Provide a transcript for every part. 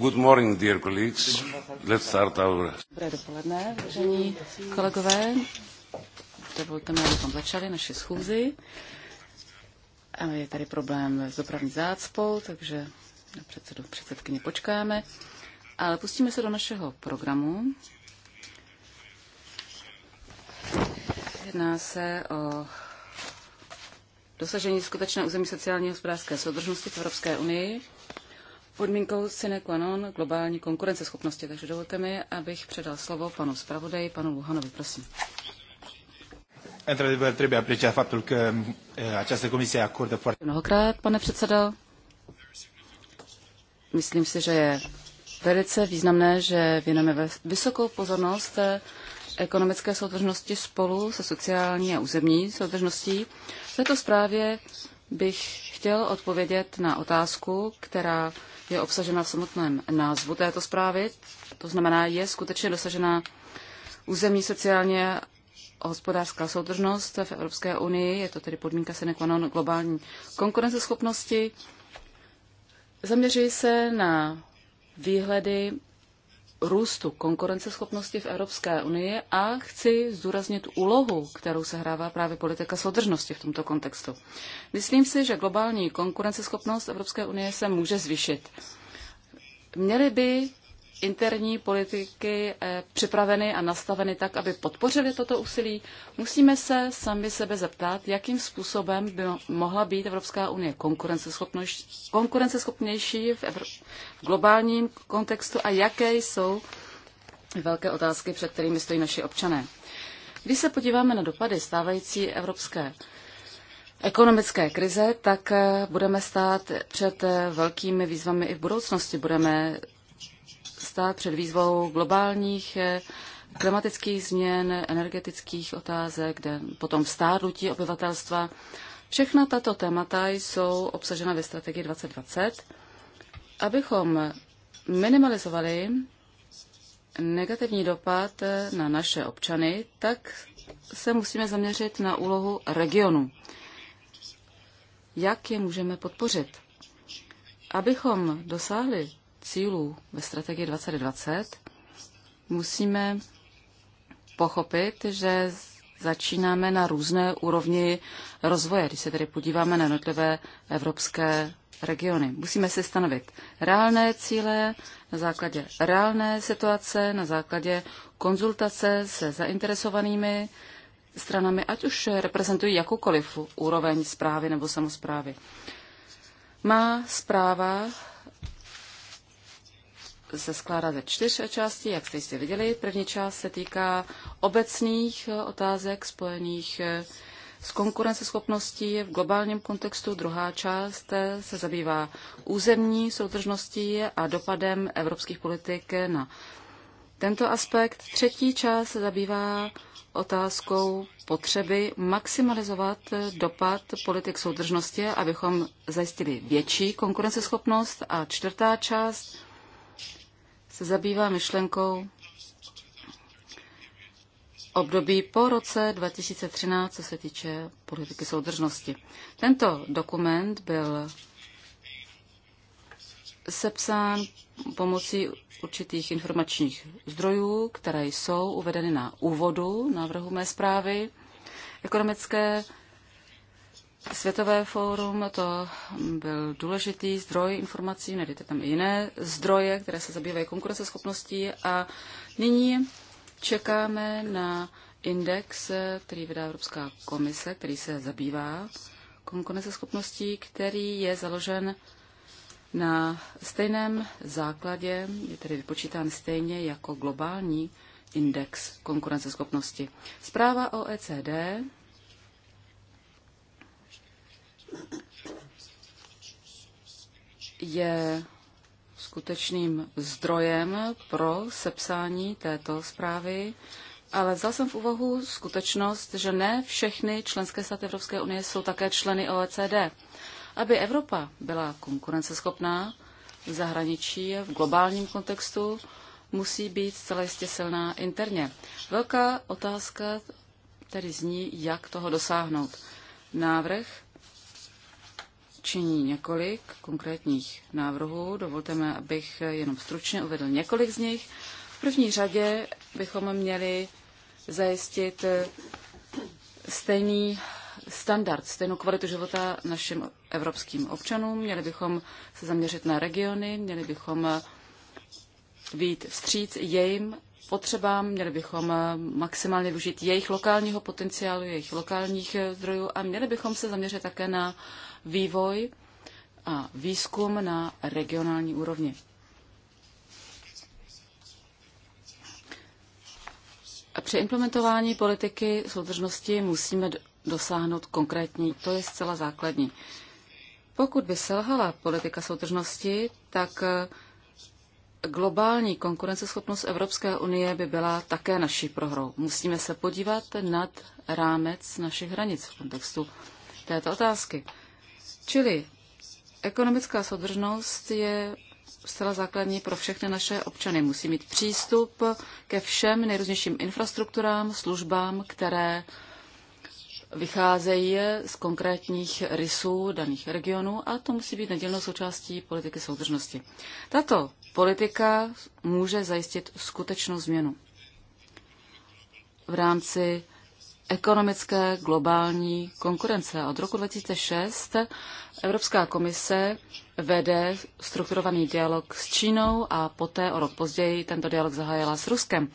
Good morning, dear colleagues. Let's start our... Dobré dopoledne, vážení kolegové. Dovolte mi, abychom začali naši schůzi. A je tady problém s dopravní zácpou, takže na předsedu předsedkyně počkáme. Ale pustíme se do našeho programu. Jedná se o dosažení skutečné území sociální a hospodářské soudržnosti v Evropské unii podmínkou sine qua non globální konkurenceschopnosti. Takže dovolte mi, abych předal slovo panu zpravodaji, panu Luhanovi, prosím. Eh, Mnohokrát, pane předsedo. Myslím si, že je velice významné, že věnujeme vysokou pozornost eh, ekonomické soudržnosti spolu se sociální a územní soudržností. V této zprávě bych chtěl odpovědět na otázku, která je obsažena v samotném názvu této zprávy. To znamená, je skutečně dosažena územní sociálně hospodářská soudržnost v Evropské unii, je to tedy podmínka sine qua non globální konkurenceschopnosti. Zaměřuji se na výhledy růstu konkurenceschopnosti v Evropské unii a chci zdůraznit úlohu, kterou se hrává právě politika soudržnosti v tomto kontextu. Myslím si, že globální konkurenceschopnost Evropské unie se může zvýšit. Měly by interní politiky eh, připraveny a nastaveny tak, aby podpořili toto úsilí, musíme se sami sebe zeptat, jakým způsobem by mohla být Evropská unie konkurenceschopnější v, Evro- v globálním kontextu a jaké jsou velké otázky, před kterými stojí naši občané. Když se podíváme na dopady stávající evropské ekonomické krize, tak eh, budeme stát před eh, velkými výzvami i v budoucnosti. Budeme stát před výzvou globálních eh, klimatických změn, energetických otázek, kde potom stárnutí obyvatelstva. Všechna tato témata jsou obsažena ve strategii 2020. Abychom minimalizovali negativní dopad eh, na naše občany, tak se musíme zaměřit na úlohu regionu. Jak je můžeme podpořit? Abychom dosáhli cílů ve strategii 2020, musíme pochopit, že začínáme na různé úrovni rozvoje, když se tedy podíváme na jednotlivé evropské regiony. Musíme si stanovit reálné cíle na základě reálné situace, na základě konzultace se zainteresovanými stranami, ať už reprezentují jakoukoliv úroveň zprávy nebo samozprávy. Má zpráva se skládá ze čtyř částí, jak jste jistě viděli. První část se týká obecných eh, otázek spojených eh, s konkurenceschopností v globálním kontextu. Druhá část eh, se zabývá územní soudržností a dopadem evropských politik na tento aspekt. Třetí část se zabývá otázkou potřeby maximalizovat dopad politik soudržnosti, abychom zajistili větší konkurenceschopnost. A čtvrtá část se zabývá myšlenkou období po roce 2013, co se týče politiky soudržnosti. Tento dokument byl sepsán pomocí určitých informačních zdrojů, které jsou uvedeny na úvodu návrhu mé zprávy. Ekonomické Světové fórum to byl důležitý zdroj informací, najdete tam i jiné zdroje, které se zabývají konkurenceschopností a nyní čekáme na index, který vydá Evropská komise, který se zabývá konkurenceschopností, který je založen na stejném základě, je tedy vypočítán stejně jako globální index konkurenceschopnosti. Zpráva OECD je skutečným zdrojem pro sepsání této zprávy, ale vzal jsem v úvahu skutečnost, že ne všechny členské státy Evropské unie jsou také členy OECD. Aby Evropa byla konkurenceschopná v zahraničí, v globálním kontextu, musí být zcela jistě silná interně. Velká otázka tedy zní, jak toho dosáhnout. Návrh činí několik konkrétních návrhů. Dovolte mi, abych jenom stručně uvedl několik z nich. V první řadě bychom měli zajistit stejný standard, stejnou kvalitu života našim evropským občanům. Měli bychom se zaměřit na regiony, měli bychom být vstříc jejím potřebám, měli bychom maximálně využít jejich lokálního potenciálu, jejich lokálních zdrojů a měli bychom se zaměřit také na vývoj a výzkum na regionální úrovni. A při implementování politiky soudržnosti musíme dosáhnout konkrétní, to je zcela základní. Pokud by selhala politika soudržnosti, tak eh, globální konkurenceschopnost Evropské unie by byla také naší prohrou. Musíme se podívat nad rámec našich hranic v kontextu této otázky. Čili ekonomická soudržnost je zcela základní pro všechny naše občany. Musí mít přístup ke všem nejrůznějším infrastrukturám, službám, které vycházejí z konkrétních rysů daných regionů a to musí být nedělnou součástí politiky soudržnosti. Tato politika může zajistit skutečnou změnu v rámci ekonomické globální konkurence. Od roku 2006 Evropská komise vede strukturovaný dialog s Čínou a poté o rok později tento dialog zahájila s Ruskem.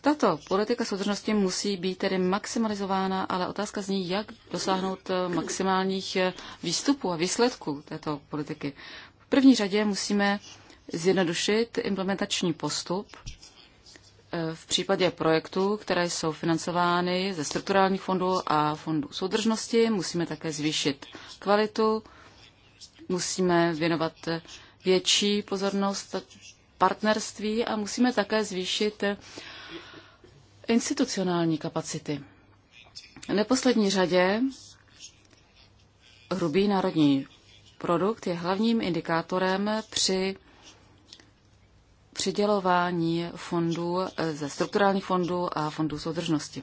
Tato politika soudržnosti musí být tedy maximalizována, ale otázka zní, jak dosáhnout maximálních výstupů a výsledků této politiky. V první řadě musíme zjednodušit implementační postup Eh, v případě projektů, které jsou financovány ze strukturálních fondů a fondů soudržnosti, musíme také zvýšit kvalitu, musíme věnovat větší pozornost partnerství a musíme také zvýšit institucionální kapacity. V neposlední řadě hrubý národní produkt je hlavním indikátorem při přidělování fondů eh, ze strukturálních fondů a fondů soudržnosti.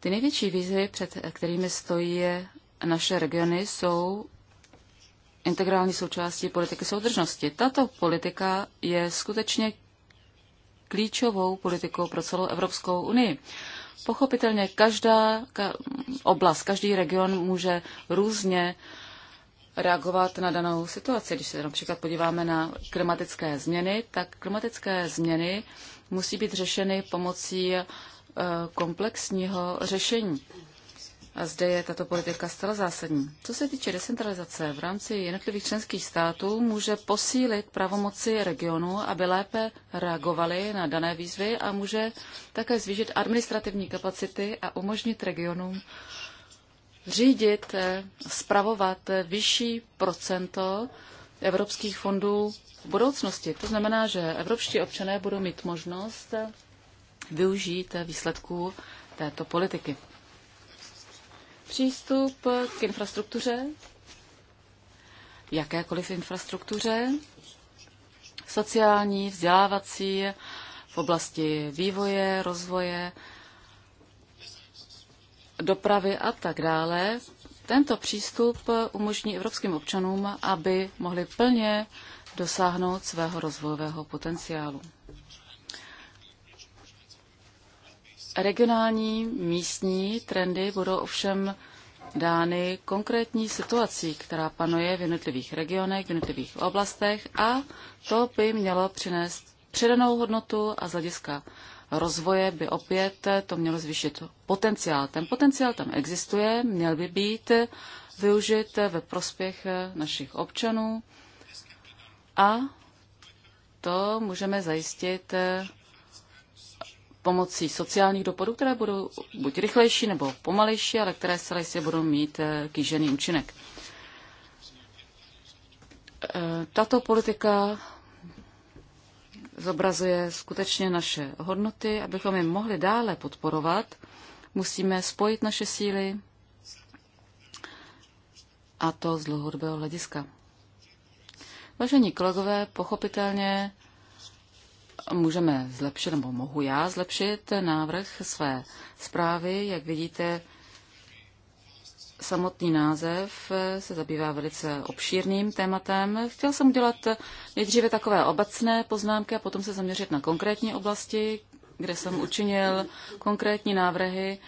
Ty největší výzvy, před kterými stojí naše regiony, jsou integrální součástí politiky soudržnosti. Tato politika je skutečně klíčovou politikou pro celou Evropskou unii. Pochopitelně každá ka, oblast, každý region může různě uh, reagovat na danou situaci. Když se například podíváme na klimatické změny, tak klimatické změny musí být řešeny pomocí eh, komplexního řešení. A zde je tato politika zcela zásadní. Co se týče decentralizace, v rámci jednotlivých členských států může posílit pravomoci regionu, aby lépe reagovali na dané výzvy a může také zvýšit administrativní kapacity a umožnit regionům řídit, eh, spravovat vyšší procento evropských fondů v budoucnosti. To znamená, že evropští občané budou mít možnost eh, využít eh, výsledků této politiky. Přístup k infrastruktuře, jakékoliv infrastruktuře, sociální, vzdělávací, v oblasti vývoje, rozvoje, dopravy a tak dále. Tento přístup umožní evropským občanům, aby mohli plně dosáhnout svého rozvojového potenciálu. Regionální místní trendy budou ovšem dány konkrétní situací, která panuje v jednotlivých regionech, v jednotlivých oblastech a to by mělo přinést přidanou hodnotu a z hlediska rozvoje by opět to mělo zvýšit potenciál. Ten potenciál tam existuje, měl by být využit ve prospěch našich občanů a to můžeme zajistit pomocí sociálních dopadů, které budou buď rychlejší nebo pomalejší, ale které zcela jistě budou mít kýžený účinek. E, tato politika zobrazuje skutečně naše hodnoty. Abychom je mohli dále podporovat, musíme spojit naše síly a to z dlouhodobého hlediska. Vážení kolegové, pochopitelně můžeme zlepšit, nebo mohu já zlepšit návrh své zprávy. Jak vidíte, samotný název eh, se zabývá velice obšírným tématem. Chtěl jsem udělat eh, nejdříve takové obecné poznámky a potom se zaměřit na konkrétní oblasti, kde jsem učinil konkrétní návrhy,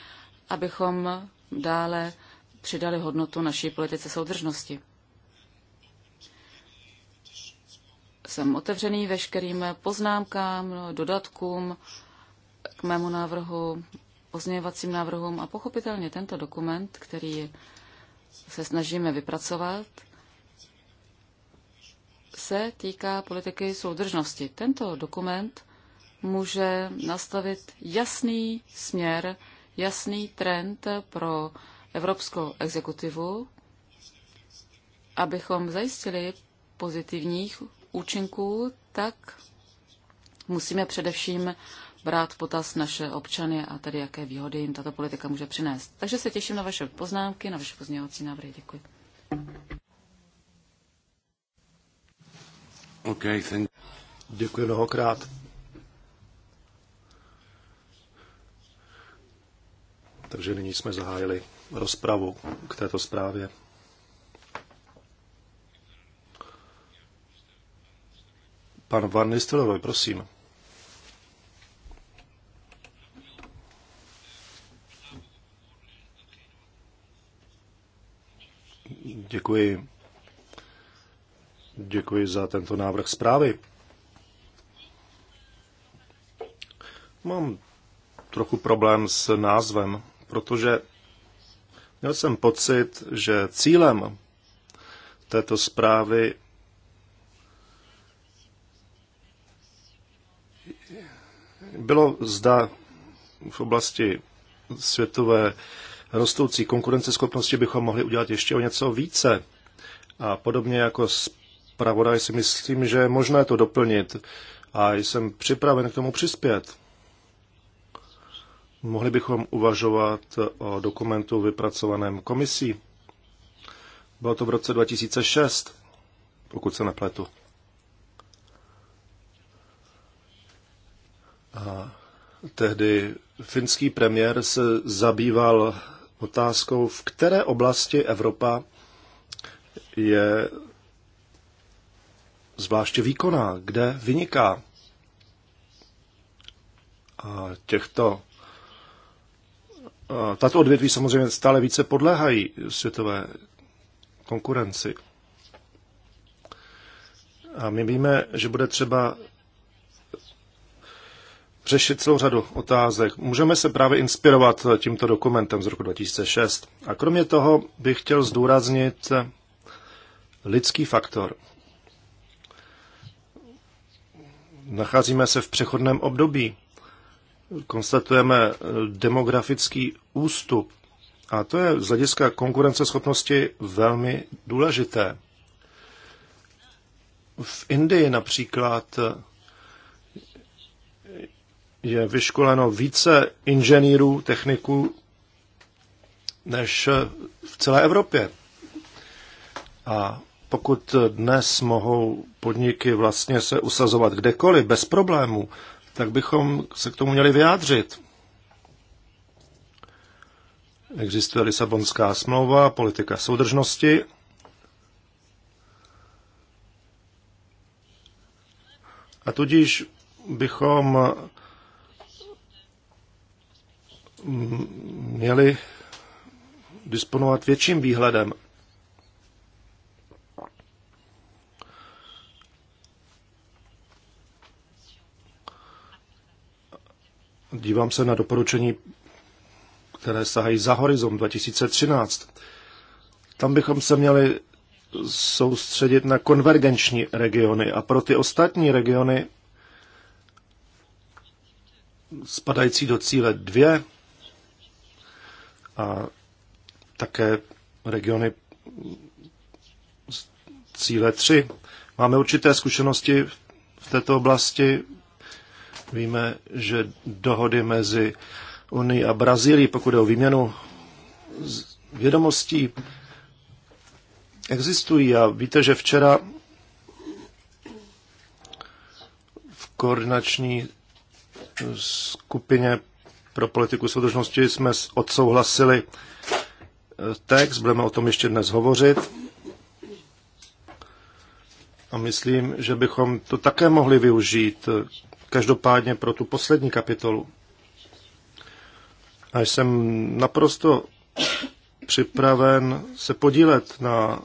abychom dále přidali hodnotu naší politice soudržnosti. Jsem otevřený veškerým poznámkám, dodatkům k mému návrhu, pozměňovacím návrhům a pochopitelně tento dokument, který se snažíme vypracovat, se týká politiky soudržnosti. Tento dokument může nastavit jasný směr, jasný trend pro evropskou exekutivu, abychom zajistili pozitivních účinků, tak musíme především brát v potaz naše občany a tedy jaké výhody jim tato politika může přinést. Takže se těším na vaše poznámky, na vaše pozměňovací návrhy. Děkuji. Okay, thank Děkuji mnohokrát. Takže nyní jsme zahájili rozpravu k této zprávě. Pan Van Nistelrooy, prosím. Děkuji. Děkuji za tento návrh zprávy. Mám trochu problém s názvem, protože měl jsem pocit, že cílem této zprávy bylo zda v oblasti světové rostoucí konkurenceschopnosti bychom mohli udělat ještě o něco více. A podobně jako zpravodaj si myslím, že je možné to doplnit a jsem připraven k tomu přispět. Mohli bychom uvažovat o dokumentu vypracovaném komisí. Bylo to v roce 2006, pokud se nepletu. A tehdy finský premiér se zabýval otázkou, v které oblasti Evropa je zvláště výkonná, kde vyniká. A těchto tato odvětví samozřejmě stále více podléhají světové konkurenci. A my víme, že bude třeba řešit celou řadu otázek. Můžeme se právě inspirovat tímto dokumentem z roku 2006. A kromě toho bych chtěl zdůraznit lidský faktor. Nacházíme se v přechodném období. Konstatujeme demografický ústup. A to je z hlediska konkurenceschopnosti velmi důležité. V Indii například je vyškoleno více inženýrů, techniků než v celé Evropě. A pokud dnes mohou podniky vlastně se usazovat kdekoliv bez problémů, tak bychom se k tomu měli vyjádřit. Existuje Lisabonská smlouva, politika soudržnosti. A tudíž bychom měli disponovat větším výhledem. Dívám se na doporučení, které sahají za horizont 2013. Tam bychom se měli soustředit na konvergenční regiony a pro ty ostatní regiony spadající do cíle 2 a také regiony cíle 3. Máme určité zkušenosti v této oblasti. Víme, že dohody mezi Unii a Brazílií, pokud je o výměnu vědomostí, existují. A víte, že včera v koordinační skupině pro politiku soudržnosti jsme odsouhlasili eh, text, budeme o tom ještě dnes hovořit. A myslím, že bychom to také mohli využít eh, každopádně pro tu poslední kapitolu. A jsem naprosto připraven se podílet na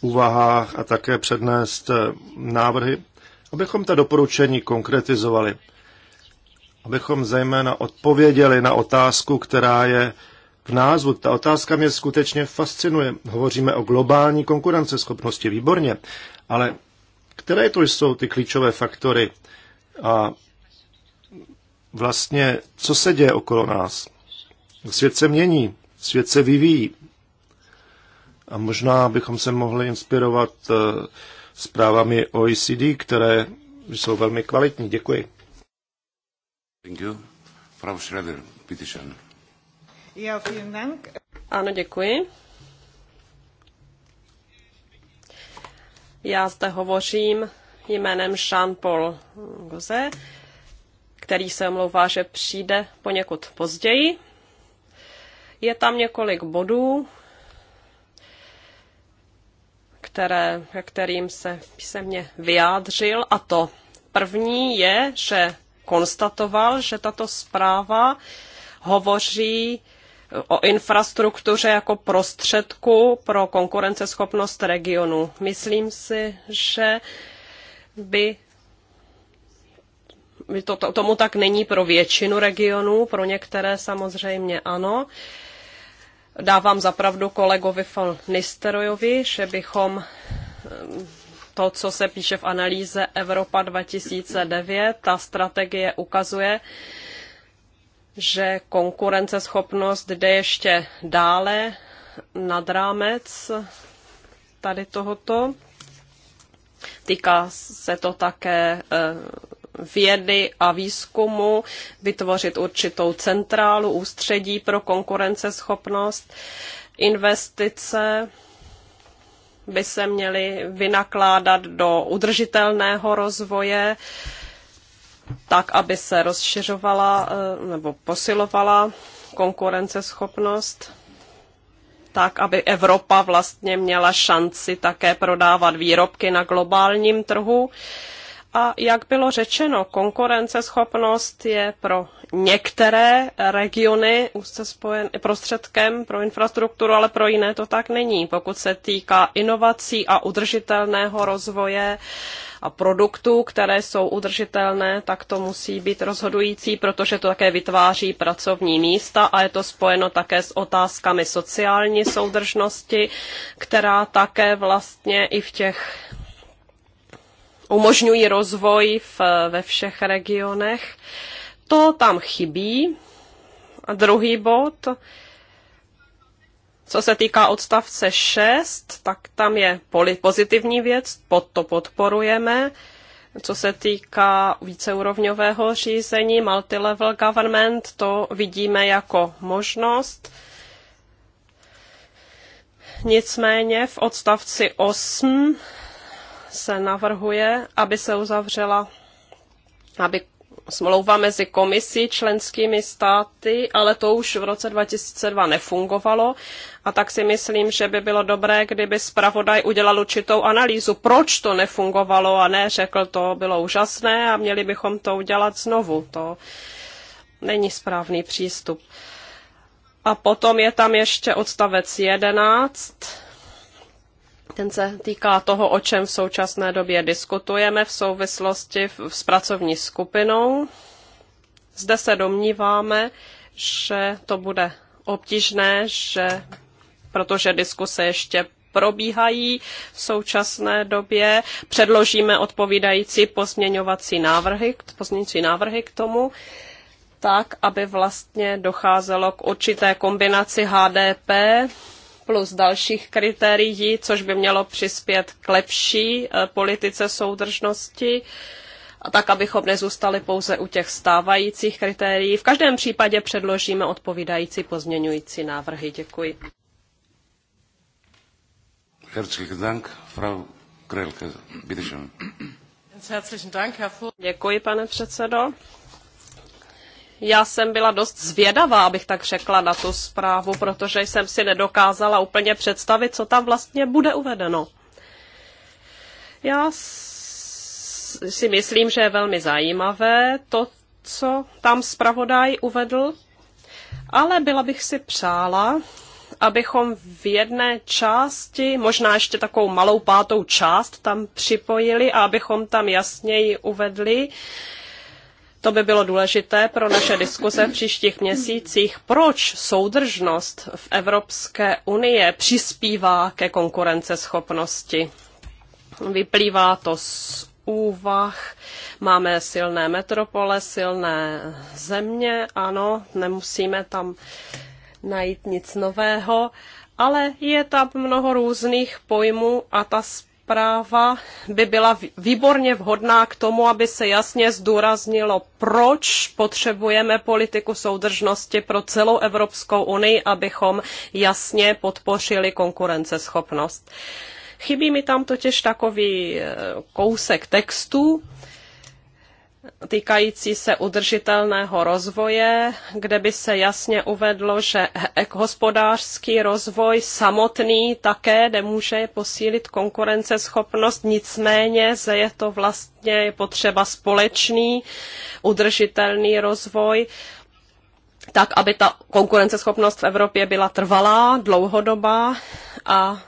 úvahách a také přednést eh, návrhy, abychom ta doporučení konkretizovali abychom zejména odpověděli na otázku, která je v názvu. Ta otázka mě skutečně fascinuje. Hovoříme o globální konkurenceschopnosti, výborně, ale které to jsou ty klíčové faktory a vlastně co se děje okolo nás? Svět se mění, svět se vyvíjí. A možná bychom se mohli inspirovat eh, zprávami OECD, které jsou velmi kvalitní. Děkuji. Thank you. Frau Schroeder, bitte schön. Ja, vielen Dank. Ano, děkuji. Já zde hovořím jménem Jean-Paul Goze, který se omlouvá, že přijde poněkud později. Je tam několik bodů, které, kterým se písemně vyjádřil, a to první je, že konstatoval, že tato zpráva hovoří o infrastruktuře jako prostředku pro konkurenceschopnost regionu. Myslím si, že by to, to, tomu tak není pro většinu regionů, pro některé samozřejmě ano. Dávám zapravdu kolegovi von Nisterojovi, že bychom to, co se píše v analýze Evropa 2009, ta strategie ukazuje, že konkurenceschopnost jde ještě dále nad rámec tady tohoto. Týká se to také e, vědy a výzkumu, vytvořit určitou centrálu, ústředí pro konkurenceschopnost, investice by se měly vynakládat do udržitelného rozvoje, tak, aby se rozšiřovala eh, nebo posilovala konkurenceschopnost, tak, aby Evropa vlastně měla šanci také prodávat výrobky na globálním trhu. A jak bylo řečeno, konkurenceschopnost je pro některé regiony úzce spojen prostředkem pro infrastrukturu, ale pro jiné to tak není. Pokud se týká inovací a udržitelného rozvoje a produktů, které jsou udržitelné, tak to musí být rozhodující, protože to také vytváří pracovní místa a je to spojeno také s otázkami sociální soudržnosti, která také vlastně i v těch umožňují rozvoj v, ve všech regionech. To tam chybí. A druhý bod, co se týká odstavce 6, tak tam je pozitivní věc, pod to podporujeme. Co se týká víceúrovňového řízení, multilevel government, to vidíme jako možnost. Nicméně v odstavci 8 se navrhuje, aby se uzavřela aby smlouva mezi komisí, členskými státy, ale to už v roce 2002 nefungovalo. A tak si myslím, že by bylo dobré, kdyby zpravodaj udělal určitou analýzu, proč to nefungovalo a ne řekl, to bylo úžasné a měli bychom to udělat znovu. To není správný přístup. A potom je tam ještě odstavec 11 ten se týká toho, o čem v současné době diskutujeme v souvislosti s pracovní skupinou. Zde se domníváme, že to bude obtížné, že protože diskuse ještě probíhají v současné době. Předložíme odpovídající pozměňovací návrhy, pozměňovací návrhy k tomu tak, aby vlastně docházelo k určité kombinaci HDP plus dalších kritérií, což by mělo přispět k lepší eh, politice soudržnosti a tak, abychom nezůstali pouze u těch stávajících kritérií. V každém případě předložíme odpovídající pozměňující návrhy. Děkuji. Herzlichen Dank, Frau Děkuji, pane předsedo. Já jsem byla dost zvědavá, abych tak řekla, na tu zprávu, protože jsem si nedokázala úplně představit, co tam vlastně bude uvedeno. Já si myslím, že je velmi zajímavé to, co tam zpravodaj uvedl, ale byla bych si přála, abychom v jedné části, možná ještě takovou malou pátou část tam připojili a abychom tam jasněji uvedli, to by bylo důležité pro naše diskuze v příštích měsících, proč soudržnost v Evropské unii přispívá ke konkurenceschopnosti. Vyplývá to z úvah. Máme silné metropole, silné země, ano, nemusíme tam najít nic nového, ale je tam mnoho různých pojmů a ta zpráva by byla výborně vhodná k tomu, aby se jasně zdůraznilo, proč potřebujeme politiku soudržnosti pro celou Evropskou unii, abychom jasně podpořili konkurenceschopnost. Chybí mi tam totiž takový eh, kousek textu, týkající se udržitelného rozvoje, kde by se jasně uvedlo, že hospodářský rozvoj samotný také nemůže posílit konkurenceschopnost, nicméně že je to vlastně potřeba společný udržitelný rozvoj, tak aby ta konkurenceschopnost v Evropě byla trvalá, dlouhodobá a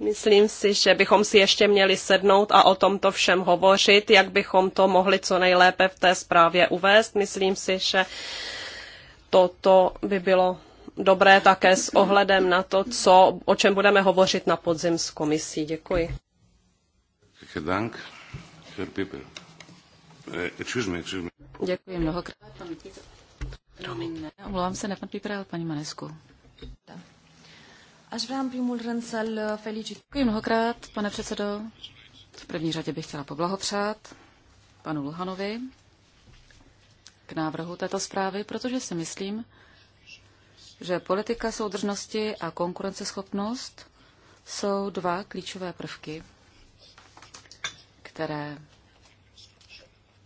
Myslím si, že bychom si ještě měli sednout a o tomto všem hovořit, jak bychom to mohli co nejlépe v té zprávě uvést. Myslím si, že toto by bylo dobré také s ohledem na to, co, o čem budeme hovořit na podzim s komisí. Děkuji. Eh, Děkuji mnohokrát, Promiňte, omlouvám se, nepan pan ale paní Manesku. Až vám primul rând să-l uh, felicit. Děkuji mnohokrát, pane předsedo. V první řadě bych chtěla poblahopřát panu Luhanovi k návrhu této zprávy, protože si myslím, že politika soudržnosti a konkurenceschopnost jsou dva klíčové prvky, které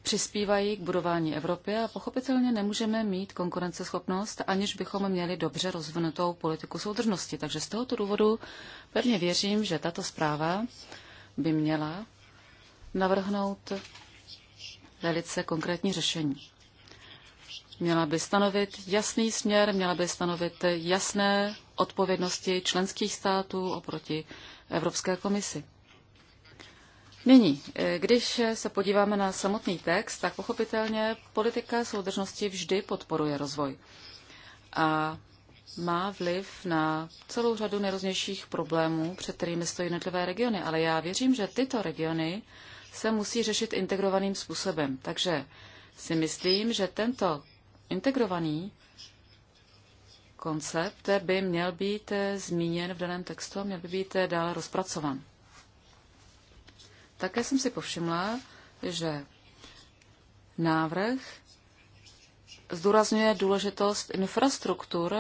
přispívají k budování Evropy a pochopitelně nemůžeme mít konkurenceschopnost, aniž bychom měli dobře rozvinutou politiku soudržnosti. Takže z tohoto důvodu pevně věřím, že tato zpráva by měla navrhnout velice konkrétní řešení. Měla by stanovit jasný směr, měla by stanovit jasné odpovědnosti členských států oproti Evropské komisi. Nyní, eh, když se podíváme na samotný text, tak pochopitelně politika soudržnosti vždy podporuje rozvoj a má vliv na celou řadu nejrůznějších problémů, před kterými stojí jednotlivé regiony. Ale já věřím, že tyto regiony se musí řešit integrovaným způsobem. Takže si myslím, že tento integrovaný koncept by měl být eh, zmíněn v daném textu a měl by být eh, dále rozpracovan. Také jsem si povšimla, že návrh zdůrazňuje důležitost infrastruktur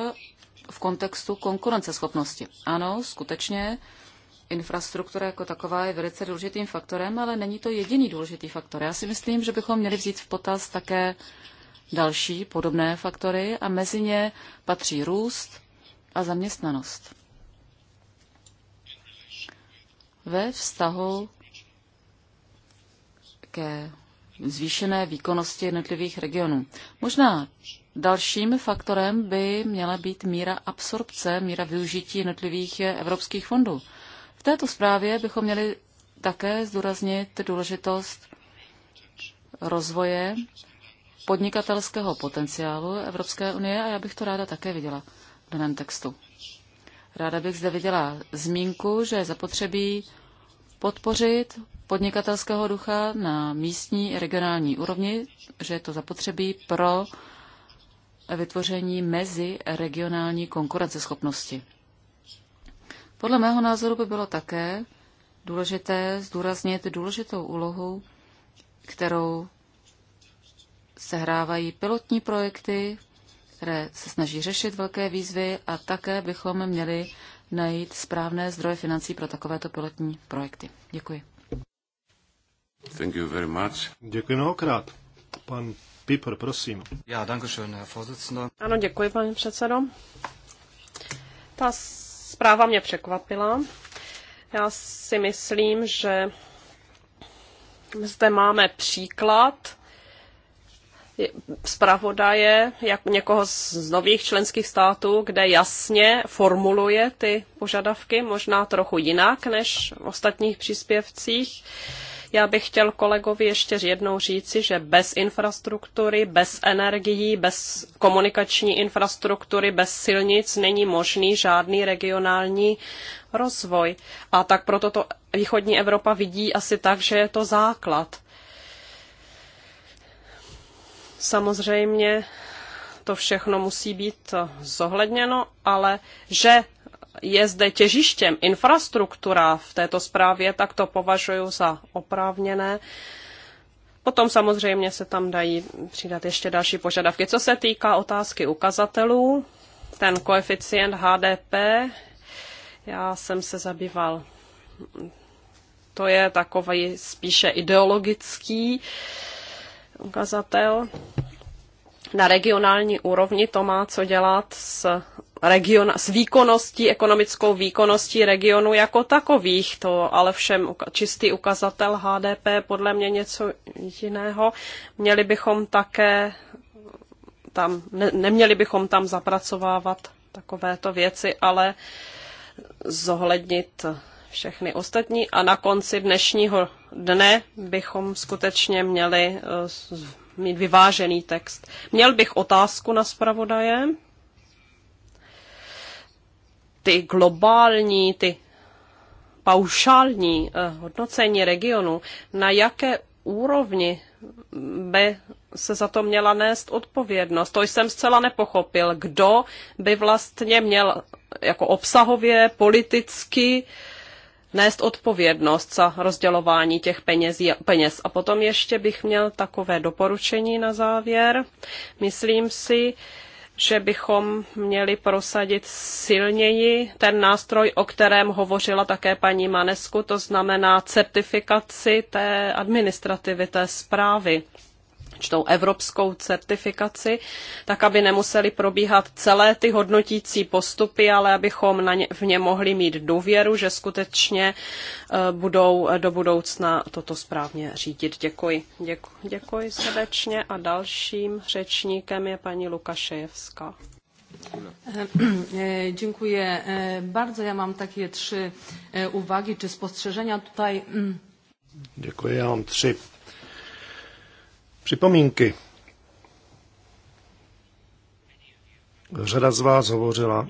v kontextu konkurenceschopnosti. Ano, skutečně infrastruktura jako taková je velice důležitým faktorem, ale není to jediný důležitý faktor. Já si myslím, že bychom měli vzít v potaz také další podobné faktory a mezi ně patří růst a zaměstnanost. Ve vztahu ke zvýšené výkonnosti jednotlivých regionů. Možná dalším faktorem by měla být míra absorpce, míra využití jednotlivých evropských fondů. V této zprávě bychom měli také zdůraznit důležitost rozvoje podnikatelského potenciálu Evropské unie a já bych to ráda také viděla v daném textu. Ráda bych zde viděla zmínku, že je zapotřebí podpořit podnikatelského ducha na místní i regionální úrovni, že je to zapotřebí pro vytvoření mezi regionální konkurenceschopnosti. Podle mého názoru by bylo také důležité zdůraznit důležitou úlohu, kterou sehrávají pilotní projekty, které se snaží řešit velké výzvy a také bychom měli najít správné zdroje financí pro takovéto pilotní projekty. Děkuji. Thank you very much. Děkuji mnohokrát. Pan Piper, prosím. Já, děkuji schön, Herr Ano, děkuji, pane předsedo. Ta zpráva mě překvapila. Já si myslím, že zde máme příklad zpravodaje, jak někoho z nových členských států, kde jasně formuluje ty požadavky, možná trochu jinak než v ostatních příspěvcích. Já bych chtěl kolegovi ještě jednou říci, že bez infrastruktury, bez energií, bez komunikační infrastruktury, bez silnic není možný žádný regionální rozvoj. A tak proto to východní Evropa vidí asi tak, že je to základ. Samozřejmě to všechno musí být zohledněno, ale že je zde těžištěm infrastruktura v této zprávě, tak to považuji za oprávněné. Potom samozřejmě se tam dají přidat ještě další požadavky. Co se týká otázky ukazatelů, ten koeficient HDP, já jsem se zabýval. To je takový spíše ideologický ukazatel. Na regionální úrovni to má co dělat s region, s výkonností, ekonomickou výkonností regionu jako takových. To ale všem čistý ukazatel HDP podle mě něco jiného. Měli bychom také tam, ne, neměli bychom tam zapracovávat takovéto věci, ale zohlednit všechny ostatní a na konci dnešního dne bychom skutečně měli eh, mít vyvážený text. Měl bych otázku na zpravodaje ty globální, ty paušální eh, hodnocení regionu, na jaké úrovni by se za to měla nést odpovědnost. To jsem zcela nepochopil. Kdo by vlastně měl jako obsahově, politicky nést odpovědnost za rozdělování těch penězí, peněz. A potom ještě bych měl takové doporučení na závěr. Myslím si, že bychom měli prosadit silněji ten nástroj, o kterém hovořila také paní Manesku, to znamená certifikaci té administrativy, té zprávy určitou evropskou certifikaci, tak aby nemuseli probíhat celé ty hodnotící postupy, ale abychom na ně, v ně mohli mít důvěru, že skutečně e, budou do budoucna toto správně řídit. Děkuji. Děkuji, děkuji srdečně a dalším řečníkem je paní Lukašejevská. E, dziękuję e, bardzo. Ja mam takie trzy uwagi czy spostrzeżenia. Tutaj mm, Děkuji, Ja mam trzy Připomínky. Řada z vás hovořila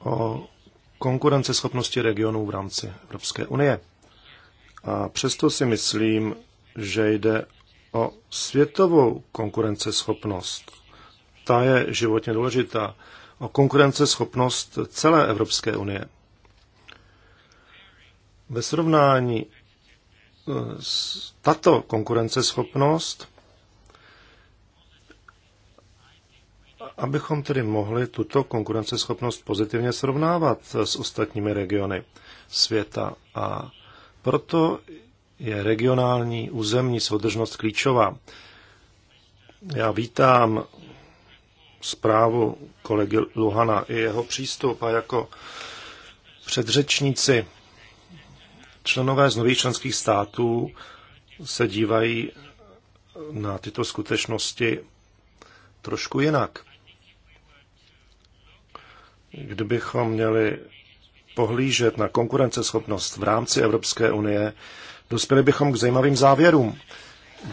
o konkurenceschopnosti regionů v rámci Evropské unie. A přesto si myslím, že jde o světovou konkurenceschopnost. Ta je životně důležitá. O konkurenceschopnost celé Evropské unie. Ve srovnání eh, tato konkurenceschopnost abychom tedy mohli tuto konkurenceschopnost pozitivně srovnávat s ostatními regiony světa. A proto je regionální územní soudržnost klíčová. Já vítám zprávu kolegy Luhana i jeho přístup a jako předřečníci členové z nových členských států se dívají na tyto skutečnosti trošku jinak kdybychom měli pohlížet na konkurenceschopnost v rámci Evropské unie, dospěli bychom k zajímavým závěrům.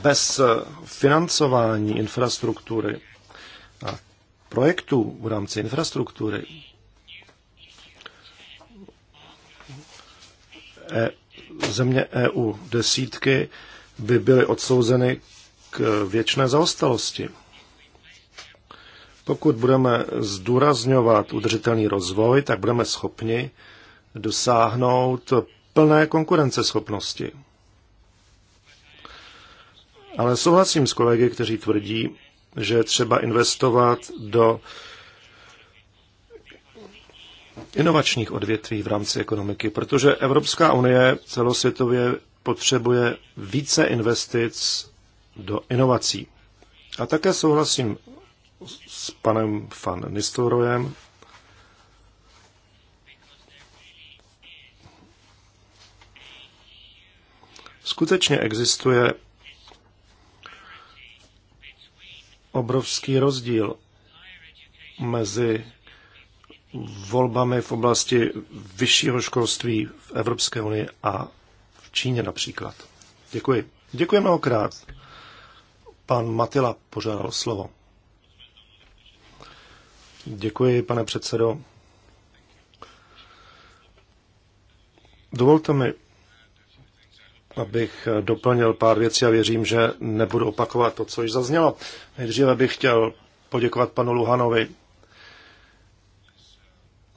Bez eh, financování infrastruktury a projektů v rámci infrastruktury e, země EU desítky by byly odsouzeny k eh, věčné zaostalosti. Pokud budeme zdůrazňovat udržitelný rozvoj, tak budeme schopni dosáhnout plné konkurenceschopnosti. Ale souhlasím s kolegy, kteří tvrdí, že je třeba investovat do inovačních odvětví v rámci ekonomiky, protože Evropská unie celosvětově potřebuje více investic do inovací. A také souhlasím s panem Van Nistelrojem. Skutečně existuje obrovský rozdíl mezi volbami v oblasti vyššího školství v Evropské unii a v Číně například. Děkuji. Děkuji mnohokrát. Pan Matila požádal slovo. Děkuji, pane předsedo. Dovolte mi, abych doplnil pár věcí a věřím, že nebudu opakovat to, co již zaznělo. Nejdříve bych chtěl poděkovat panu Luhanovi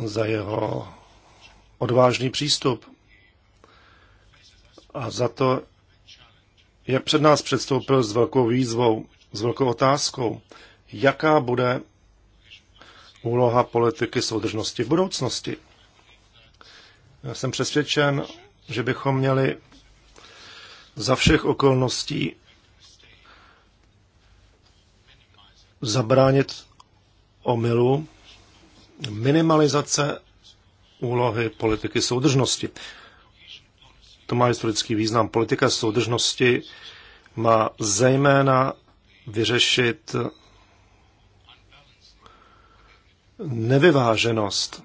za jeho odvážný přístup a za to, jak před nás předstoupil s velkou výzvou, s velkou otázkou, jaká bude úloha politiky soudržnosti v budoucnosti. Já jsem přesvědčen, že bychom měli za všech okolností zabránit omylu minimalizace úlohy politiky soudržnosti. To má historický význam. Politika soudržnosti má zejména vyřešit nevyváženost,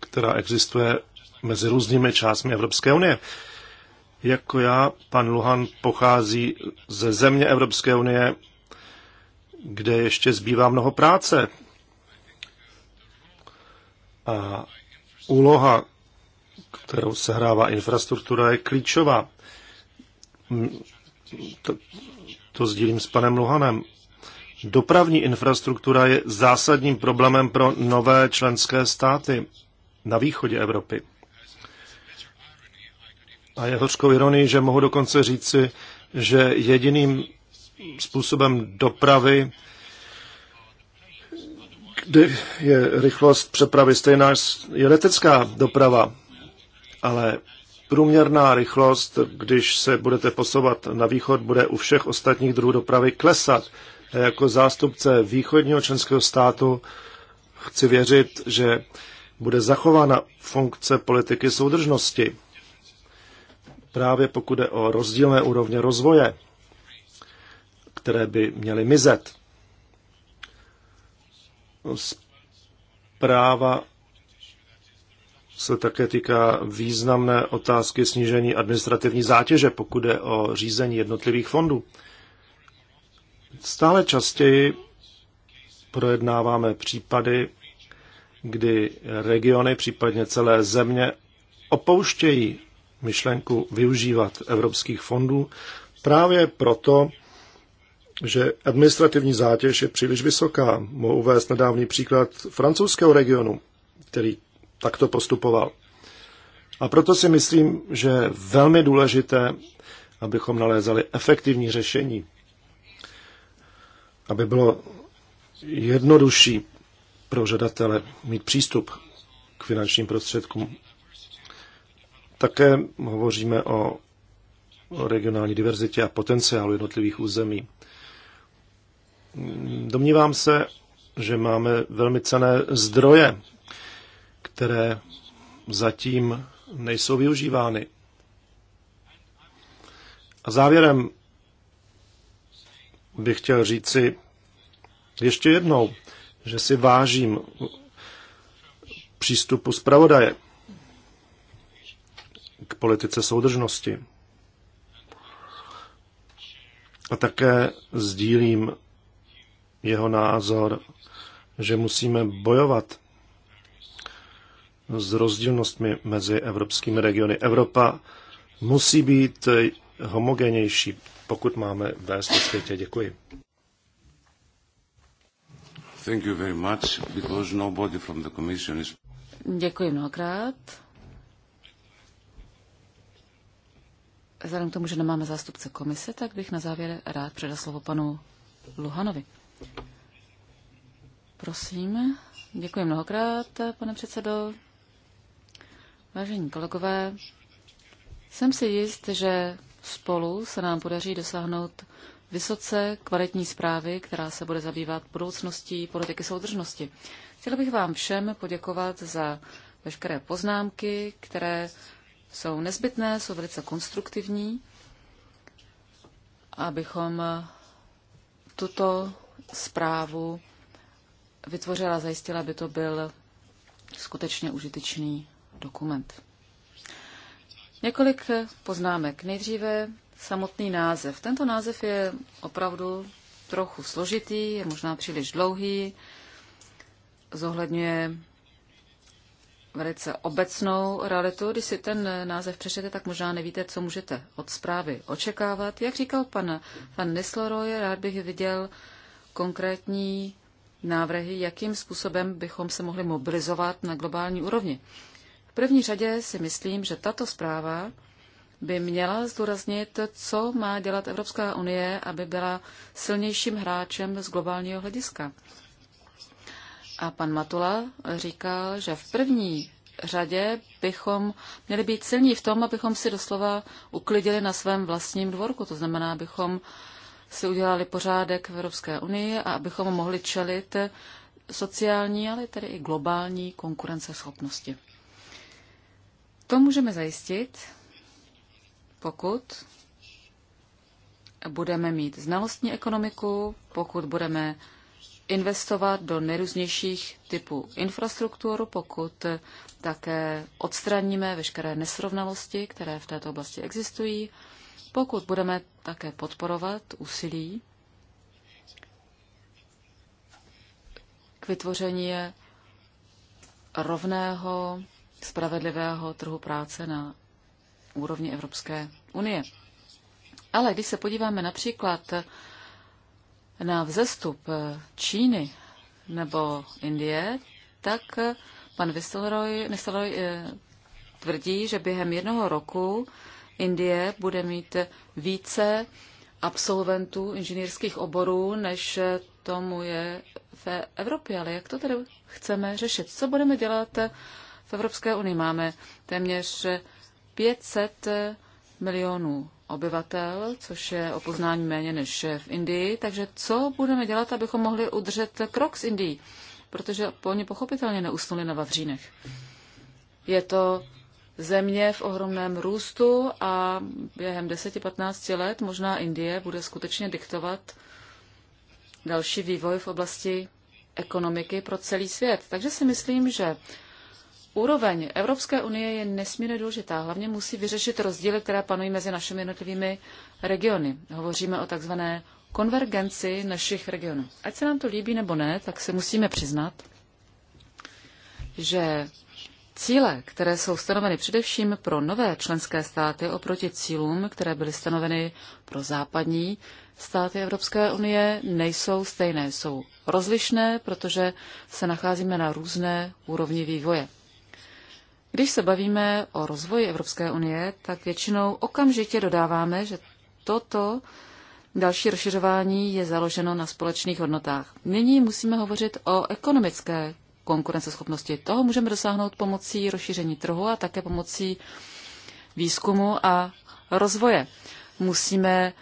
která existuje mezi různými částmi Evropské unie. Jako já, pan Luhan pochází ze země Evropské unie, kde ještě zbývá mnoho práce. A úloha, kterou se hrává infrastruktura, je klíčová. To, to sdílím s panem Luhanem. Dopravní infrastruktura je zásadním problémem pro nové členské státy na východě Evropy. A je hořkou ironii, že mohu dokonce říci, že jediným způsobem dopravy, kdy je rychlost přepravy stejná, je letecká doprava, ale průměrná rychlost, když se budete posouvat na východ, bude u všech ostatních druhů dopravy klesat. Jako zástupce východního členského státu chci věřit, že bude zachována funkce politiky soudržnosti, právě pokud jde o rozdílné úrovně rozvoje, které by měly mizet. Zpráva se také týká významné otázky snížení administrativní zátěže, pokud jde o řízení jednotlivých fondů. Stále častěji projednáváme případy, kdy regiony, případně celé země, opouštějí myšlenku využívat evropských fondů právě proto, že administrativní zátěž je příliš vysoká. Mohu uvést nedávný příklad francouzského regionu, který takto postupoval. A proto si myslím, že je velmi důležité, abychom nalézali efektivní řešení aby bylo jednodušší pro žadatele mít přístup k finančním prostředkům. Také hovoříme o, regionální diverzitě a potenciálu jednotlivých území. Domnívám se, že máme velmi cené zdroje, které zatím nejsou využívány. A závěrem bych chtěl říci ještě jednou, že si vážím přístupu zpravodaje k politice soudržnosti. A také sdílím jeho názor, že musíme bojovat s rozdílnostmi mezi evropskými regiony. Evropa musí být homogenější pokud máme vést ve světě. Děkuji. Thank you very much, because nobody from the commission is... Děkuji mnohokrát. Vzhledem k tomu, že nemáme zástupce komise, tak bych na závěr rád předal slovo panu Luhanovi. Prosím, děkuji mnohokrát, pane předsedo. Vážení kolegové, jsem si jist, že spolu se nám podaří dosáhnout vysoce kvalitní zprávy, která se bude zabývat budoucností politiky soudržnosti. Chtěl bych vám všem poděkovat za veškeré poznámky, které jsou nezbytné, jsou velice konstruktivní, abychom tuto zprávu vytvořila, zajistila, aby to byl skutečně užitečný dokument. Několik poznámek. Nejdříve samotný název. Tento název je opravdu trochu složitý, je možná příliš dlouhý, zohledňuje velice obecnou realitu. Když si ten název přečtete, tak možná nevíte, co můžete od zprávy očekávat. Jak říkal pan, pan Nisleroy, rád bych viděl konkrétní návrhy, jakým způsobem bychom se mohli mobilizovat na globální úrovni první řadě si myslím, že tato zpráva by měla zdůraznit, co má dělat Evropská unie, aby byla silnějším hráčem z globálního hlediska. A pan Matula říkal, že v první řadě bychom měli být silní v tom, abychom si doslova uklidili na svém vlastním dvorku. To znamená, abychom si udělali pořádek v Evropské unii a abychom mohli čelit sociální, ale tedy i globální konkurenceschopnosti. To můžeme zajistit, pokud budeme mít znalostní ekonomiku, pokud budeme investovat do nejrůznějších typů infrastruktur, pokud také odstraníme veškeré nesrovnalosti, které v této oblasti existují, pokud budeme také podporovat úsilí k vytvoření rovného spravedlivého trhu práce na úrovni Evropské unie. Ale když se podíváme například na vzestup Číny nebo Indie, tak pan Vistelroj eh, tvrdí, že během jednoho roku Indie bude mít více absolventů inženýrských oborů, než tomu je v Evropě. Ale jak to tedy chceme řešit? Co budeme dělat v Evropské unii máme téměř 500 milionů obyvatel, což je o poznání méně než v Indii. Takže co budeme dělat, abychom mohli udržet krok s Indií? Protože oni pochopitelně neusnuli na Vavřínech. Je to země v ohromném růstu a během 10-15 let možná Indie bude skutečně diktovat další vývoj v oblasti ekonomiky pro celý svět. Takže si myslím, že Úroveň Evropské unie je nesmírně důležitá. Hlavně musí vyřešit rozdíly, které panují mezi našimi jednotlivými regiony. Hovoříme o takzvané konvergenci našich regionů. Ať se nám to líbí nebo ne, tak se musíme přiznat, že cíle, které jsou stanoveny především pro nové členské státy oproti cílům, které byly stanoveny pro západní státy Evropské unie, nejsou stejné. Jsou rozlišné, protože se nacházíme na různé úrovni vývoje. Když se bavíme o rozvoji Evropské unie, tak většinou okamžitě dodáváme, že toto další rozšiřování je založeno na společných hodnotách. Nyní musíme hovořit o ekonomické konkurenceschopnosti. Toho můžeme dosáhnout pomocí rozšíření trhu a také pomocí výzkumu a rozvoje. Musíme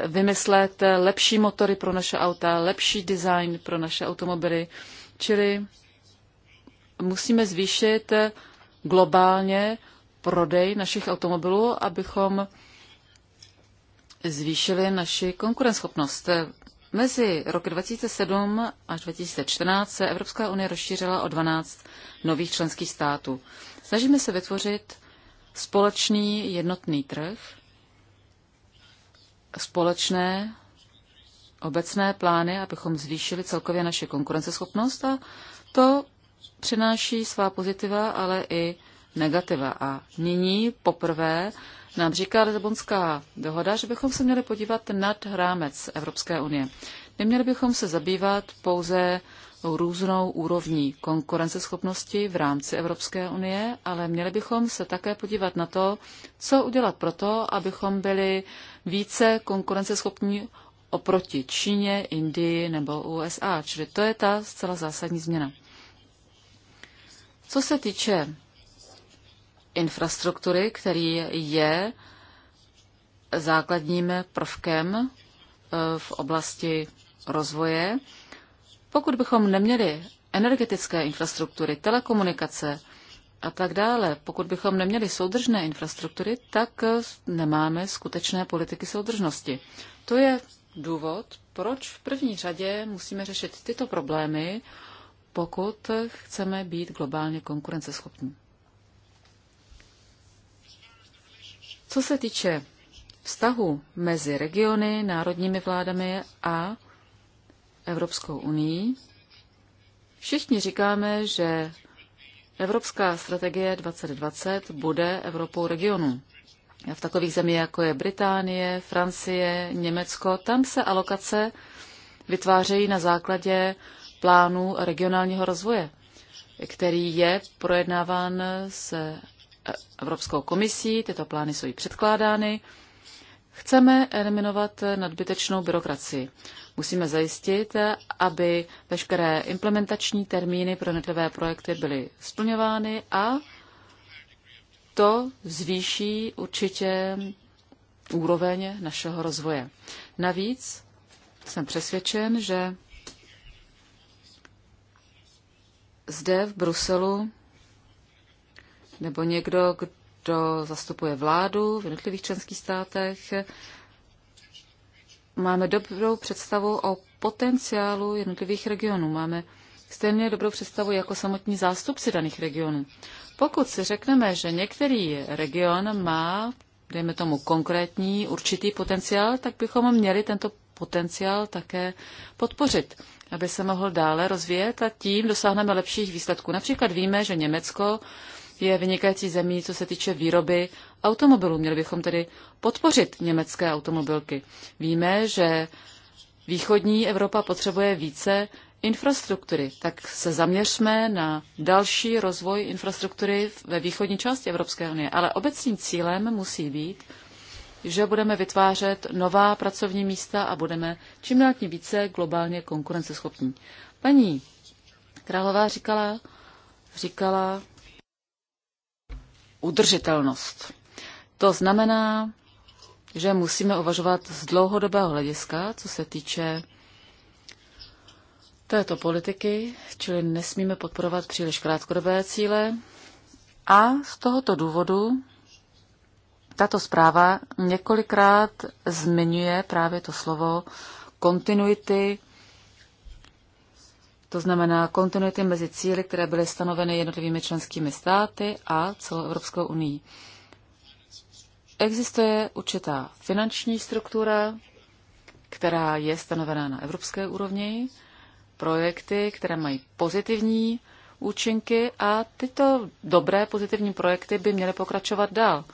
eh, vymyslet lepší motory pro naše auta, lepší design pro naše automobily, čili musíme zvýšit globálně prodej našich automobilů, abychom zvýšili naši konkurenceschopnost. Mezi roky 2007 až 2014 se Evropská unie rozšířila o 12 nových členských států. Snažíme se vytvořit společný jednotný trh, společné obecné plány, abychom zvýšili celkově naši konkurenceschopnost a to přináší svá pozitiva, ale i negativa. A nyní poprvé nám říká Lisabonská dohoda, že bychom se měli podívat nad rámec Evropské unie. Neměli bychom se zabývat pouze různou úrovní konkurenceschopnosti v rámci Evropské unie, ale měli bychom se také podívat na to, co udělat pro to, abychom byli více konkurenceschopní oproti Číně, Indii nebo USA. Čili to je ta zcela zásadní změna. Co se týče infrastruktury, který je základním prvkem eh, v oblasti rozvoje, pokud bychom neměli energetické infrastruktury, telekomunikace a tak dále, pokud bychom neměli soudržné infrastruktury, tak eh, nemáme skutečné politiky soudržnosti. To je důvod, proč v první řadě musíme řešit tyto problémy pokud chceme být globálně konkurenceschopní. Co se týče vztahu mezi regiony, národními vládami a Evropskou unii, všichni říkáme, že Evropská strategie 2020 bude Evropou regionu. V takových zemích, jako je Británie, Francie, Německo, tam se alokace vytvářejí na základě plánu regionálního rozvoje, který je projednáván s Evropskou komisí. Tyto plány jsou i předkládány. Chceme eliminovat nadbytečnou byrokracii. Musíme zajistit, aby veškeré implementační termíny pro jednotlivé projekty byly splňovány a to zvýší určitě úroveň našeho rozvoje. Navíc jsem přesvědčen, že zde v Bruselu nebo někdo, kdo zastupuje vládu v jednotlivých členských státech, máme dobrou představu o potenciálu jednotlivých regionů. Máme stejně dobrou představu jako samotní zástupci daných regionů. Pokud si řekneme, že některý region má, dejme tomu, konkrétní určitý potenciál, tak bychom měli tento potenciál také podpořit aby se mohl dále rozvíjet a tím dosáhneme lepších výsledků. Například víme, že Německo je vynikající zemí, co se týče výroby automobilů. Měli bychom tedy podpořit německé automobilky. Víme, že východní Evropa potřebuje více infrastruktury, tak se zaměřme na další rozvoj infrastruktury ve východní části Evropské unie. Ale obecným cílem musí být že budeme vytvářet nová pracovní místa a budeme čím dál tím více globálně konkurenceschopní. Paní Králová říkala, říkala udržitelnost. To znamená, že musíme uvažovat z dlouhodobého hlediska, co se týče této politiky, čili nesmíme podporovat příliš krátkodobé cíle. A z tohoto důvodu tato zpráva několikrát zmiňuje právě to slovo kontinuity, to znamená kontinuity mezi cíly, které byly stanoveny jednotlivými členskými státy a celou Evropskou unii. Existuje určitá finanční struktura, která je stanovená na evropské úrovni, projekty, které mají pozitivní účinky a tyto dobré pozitivní projekty by měly pokračovat dál.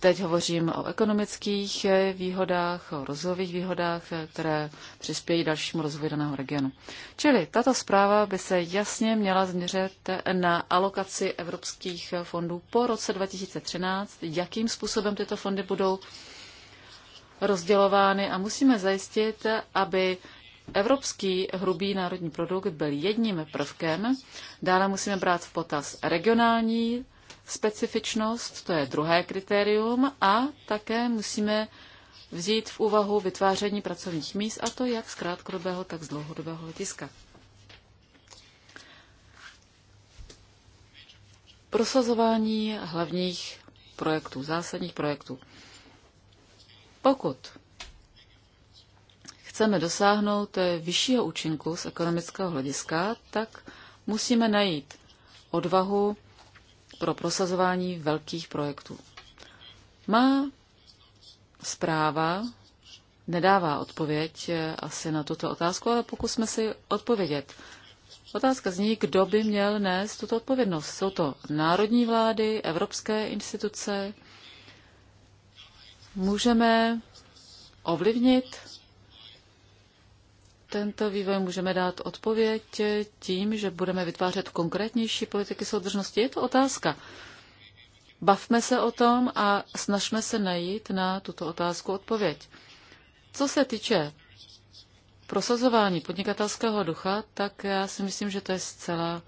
Teď hovořím o ekonomických výhodách, o rozvojových výhodách, které přispějí dalšímu rozvoji daného regionu. Čili tato zpráva by se jasně měla změřit na alokaci evropských fondů po roce 2013, jakým způsobem tyto fondy budou rozdělovány a musíme zajistit, aby Evropský hrubý národní produkt byl jedním prvkem. Dále musíme brát v potaz regionální specifičnost, to je druhé kritérium, a také musíme vzít v úvahu vytváření pracovních míst, a to jak z krátkodobého, tak z dlouhodobého hlediska. Prosazování hlavních projektů, zásadních projektů. Pokud chceme dosáhnout vyššího účinku z ekonomického hlediska, tak musíme najít odvahu pro prosazování velkých projektů. Má zpráva nedává odpověď asi na tuto otázku, ale pokusme si odpovědět. Otázka zní, kdo by měl nést tuto odpovědnost. Jsou to národní vlády, evropské instituce. Můžeme ovlivnit tento vývoj můžeme dát odpověď tím, že budeme vytvářet konkrétnější politiky soudržnosti? Je to otázka. Bavme se o tom a snažme se najít na tuto otázku odpověď. Co se týče prosazování podnikatelského ducha, tak já si myslím, že to je zcela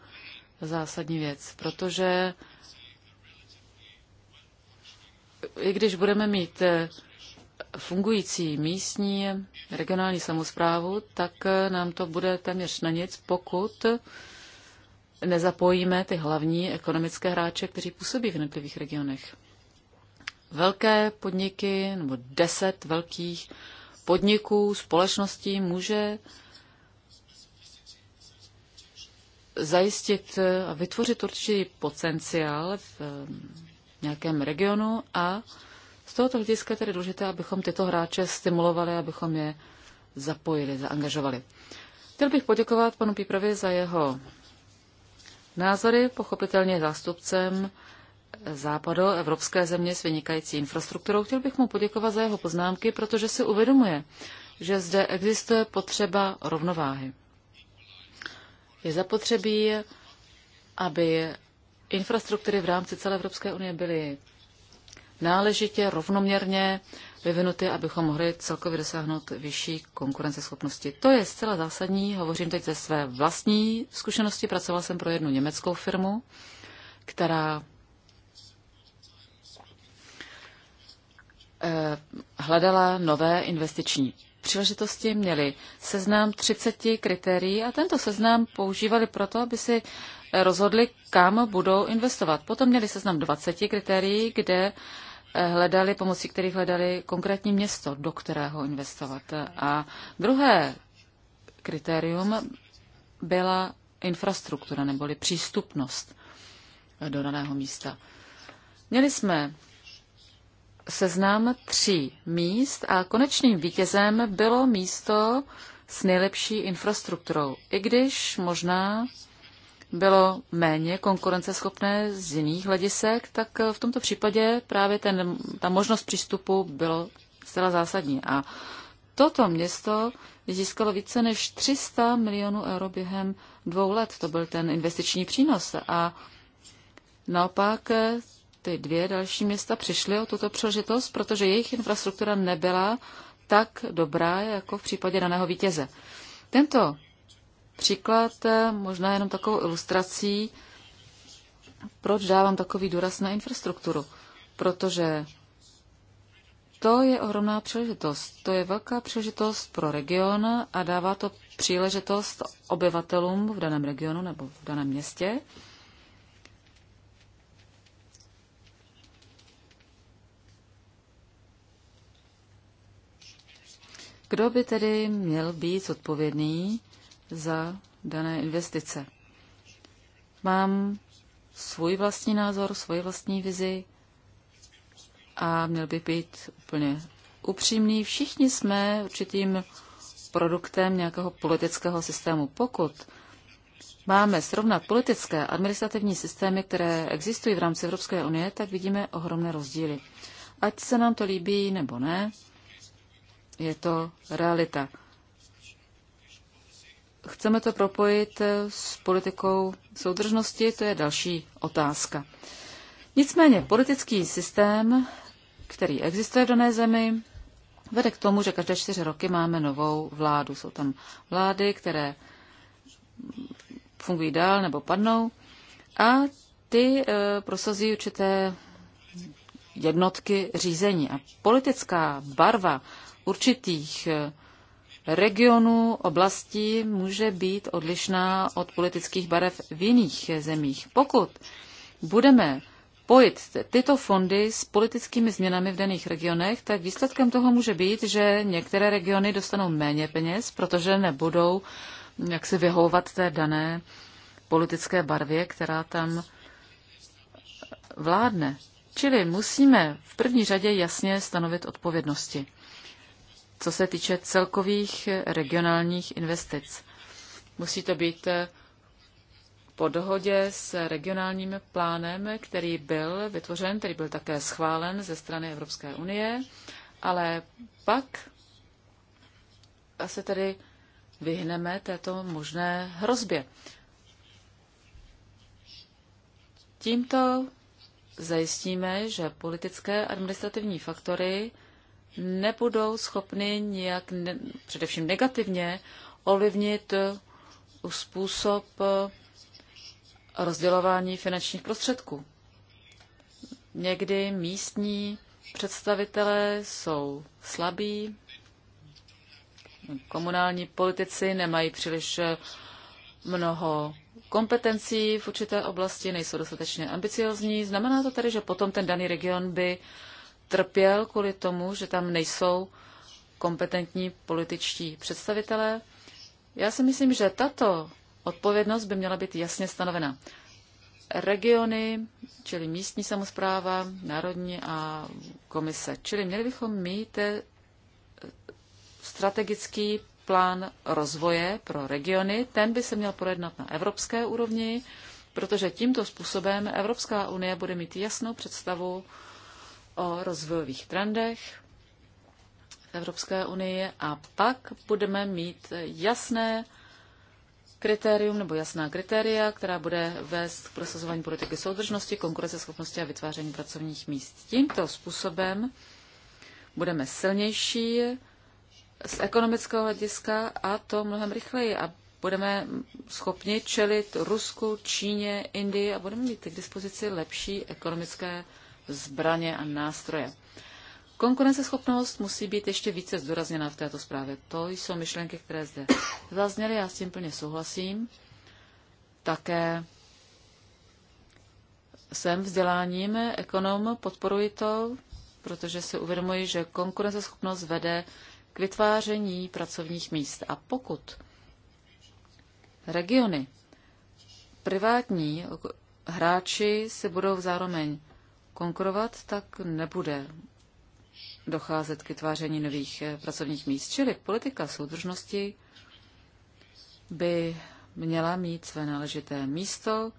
zásadní věc, protože i když budeme mít fungující místní regionální samozprávu, tak nám to bude téměř na nic, pokud nezapojíme ty hlavní ekonomické hráče, kteří působí v jednotlivých regionech. Velké podniky nebo deset velkých podniků, společností může zajistit a vytvořit určitý potenciál v nějakém regionu a tohoto hlediska je tedy důležité, abychom tyto hráče stimulovali, abychom je zapojili, zaangažovali. Chtěl bych poděkovat panu Píprovi za jeho názory, pochopitelně zástupcem západu evropské země s vynikající infrastrukturou. Chtěl bych mu poděkovat za jeho poznámky, protože si uvědomuje, že zde existuje potřeba rovnováhy. Je zapotřebí, aby infrastruktury v rámci celé Evropské unie byly náležitě, rovnoměrně vyvinuty, abychom mohli celkově dosáhnout vyšší konkurenceschopnosti. To je zcela zásadní, hovořím teď ze své vlastní zkušenosti. Pracoval jsem pro jednu německou firmu, která eh, hledala nové investiční příležitosti, měli seznám 30 kritérií a tento seznam používali proto, aby si eh, rozhodli, kam budou investovat. Potom měli seznam 20 kritérií, kde uh, hledali, pomocí kterých hledali konkrétní město, do kterého investovat. A druhé kritérium byla infrastruktura neboli přístupnost do daného místa. Měli jsme seznam tří míst a konečným vítězem bylo místo s nejlepší infrastrukturou, i když možná bylo méně konkurenceschopné z jiných hledisek, tak eh, v tomto případě právě ten, ta možnost přístupu bylo zcela zásadní. A toto město získalo více než 300 milionů euro během dvou let. To byl ten investiční přínos. A naopak eh, ty dvě další města přišly o tuto příležitost, protože jejich infrastruktura nebyla tak dobrá jako v případě daného vítěze. Tento příklad, eh, možná jenom takovou ilustrací, proč dávám takový důraz na infrastrukturu. Protože to je ohromná příležitost. To je velká příležitost pro region a dává to příležitost obyvatelům v daném regionu nebo v daném městě. Kdo by tedy měl být odpovědný za dané investice. Mám svůj vlastní názor, svoji vlastní vizi a měl by být úplně upřímný. Všichni jsme určitým produktem nějakého politického systému. Pokud máme srovnat politické administrativní systémy, které existují v rámci Evropské unie, tak vidíme ohromné rozdíly. Ať se nám to líbí nebo ne, je to realita chceme to propojit eh, s politikou soudržnosti, to je další otázka. Nicméně politický systém, který existuje v dané zemi, vede k tomu, že každé čtyři roky máme novou vládu. Jsou tam vlády, které fungují dál nebo padnou a ty eh, prosazují určité jednotky řízení. A politická barva určitých eh, regionů, oblastí může být odlišná od politických barev v jiných zemích. Pokud budeme pojit tyto fondy s politickými změnami v daných regionech, tak výsledkem toho může být, že některé regiony dostanou méně peněz, protože nebudou jak si vyhovovat té dané politické barvě, která tam vládne. Čili musíme v první řadě jasně stanovit odpovědnosti co se týče celkových regionálních investic. Musí to být eh, po dohodě s regionálním plánem, který byl vytvořen, který byl také schválen ze strany Evropské unie, ale pak se tedy vyhneme této možné hrozbě. Tímto zajistíme, že politické administrativní faktory nebudou schopny nějak ne, především negativně ovlivnit eh, způsob eh, rozdělování finančních prostředků. Někdy místní představitelé jsou slabí, komunální politici nemají příliš eh, mnoho kompetencí v určité oblasti, nejsou dostatečně ambiciozní. Znamená to tedy, že potom ten daný region by trpěl kvůli tomu, že tam nejsou kompetentní političtí představitelé. Já si myslím, že tato odpovědnost by měla být jasně stanovena. Regiony, čili místní samozpráva, národní a komise. Čili měli bychom mít eh, strategický plán rozvoje pro regiony. Ten by se měl projednat na evropské úrovni, protože tímto způsobem Evropská unie bude mít jasnou představu o rozvojových trendech v Evropské unii a pak budeme mít jasné kritérium nebo jasná kritéria, která bude vést k prosazování politiky soudržnosti, konkurenceschopnosti a vytváření pracovních míst. Tímto způsobem budeme silnější z ekonomického hlediska a to mnohem rychleji a budeme schopni čelit Rusku, Číně, Indii a budeme mít k dispozici lepší ekonomické zbraně a nástroje. Konkurenceschopnost musí být ještě více zdůrazněna v této zprávě. To jsou myšlenky, které zde zazněly, já s tím plně souhlasím. Také jsem vzděláním ekonom, podporuji to, protože si uvědomuji, že konkurenceschopnost vede k vytváření pracovních míst. A pokud regiony, privátní hráči si budou zároveň konkurovat, tak nebude docházet k vytváření nových eh, pracovních míst. Čili politika soudržnosti by měla mít své náležité místo.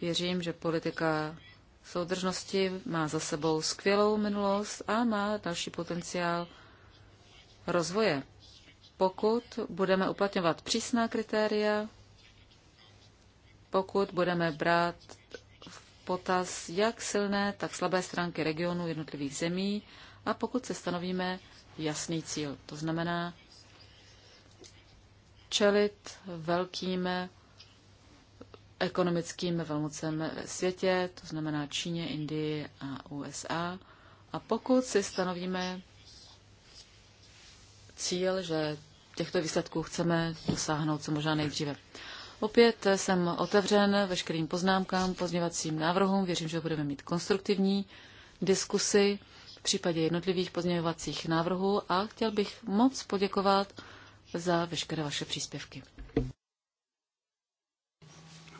Věřím, že politika soudržnosti má za sebou skvělou minulost a má další potenciál rozvoje. Pokud budeme uplatňovat přísná kritéria, pokud budeme brát potaz jak silné, tak slabé stránky regionu jednotlivých zemí a pokud se stanovíme jasný cíl, to znamená čelit velkým ekonomickým velmocem ve světě, to znamená Číně, Indii a USA. A pokud si stanovíme cíl, že těchto výsledků chceme dosáhnout co možná nejdříve. Opět jsem otevřen veškerým poznámkám, pozněvacím návrhům. Věřím, že budeme mít konstruktivní diskusy v případě jednotlivých pozněvacích návrhů a chtěl bych moc poděkovat za veškeré vaše příspěvky.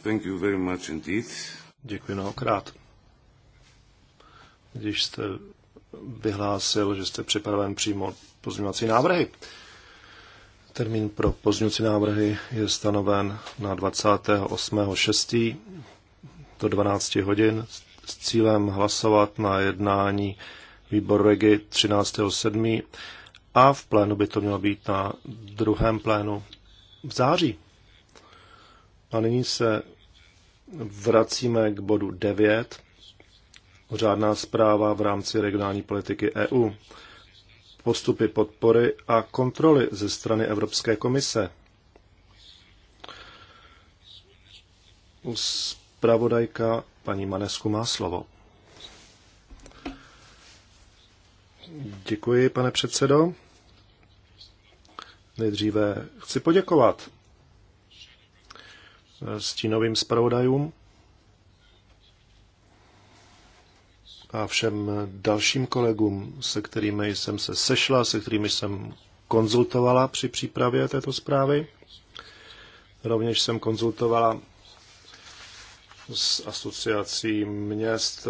Thank you very much indeed. Děkuji mnohokrát. Když jste vyhlásil, že jste připraven přímo pozměňovací návrhy, Termín pro pozdňující návrhy je stanoven na 28.6. do 12 hodin s cílem hlasovat na jednání výboru Regi 13.7. a v plénu by to mělo být na druhém plénu v září. A nyní se vracíme k bodu 9. Řádná zpráva v rámci regionální politiky EU postupy podpory a kontroly ze strany Evropské komise. Spravodajka paní Manesku má slovo. Děkuji, pane předsedo. Nejdříve chci poděkovat stínovým zpravodajům a všem dalším kolegům, se kterými jsem se sešla, se kterými jsem konzultovala při přípravě této zprávy. Rovněž jsem konzultovala s asociací měst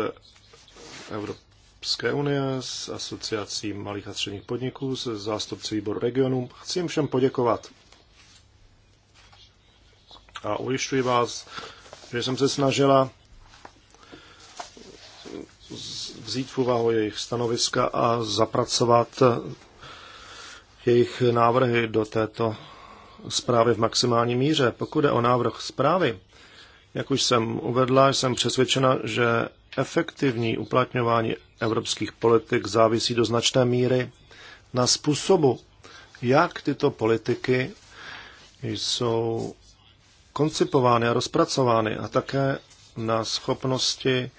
Evropské unie, s asociací malých a středních podniků, s zástupci výboru regionů. Chci jim všem poděkovat. A ujišťuji vás, že jsem se snažila vzít v úvahu jejich stanoviska a zapracovat jejich návrhy do této zprávy v maximální míře. Pokud je o návrh zprávy, jak už jsem uvedla, jsem přesvědčena, že efektivní uplatňování evropských politik závisí do značné míry na způsobu, jak tyto politiky jsou koncipovány a rozpracovány a také na schopnosti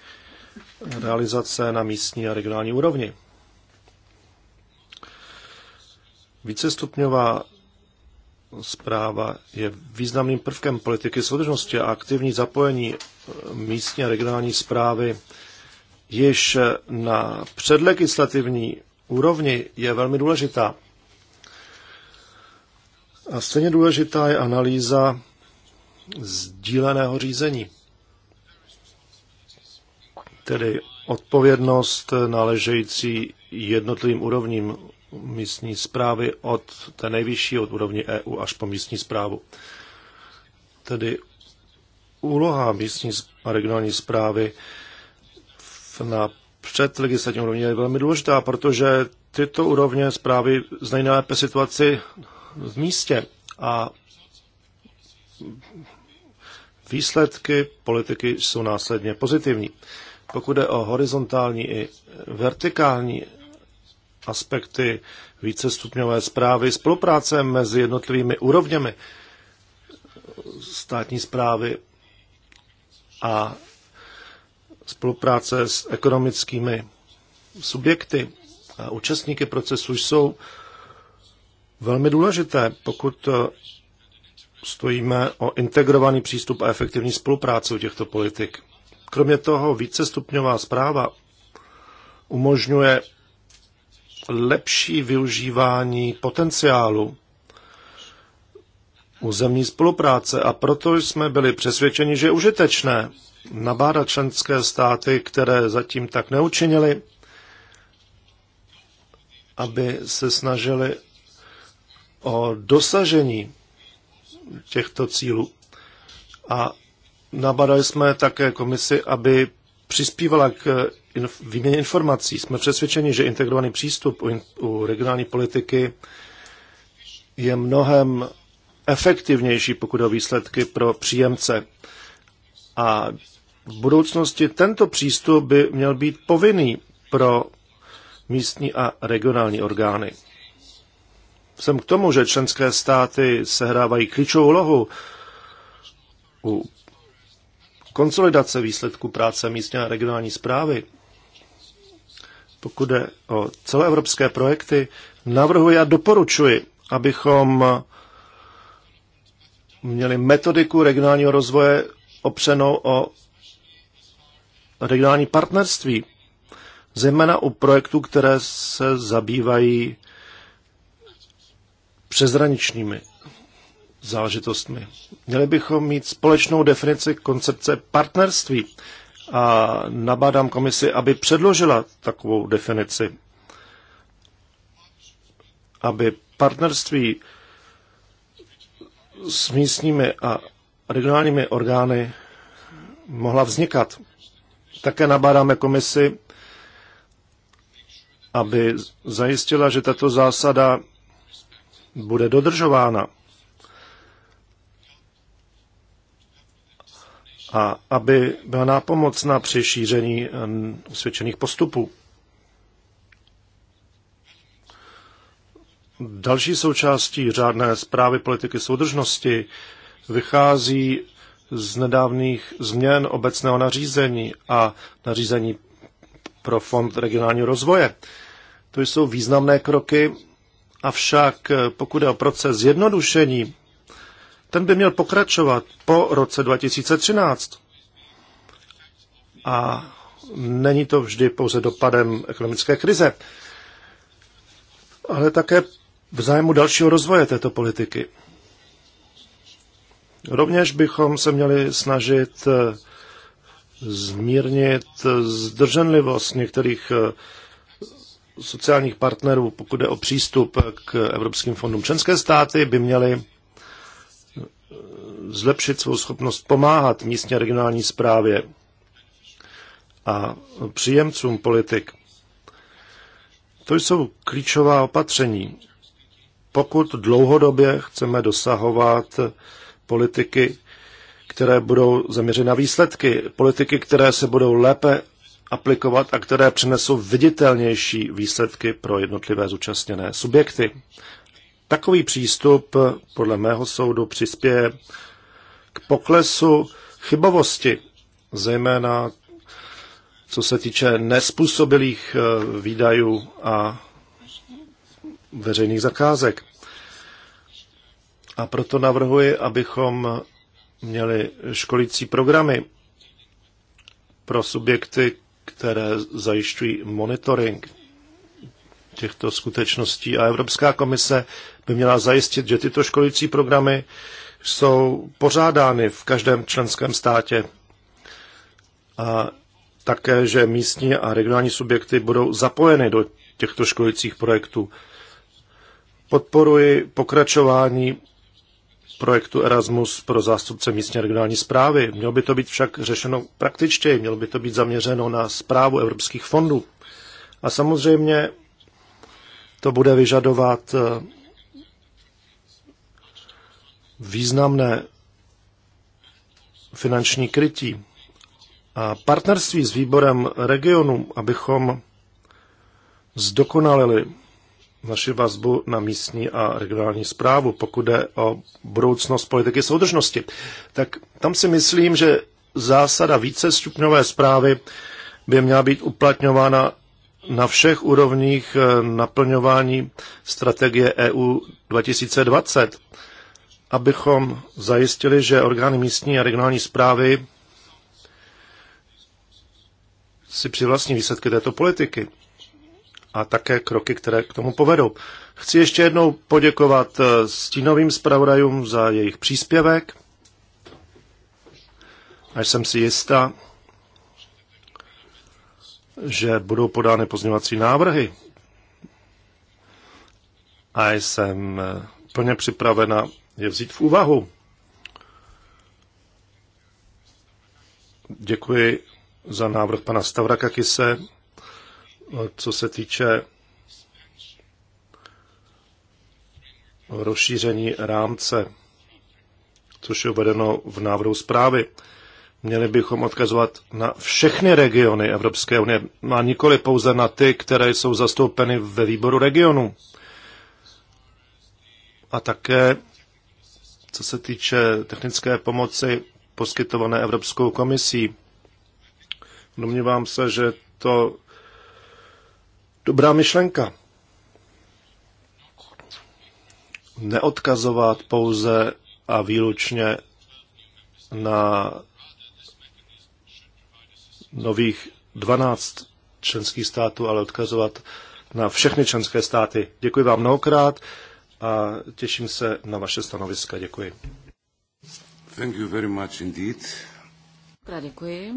realizace na místní a regionální úrovni. Vícestupňová zpráva je významným prvkem politiky soudržnosti a aktivní zapojení eh, místní a regionální zprávy již eh, na předlegislativní úrovni je velmi důležitá. A stejně důležitá je analýza sdíleného řízení tedy odpovědnost náležející jednotlivým úrovním místní zprávy od té nejvyšší, od úrovni EU až po místní zprávu. Tedy úloha místní a regionální zprávy na předlegislativní úrovni je velmi důležitá, protože tyto úrovně zprávy znají nejlépe situaci v místě a výsledky politiky jsou následně pozitivní. Pokud je o horizontální i vertikální aspekty vícestupňové zprávy, spolupráce mezi jednotlivými úrovněmi státní zprávy a spolupráce s ekonomickými subjekty a účastníky procesu jsou velmi důležité, pokud stojíme o integrovaný přístup a efektivní spolupráci u těchto politik. Kromě toho vícestupňová zpráva umožňuje lepší využívání potenciálu územní spolupráce a proto jsme byli přesvědčeni, že je užitečné nabádat členské státy, které zatím tak neučinili, aby se snažili o dosažení těchto cílů. A Nabadali jsme také komisi, aby přispívala k eh, inf- výměně informací. Jsme přesvědčeni, že integrovaný přístup u, in- u regionální politiky je mnohem efektivnější, pokud o výsledky pro příjemce. A v budoucnosti tento přístup by měl být povinný pro místní a regionální orgány. Jsem k tomu, že členské státy sehrávají klíčovou úlohu u konsolidace výsledků práce místní a regionální zprávy, pokud jde o celoevropské projekty, navrhuji a doporučuji, abychom měli metodiku regionálního rozvoje opřenou o regionální partnerství, zejména u projektů, které se zabývají přezraničními záležitostmi. Měli bychom mít společnou definici koncepce partnerství a nabádám komisi, aby předložila takovou definici, aby partnerství s místními a regionálními orgány mohla vznikat. Také nabádáme komisi, aby zajistila, že tato zásada bude dodržována a aby byla nápomocna při šíření usvědčených eh, postupů. Další součástí řádné zprávy politiky soudržnosti vychází z nedávných změn obecného nařízení a nařízení pro Fond regionálního rozvoje. To jsou významné kroky, avšak eh, pokud je o proces zjednodušení, ten by měl pokračovat po roce 2013. A není to vždy pouze dopadem ekonomické krize, ale také v zájmu dalšího rozvoje této politiky. Rovněž bychom se měli snažit eh, zmírnit eh, zdrženlivost některých eh, sociálních partnerů, pokud jde o přístup k evropským fondům. Členské státy by měly zlepšit svou schopnost pomáhat místně regionální správě a příjemcům politik. To jsou klíčová opatření. Pokud dlouhodobě chceme dosahovat politiky, které budou zaměřeny na výsledky, politiky, které se budou lépe aplikovat a které přinesou viditelnější výsledky pro jednotlivé zúčastněné subjekty. Takový přístup podle mého soudu přispěje k poklesu chybovosti, zejména co se týče nespůsobilých eh, výdajů a veřejných zakázek. A proto navrhuji, abychom měli školící programy pro subjekty, které zajišťují monitoring těchto skutečností. A Evropská komise by měla zajistit, že tyto školící programy jsou pořádány v každém členském státě a také, že místní a regionální subjekty budou zapojeny do těchto školících projektů. Podporuji pokračování projektu Erasmus pro zástupce místní a regionální zprávy. Mělo by to být však řešeno praktičtěji, mělo by to být zaměřeno na zprávu evropských fondů. A samozřejmě to bude vyžadovat eh, významné finanční krytí a partnerství s výborem regionu, abychom zdokonalili naši vazbu na místní a regionální zprávu, pokud jde o budoucnost politiky soudržnosti. Tak tam si myslím, že zásada stupňové zprávy by měla být uplatňována na všech úrovních eh, naplňování strategie EU 2020 abychom zajistili, že orgány místní a regionální zprávy si přivlastní výsledky této politiky a také kroky, které k tomu povedou. Chci ještě jednou poděkovat eh, stínovým zpravodajům za jejich příspěvek. Až jsem si jistá, že budou podány pozměňovací návrhy. A jsem eh, plně připravena je vzít v úvahu. Děkuji za návrh pana Stavrakakise. Co se týče rozšíření rámce, což je uvedeno v návrhu zprávy, měli bychom odkazovat na všechny regiony Evropské unie, a nikoli pouze na ty, které jsou zastoupeny ve výboru regionu. A také co se týče technické pomoci poskytované Evropskou komisí, domnívám se, že to dobrá myšlenka. Neodkazovat pouze a výlučně na nových 12 členských států, ale odkazovat na všechny členské státy. Děkuji vám mnohokrát a těším se na vaše stanoviska. Děkuji. Thank you very much indeed. děkuji.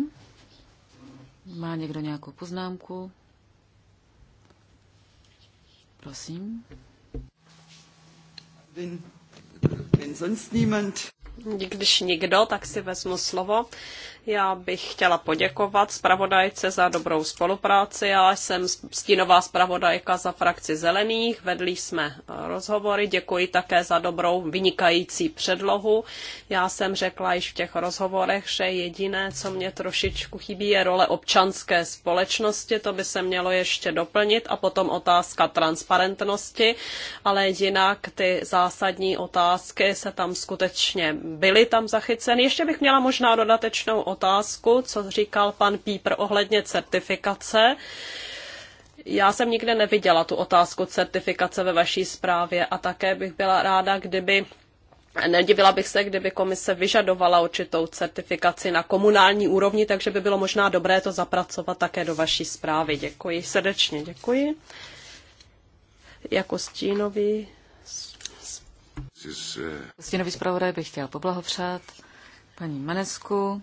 Má někdo nějakou poznámku? Prosím. Wenn, wenn sonst niemand... Když nikdo, tak si vezmu slovo. Já bych chtěla poděkovat zpravodajce za dobrou spolupráci. Já jsem stínová zpravodajka za frakci Zelených, vedli jsme eh, rozhovory. Děkuji také za dobrou, vynikající předlohu. Já jsem řekla již v těch rozhovorech, že jediné, co mě trošičku chybí, je role občanské společnosti. To by se mělo ještě doplnit a potom otázka transparentnosti, ale jinak ty zásadní otázky se tam skutečně byly tam zachyceny. Ještě bych měla možná dodatečnou otázku otázku, co říkal pan Pípr ohledně certifikace. Já jsem nikde neviděla tu otázku certifikace ve vaší zprávě a také bych byla ráda, kdyby Nedivila bych se, kdyby komise vyžadovala určitou certifikaci na komunální úrovni, takže by bylo možná dobré to zapracovat také do vaší zprávy. Děkuji, srdečně děkuji. Jako stínový... Eh, stínový zpravodaj bych chtěl poblahopřát paní Manesku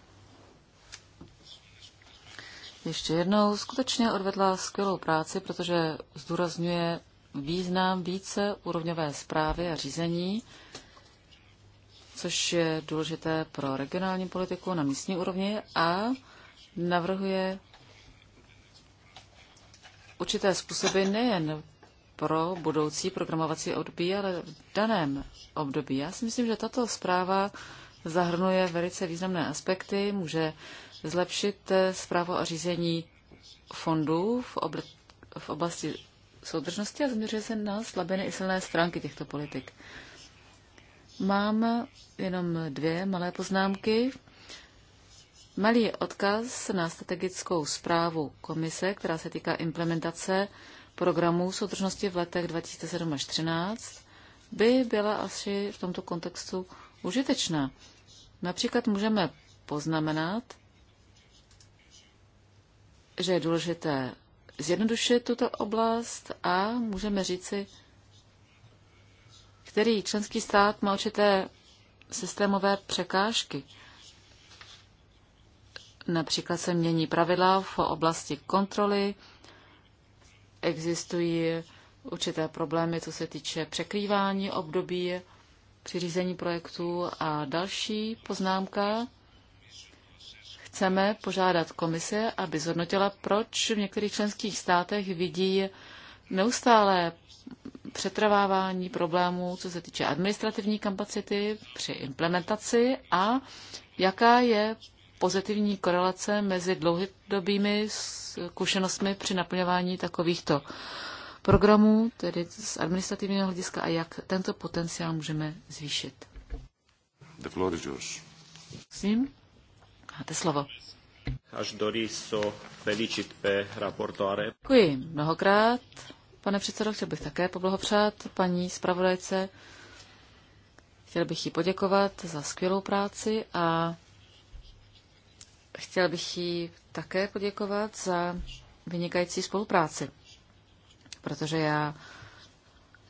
ještě jednou skutečně odvedla skvělou práci, protože zdůrazňuje význam více úrovňové zprávy a řízení, což je důležité pro regionální politiku na místní úrovni a navrhuje určité způsoby nejen pro budoucí programovací období, ale v daném období. Já si myslím, že tato zpráva zahrnuje velice významné aspekty, může zlepšit zprávu eh, a řízení fondů v, obl- v oblasti soudržnosti a zaměřuje se na slabiny i silné stránky těchto politik. Mám jenom dvě malé poznámky. Malý odkaz na strategickou zprávu komise, která se týká implementace programů soudržnosti v letech 2007 až 2013, by byla asi v tomto kontextu užitečná. Například můžeme poznamenat, že je důležité zjednodušit tuto oblast a můžeme říci, který členský stát má určité systémové překážky. Například se mění pravidla v oblasti kontroly, existují určité problémy, co se týče překrývání období při řízení projektů a další poznámka chceme požádat komise, aby zhodnotila, proč v některých členských státech vidí neustálé přetrvávání problémů, co se týče administrativní kapacity při implementaci a jaká je pozitivní korelace mezi dlouhodobými zkušenostmi při naplňování takovýchto programů, tedy z administrativního hlediska a jak tento potenciál můžeme zvýšit. The floor is yours. Sim. Máte slovo. Až Děkuji mnohokrát. Pane předsedo, chtěl bych také poblahopřát paní zpravodajce. Chtěl bych jí poděkovat za skvělou práci a chtěl bych jí také poděkovat za vynikající spolupráci, protože já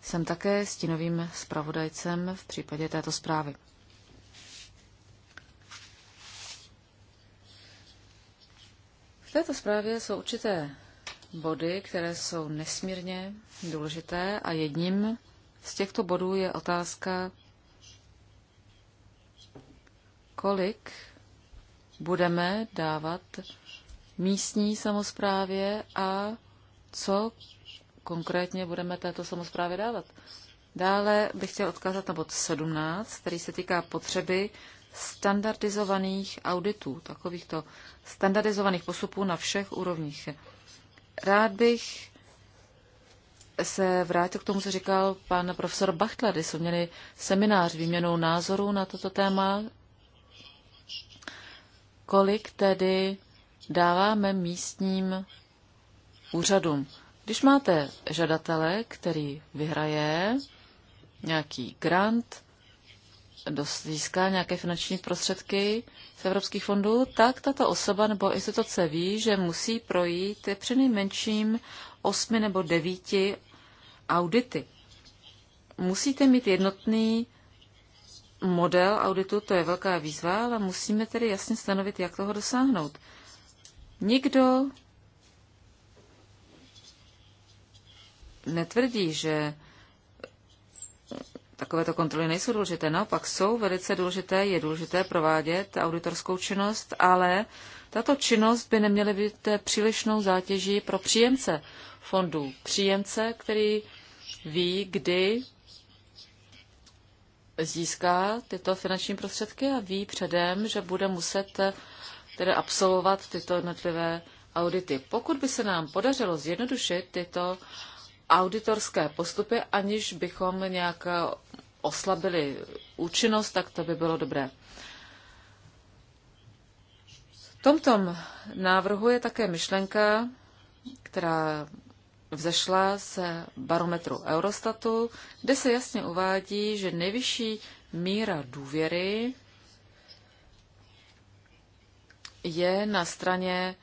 jsem také stínovým zpravodajcem v případě této zprávy. této zprávě jsou určité body, které jsou nesmírně důležité a jedním z těchto bodů je otázka, kolik budeme dávat místní samozprávě a co konkrétně budeme této samozprávě dávat. Dále bych chtěl odkázat na bod 17, který se týká potřeby standardizovaných auditů, takovýchto standardizovaných postupů na všech úrovních. Rád bych se vrátil k tomu, co říkal pan profesor Bachtler, kdy jsme měli seminář výměnou názorů na toto téma, kolik tedy dáváme místním úřadům. Když máte žadatele, který vyhraje nějaký grant, získá nějaké finanční prostředky z evropských fondů, tak tato osoba nebo instituce ví, že musí projít nejmenším osmi nebo devíti audity. Musíte mít jednotný model auditu, to je velká výzva, ale musíme tedy jasně stanovit, jak toho dosáhnout. Nikdo netvrdí, že Takovéto kontroly nejsou důležité, naopak jsou velice důležité, je důležité provádět auditorskou činnost, ale tato činnost by neměla být přílišnou zátěží pro příjemce fondů. Příjemce, který ví, kdy získá tyto finanční prostředky a ví předem, že bude muset tedy absolvovat tyto jednotlivé audity. Pokud by se nám podařilo zjednodušit tyto auditorské postupy, aniž bychom nějak oslabili účinnost, tak to by bylo dobré. V tomto návrhu je také myšlenka, která vzešla z barometru Eurostatu, kde se jasně uvádí, že nejvyšší míra důvěry je na straně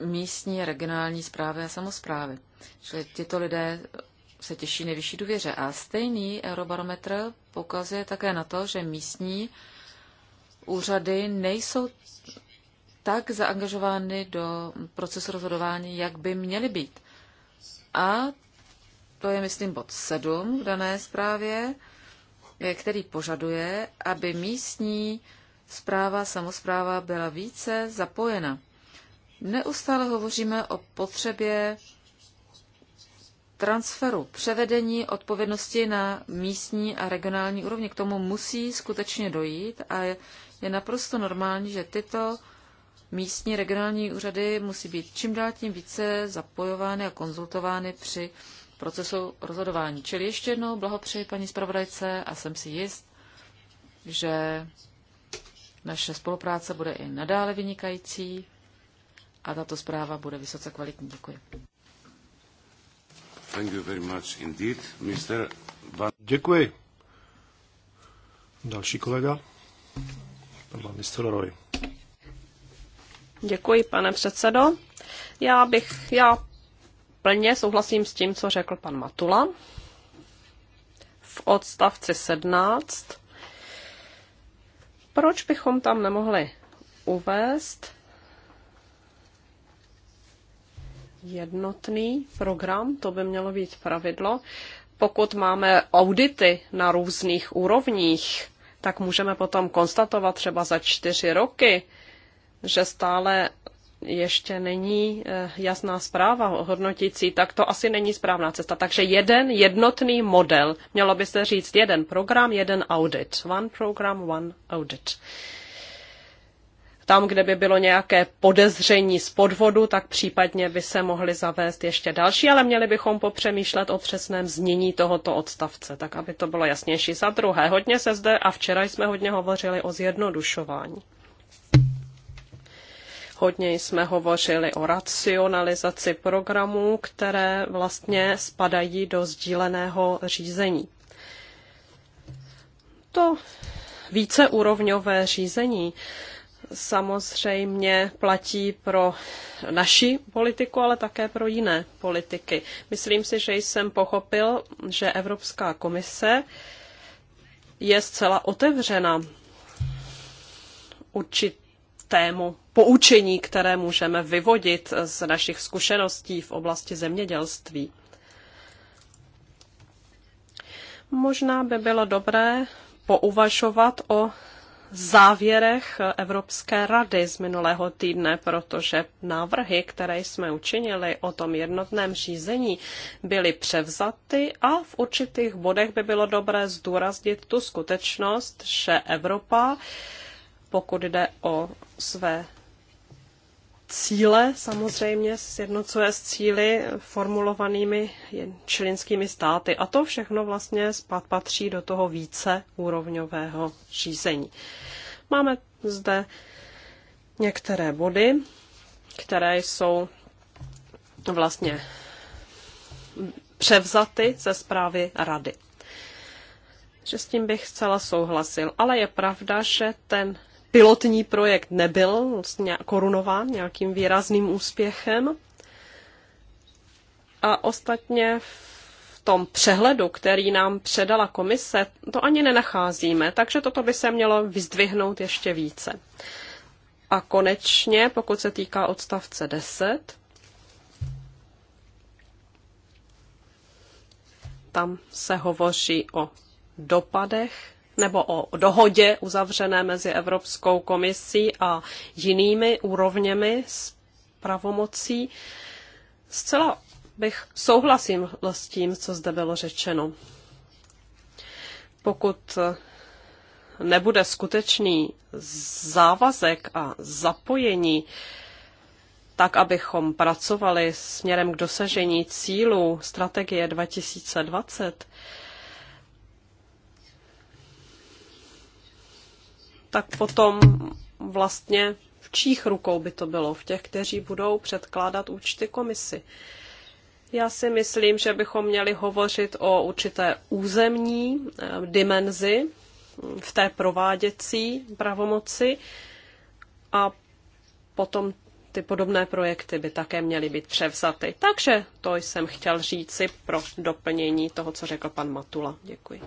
místní regionální zprávy a samozprávy. Čili tyto lidé se těší nejvyšší důvěře. A stejný eurobarometr pokazuje také na to, že místní úřady nejsou tak zaangažovány do procesu rozhodování, jak by měly být. A to je, myslím, bod 7 v dané zprávě, který požaduje, aby místní zpráva, samozpráva byla více zapojena. Neustále hovoříme o potřebě transferu, převedení odpovědnosti na místní a regionální úrovni. K tomu musí skutečně dojít a je naprosto normální, že tyto místní regionální úřady musí být čím dál tím více zapojovány a konzultovány při procesu rozhodování. Čili ještě jednou blahopřeji paní zpravodajce a jsem si jist, že naše spolupráce bude i nadále vynikající a tato zpráva bude vysoce kvalitní. Děkuji. Děkuji. Další kolega, pan Van Roy. Děkuji, pane předsedo. Já bych, já plně souhlasím s tím, co řekl pan Matula. V odstavci 17. Proč bychom tam nemohli uvést, jednotný program, to by mělo být pravidlo. Pokud máme audity na různých úrovních, tak můžeme potom konstatovat třeba za čtyři roky, že stále ještě není eh, jasná zpráva hodnotící, tak to asi není správná cesta. Takže jeden jednotný model, mělo by se říct jeden program, jeden audit. One program, one audit. Uh, tam, kde by bylo nějaké podezření z podvodu, tak případně by se mohly zavést ještě další, ale měli bychom popřemýšlet o přesném znění tohoto odstavce, tak aby to bylo jasnější. Za druhé, hodně se zde, a včera jsme hodně hovořili o zjednodušování. Hodně jsme hovořili o racionalizaci programů, které vlastně spadají do sdíleného řízení. To víceúrovňové řízení samozřejmě platí pro naši politiku, ale také pro jiné politiky. Myslím si, že jsem pochopil, že Evropská komise je zcela otevřena určitému poučení, které můžeme vyvodit z našich zkušeností v oblasti zemědělství. Možná by bylo dobré pouvažovat o závěrech Evropské rady z minulého týdne, protože návrhy, které jsme učinili o tom jednotném řízení, byly převzaty a v určitých bodech by bylo dobré zdůraznit tu skutečnost, že Evropa, pokud jde o své cíle samozřejmě sjednocuje s cíly formulovanými členskými státy. A to všechno vlastně patří do toho více úrovňového řízení. Máme zde některé body, které jsou vlastně převzaty ze zprávy rady. Že s tím bych zcela souhlasil, ale je pravda, že ten pilotní projekt nebyl vlastně korunován nějakým výrazným úspěchem. A ostatně v tom přehledu, který nám předala komise, to ani nenacházíme, takže toto by se mělo vyzdvihnout ještě více. A konečně, pokud se týká odstavce 10, tam se hovoří o dopadech nebo o dohodě uzavřené mezi Evropskou komisí a jinými úrovněmi s pravomocí. Zcela bych souhlasím s tím, co zde bylo řečeno. Pokud nebude skutečný závazek a zapojení, tak abychom pracovali směrem k dosažení cílů strategie 2020, tak potom vlastně v čích rukou by to bylo, v těch, kteří budou předkládat účty komisi. Já si myslím, že bychom měli hovořit o určité územní eh, dimenzi mm, v té prováděcí pravomoci a potom ty podobné projekty by také měly být převzaty. Takže to jsem chtěl říci pro doplnění toho, co řekl pan Matula. Děkuji.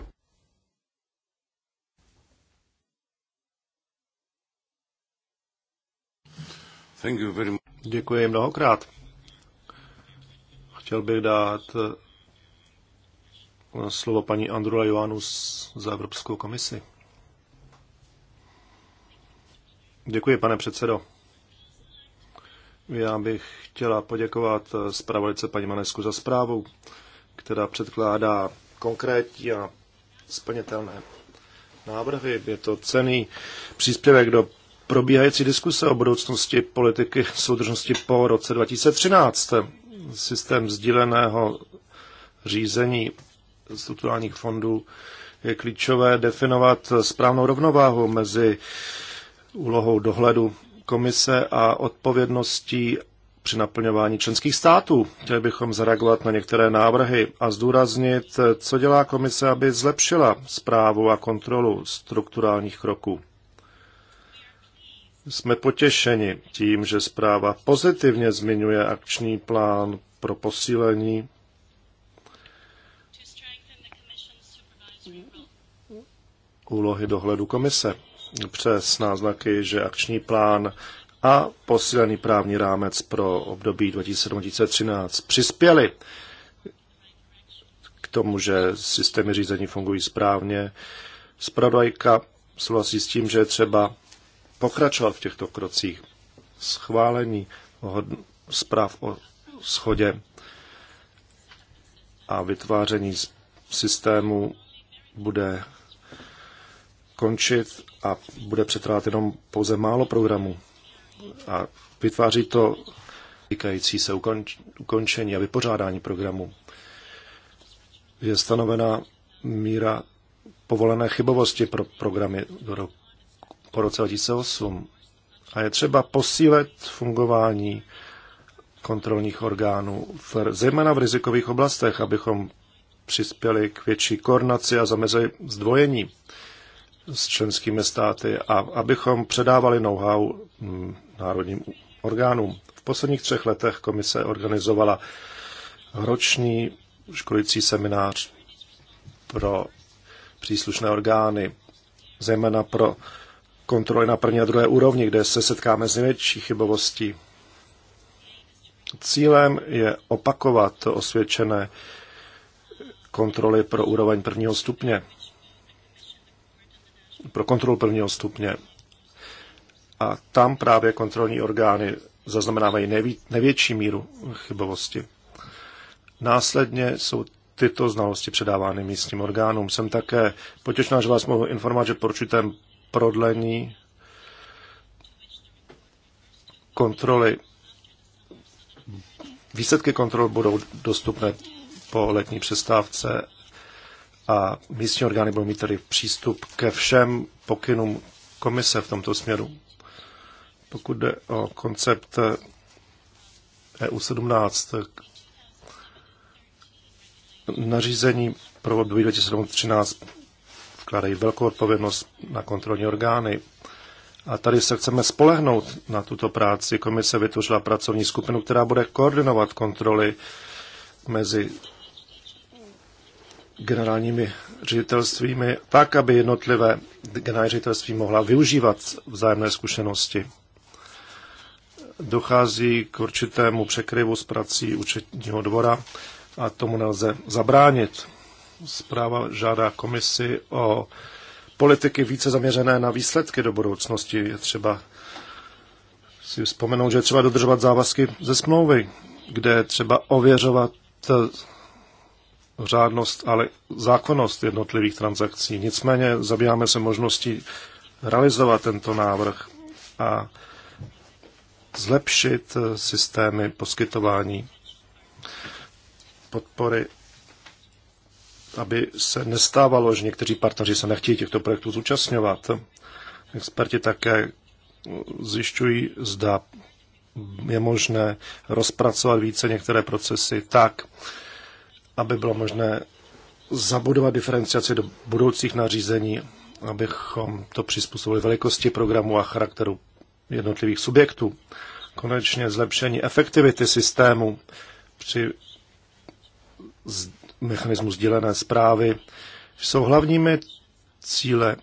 Děkuji mnohokrát. Chtěl bych dát eh, slovo paní Andrula Joánu za Evropskou komisi. Děkuji, pane předsedo. Já bych chtěla poděkovat eh, zpravodajce paní Manesku za zprávu, která předkládá konkrétní a splnitelné návrhy. Je to cený příspěvek do probíhající diskuse o budoucnosti politiky soudržnosti po roce 2013. Systém sdíleného řízení strukturálních fondů je klíčové definovat správnou rovnováhu mezi úlohou dohledu komise a odpovědností při naplňování členských států. Chtěli bychom zareagovat na některé návrhy a zdůraznit, co dělá komise, aby zlepšila zprávu a kontrolu strukturálních kroků. Jsme potěšeni tím, že zpráva pozitivně zmiňuje akční plán pro posílení úlohy dohledu komise přes náznaky, že akční plán a posílený právní rámec pro období 2013 přispěly k tomu, že systémy řízení fungují správně. Spravodajka souhlasí s tím, že je třeba pokračovat v těchto krocích. Schválení zpráv o schodě a vytváření systému bude končit a bude přetrvat jenom pouze málo programů. A vytváří to týkající se ukončení a vypořádání programu. Je stanovena míra povolené chybovosti pro programy do roku po roce 2008. A je třeba posílet fungování kontrolních orgánů, v, zejména v rizikových oblastech, abychom přispěli k větší koordinaci a zamezili zdvojení s členskými státy a abychom předávali know-how mm, národním orgánům. V posledních třech letech komise organizovala roční školicí seminář pro příslušné orgány, zejména pro kontroly na první a druhé úrovni, kde se setkáme s největší chybovostí. Cílem je opakovat osvědčené kontroly pro úroveň prvního stupně, pro kontrolu prvního stupně. A tam právě kontrolní orgány zaznamenávají největší míru chybovosti. Následně jsou tyto znalosti předávány místním orgánům. Jsem také potěšná, že vás mohu informovat, že po určitém prodlení kontroly. Výsledky kontrol budou dostupné po letní přestávce a místní orgány budou mít tedy přístup ke všem pokynům komise v tomto směru. Pokud jde o koncept EU17, nařízení pro 2013 vkládají velkou odpovědnost na kontrolní orgány. A tady se chceme spolehnout na tuto práci. Komise vytvořila pracovní skupinu, která bude koordinovat kontroly mezi generálními ředitelstvími, tak, aby jednotlivé generální ředitelství mohla využívat vzájemné zkušenosti. Dochází k určitému překryvu s prací účetního dvora a tomu nelze zabránit. Zpráva žádá komisi o politiky více zaměřené na výsledky do budoucnosti. Je třeba si vzpomenout, že je třeba dodržovat závazky ze smlouvy, kde je třeba ověřovat eh, řádnost, ale zákonnost jednotlivých transakcí. Nicméně zabýváme se možností realizovat tento návrh a zlepšit eh, systémy poskytování podpory aby se nestávalo, že někteří partneři se nechtějí těchto projektů zúčastňovat. Experti také zjišťují, zda je možné rozpracovat více některé procesy tak, aby bylo možné zabudovat diferenciaci do budoucích nařízení, abychom to přizpůsobili velikosti programu a charakteru jednotlivých subjektů. Konečně zlepšení efektivity systému při mechanismu sdílené zprávy, jsou hlavními cíle,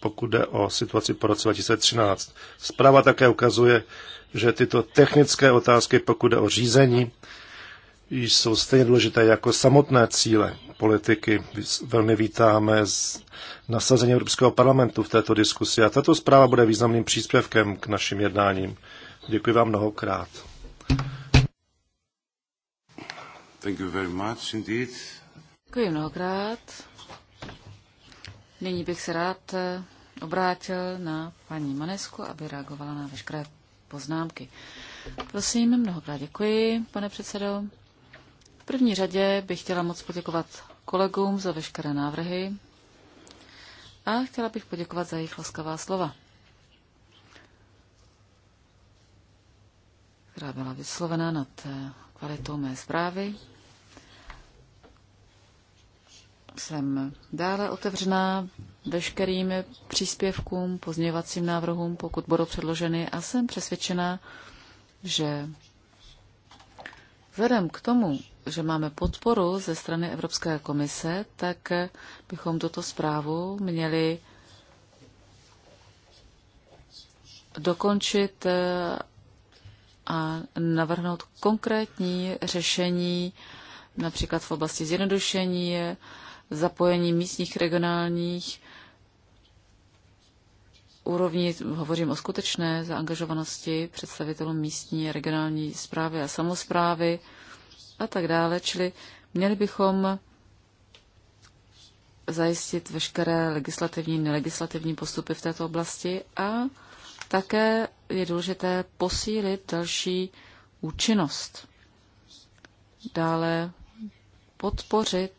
pokud jde o situaci po roce 2013. Zpráva také ukazuje, že tyto technické otázky, pokud jde o řízení, jsou stejně důležité jako samotné cíle politiky. Velmi vítáme z nasazení Evropského parlamentu v této diskusi a tato zpráva bude významným příspěvkem k našim jednáním. Děkuji vám mnohokrát. Thank you very much indeed. Děkuji mnohokrát. Nyní bych se rád eh, obrátil na paní Manesku, aby reagovala na veškeré poznámky. Prosím, mnohokrát děkuji, pane předsedo. V první řadě bych chtěla moc poděkovat kolegům za veškeré návrhy a chtěla bych poděkovat za jejich laskavá slova, která byla vyslovena nad eh, kvalitou mé zprávy jsem dále otevřená veškerým příspěvkům, pozměvacím návrhům, pokud budou předloženy a jsem přesvědčená, že vzhledem k tomu, že máme podporu ze strany Evropské komise, tak bychom tuto zprávu měli dokončit eh, a navrhnout konkrétní řešení, například v oblasti zjednodušení, zapojení místních, regionálních úrovní, hovořím o skutečné zaangažovanosti představitelů místní, regionální zprávy a samozprávy a tak dále, čili měli bychom zajistit veškeré legislativní, nelegislativní postupy v této oblasti a také je důležité posílit další účinnost. Dále podpořit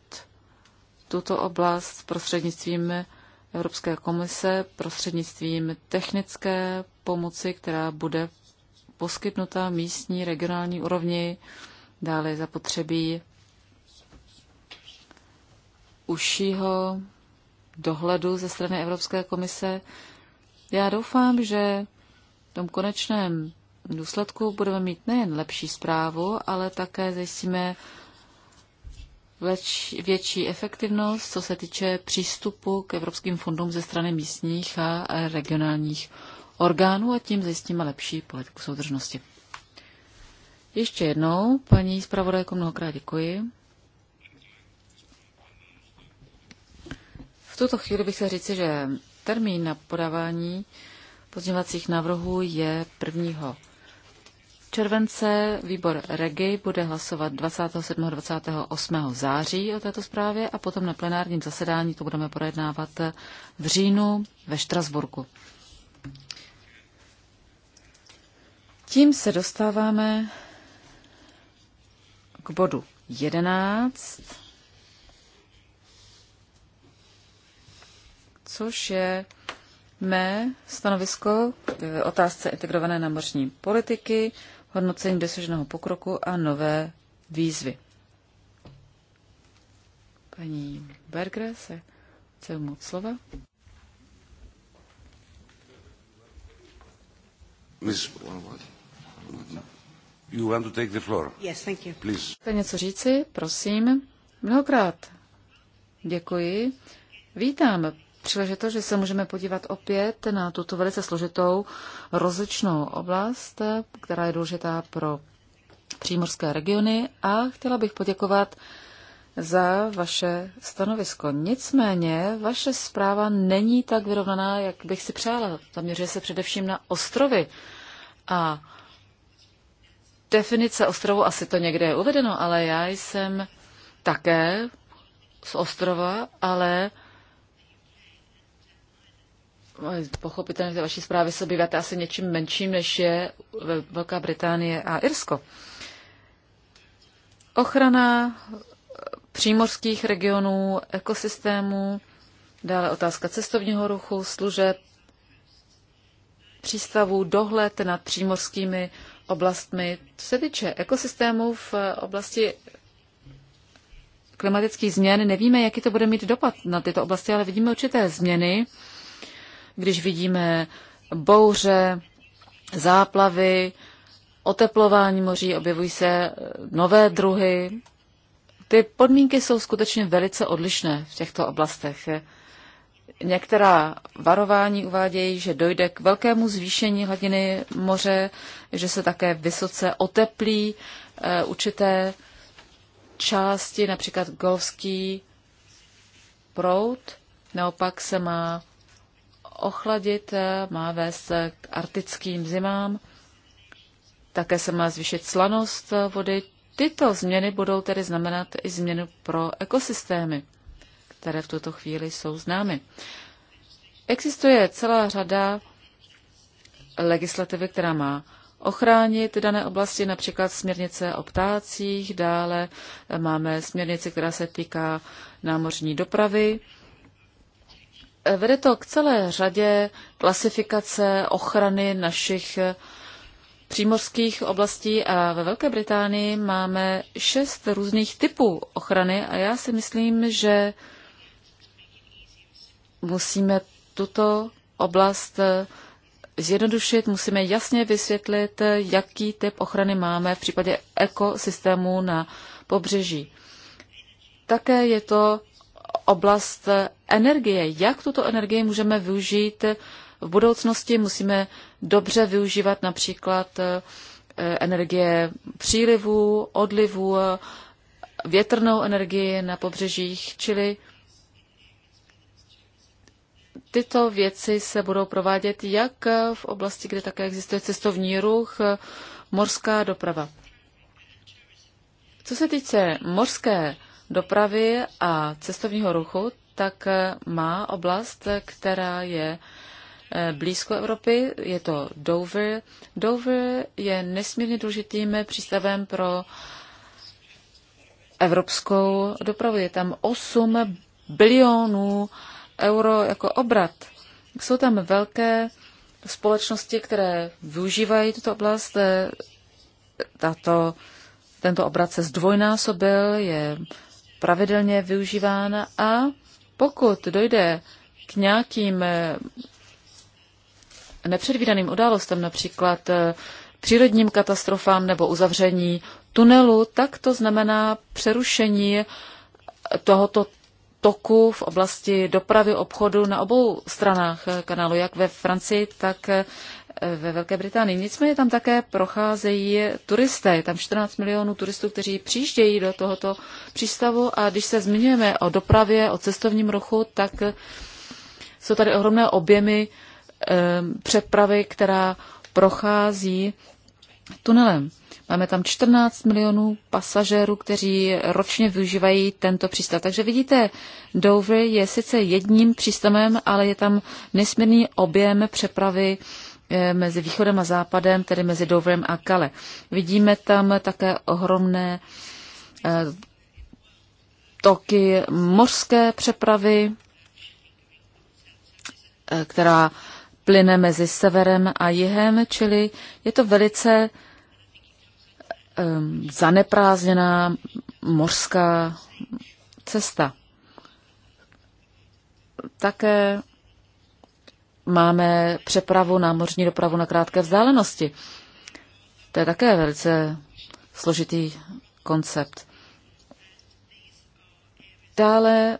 tuto oblast prostřednictvím Evropské komise, prostřednictvím technické pomoci, která bude poskytnuta místní, regionální úrovni, dále zapotřebí užšího dohledu ze strany Evropské komise. Já doufám, že v tom konečném důsledku budeme mít nejen lepší zprávu, ale také zajistíme več, větší efektivnost, co se týče přístupu k evropským fondům ze strany místních a regionálních orgánů a tím zjistíme lepší politiku soudržnosti. Ještě jednou, paní zpravodajko, mnohokrát děkuji. V tuto chvíli bych se říci, že termín na podávání pozměňovacích návrhů je 1 července, výbor REGI bude hlasovat 27. a 28. září o této zprávě a potom na plenárním zasedání to budeme projednávat v říjnu ve Štrasburku. Tím se dostáváme k bodu 11, což je mé stanovisko k otázce integrované námořní politiky hodnocení dosaženého pokroku a nové výzvy. Paní Berger se chce umout slova. Miss You want to take the floor? Yes, thank you. Please. Chcete něco říci? Prosím. Mnohokrát děkuji. Vítám příležitost, že se můžeme podívat opět na tuto velice složitou rozličnou oblast, která je důležitá pro přímorské regiony a chtěla bych poděkovat za vaše stanovisko. Nicméně vaše zpráva není tak vyrovnaná, jak bych si přála. Zaměřuje se především na ostrovy a definice ostrovu asi to někde je uvedeno, ale já jsem také z ostrova, ale pochopitelně ve vaší zprávy se obýváte asi něčím menším, než je Velká Británie a Irsko. Ochrana eh, přímořských regionů, ekosystémů, dále otázka cestovního ruchu, služeb, přístavů, dohled nad přímořskými oblastmi. Co se týče ekosystémů v eh, oblasti klimatických změn, nevíme, jaký to bude mít dopad na tyto oblasti, ale vidíme určité změny když vidíme bouře, záplavy, oteplování moří, objevují se eh, nové druhy. Ty podmínky jsou skutečně velice odlišné v těchto oblastech. Některá varování uvádějí, že dojde k velkému zvýšení hladiny moře, že se také vysoce oteplí e, určité části, například golfský proud. Naopak se má ochladit, eh, má vést eh, k arktickým zimám, také se má zvýšit slanost eh, vody. Tyto změny budou tedy znamenat i změnu pro ekosystémy, které v tuto chvíli jsou známy. Existuje celá řada legislativy, která má ochránit dané oblasti, například směrnice o ptácích, dále máme směrnici, která se týká námořní dopravy, Vede to k celé řadě klasifikace ochrany našich přímořských oblastí a ve Velké Británii máme šest různých typů ochrany a já si myslím, že musíme tuto oblast zjednodušit, musíme jasně vysvětlit, jaký typ ochrany máme v případě ekosystému na pobřeží. Také je to oblast energie. Jak tuto energii můžeme využít v budoucnosti? Musíme dobře využívat například eh, energie přílivů, odlivů, větrnou energii na pobřežích, čili tyto věci se budou provádět jak v oblasti, kde také existuje cestovní ruch, morská doprava. Co se týče mořské dopravy a cestovního ruchu, tak eh, má oblast, která je eh, blízko Evropy, je to Dover. Dover je nesmírně důležitým přístavem pro evropskou dopravu. Je tam 8 bilionů euro jako obrat. Jsou tam velké společnosti, které využívají tuto oblast. Eh, tato, tento obrat se zdvojnásobil, je pravidelně využívána a pokud dojde k nějakým eh, nepředvídaným událostem, například eh, přírodním katastrofám nebo uzavření tunelu, tak to znamená přerušení tohoto toku v oblasti dopravy, obchodu na obou stranách eh, kanálu, jak ve Francii, tak ve Velké Británii. Nicméně tam také procházejí turisté. Je tam 14 milionů turistů, kteří přijíždějí do tohoto přístavu a když se zmiňujeme o dopravě, o cestovním ruchu, tak jsou tady ohromné objemy ehm, přepravy, která prochází tunelem. Máme tam 14 milionů pasažérů, kteří ročně využívají tento přístav. Takže vidíte, Dover je sice jedním přístavem, ale je tam nesmírný objem přepravy Eh, mezi východem a západem, tedy mezi Dovrem a Kale. Vidíme tam také ohromné eh, toky mořské přepravy, eh, která plyne mezi severem a jihem, čili je to velice ehm, zaneprázdněná mořská cesta. Také máme přepravu, námořní dopravu na krátké vzdálenosti. To je také velice složitý koncept. Dále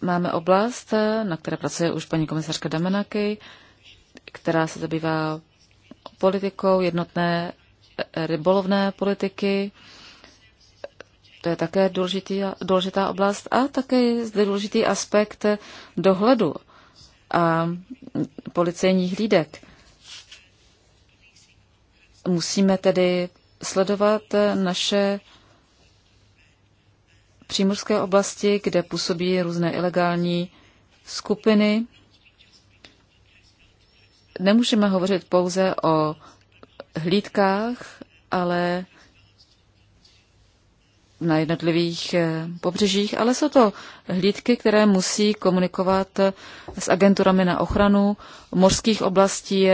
máme oblast, na které pracuje už paní komisařka Damenaky, která se zabývá politikou jednotné rybolovné politiky. To je také důležitý, důležitá oblast a také zde důležitý aspekt dohledu a policejních hlídek. Musíme tedy sledovat naše přímořské oblasti, kde působí různé ilegální skupiny. Nemůžeme hovořit pouze o hlídkách, ale na jednotlivých eh, pobřežích, ale jsou to hlídky, které musí komunikovat eh, s agenturami na ochranu mořských oblastí.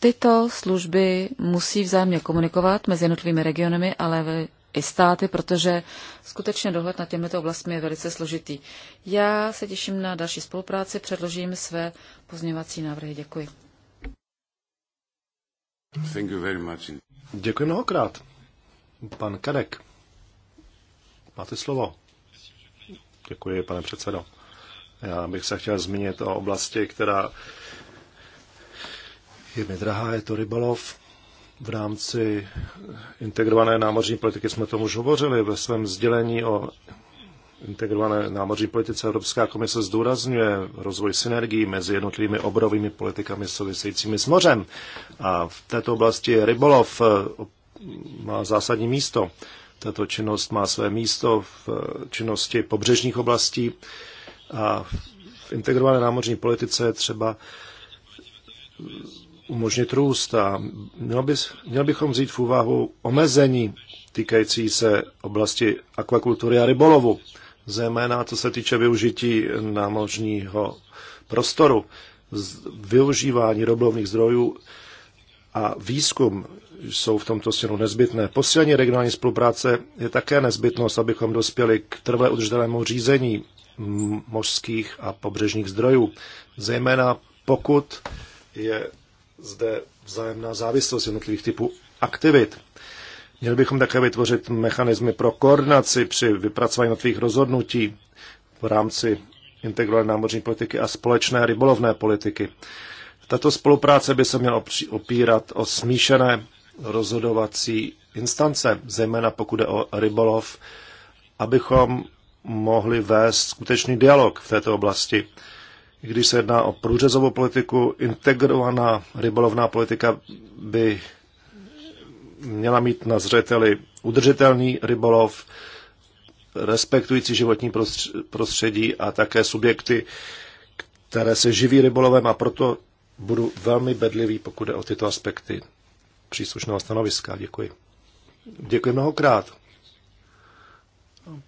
Tyto služby musí vzájemně komunikovat mezi jednotlivými regiony, ale i státy, protože skutečně dohled na těmito oblastmi je velice složitý. Já se těším na další spolupráci, předložím své pozměňovací návrhy. Děkuji. Thank you very much. Děkuji mnohokrát. Pan Kadek, máte slovo. Děkuji, pane předsedo. Já bych se chtěl zmínit o oblasti, která je mi drahá, je to rybolov. V rámci integrované námořní politiky jsme tomu už hovořili ve svém sdělení o integrované námořní politice Evropská komise zdůrazňuje rozvoj synergií mezi jednotlivými obrovými politikami souvisejícími s mořem. A v této oblasti rybolov eh, má zásadní místo. Tato činnost má své místo v eh, činnosti pobřežních oblastí a v integrované námořní politice je třeba umožnit růst a měl, by, měl bychom vzít v úvahu omezení týkající se oblasti akvakultury a rybolovu zejména co se týče využití námořního prostoru, využívání roblovných zdrojů a výzkum jsou v tomto směru nezbytné. Posílení regionální spolupráce je také nezbytnost, abychom dospěli k trvalé udržitelnému řízení mořských a pobřežních zdrojů, zejména pokud je zde vzájemná závislost jednotlivých typů aktivit. Měli bychom také vytvořit mechanismy pro koordinaci při vypracování nových rozhodnutí v rámci integrované námořní politiky a společné rybolovné politiky. Tato spolupráce by se měla opírat o smíšené rozhodovací instance, zejména pokud je o rybolov, abychom mohli vést skutečný dialog v této oblasti. Když se jedná o průřezovou politiku, integrovaná rybolovná politika by měla mít na zřeteli udržitelný rybolov, respektující životní prostředí a také subjekty, které se živí rybolovem a proto budu velmi bedlivý, pokud jde o tyto aspekty příslušného stanoviska. Děkuji. Děkuji mnohokrát.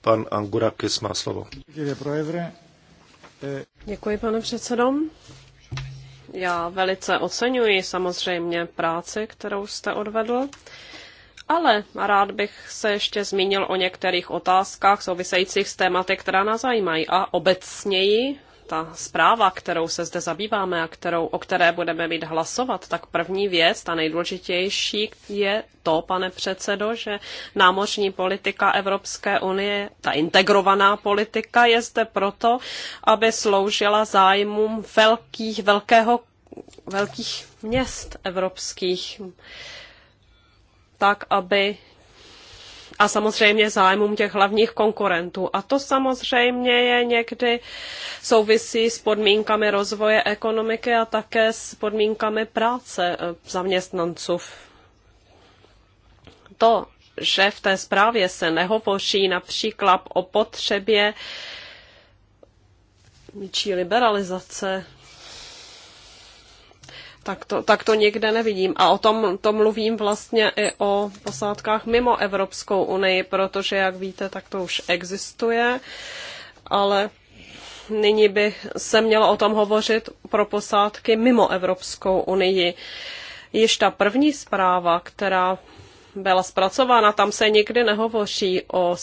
Pan Angurakis má slovo. Děkuji, pane předsedom. Já velice oceňuji samozřejmě práci, kterou jste odvedl, ale rád bych se ještě zmínil o některých otázkách souvisejících s tématy, která nás zajímají a obecněji ta zpráva, kterou se zde zabýváme a kterou, o které budeme mít hlasovat, tak první věc, ta nejdůležitější je to, pane předsedo, že námořní politika Evropské unie, ta integrovaná politika je zde proto, aby sloužila zájmům velkých, velkého, velkých měst evropských, tak aby a samozřejmě zájmům těch hlavních konkurentů. A to samozřejmě je někdy souvisí s podmínkami rozvoje ekonomiky a také s podmínkami práce eh, zaměstnanců. To, že v té zprávě se nehovoří například o potřebě či liberalizace tak to, tak to nikde nevidím. A o tom to mluvím vlastně i o posádkách mimo Evropskou unii, protože, jak víte, tak to už existuje, ale nyní by se mělo o tom hovořit pro posádky mimo Evropskou unii. Již ta první zpráva, která byla zpracována, tam se nikdy nehovoří o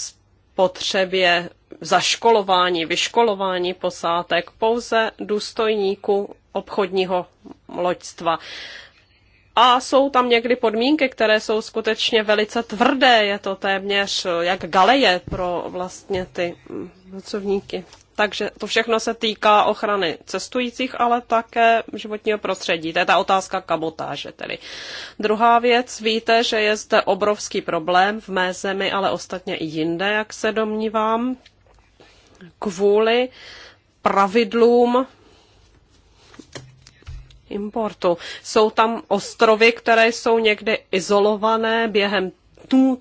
potřebě zaškolování, vyškolování posádek pouze důstojníků obchodního loďstva. A jsou tam někdy podmínky, které jsou skutečně velice tvrdé. Je to téměř jak galeje pro vlastně ty mm, pracovníky. Takže to všechno se týká ochrany cestujících, ale také životního prostředí. To je ta otázka kabotáže tedy. Druhá věc, víte, že je zde obrovský problém v mé zemi, ale ostatně i jinde, jak se domnívám, kvůli pravidlům importu. Jsou tam ostrovy, které jsou někdy izolované během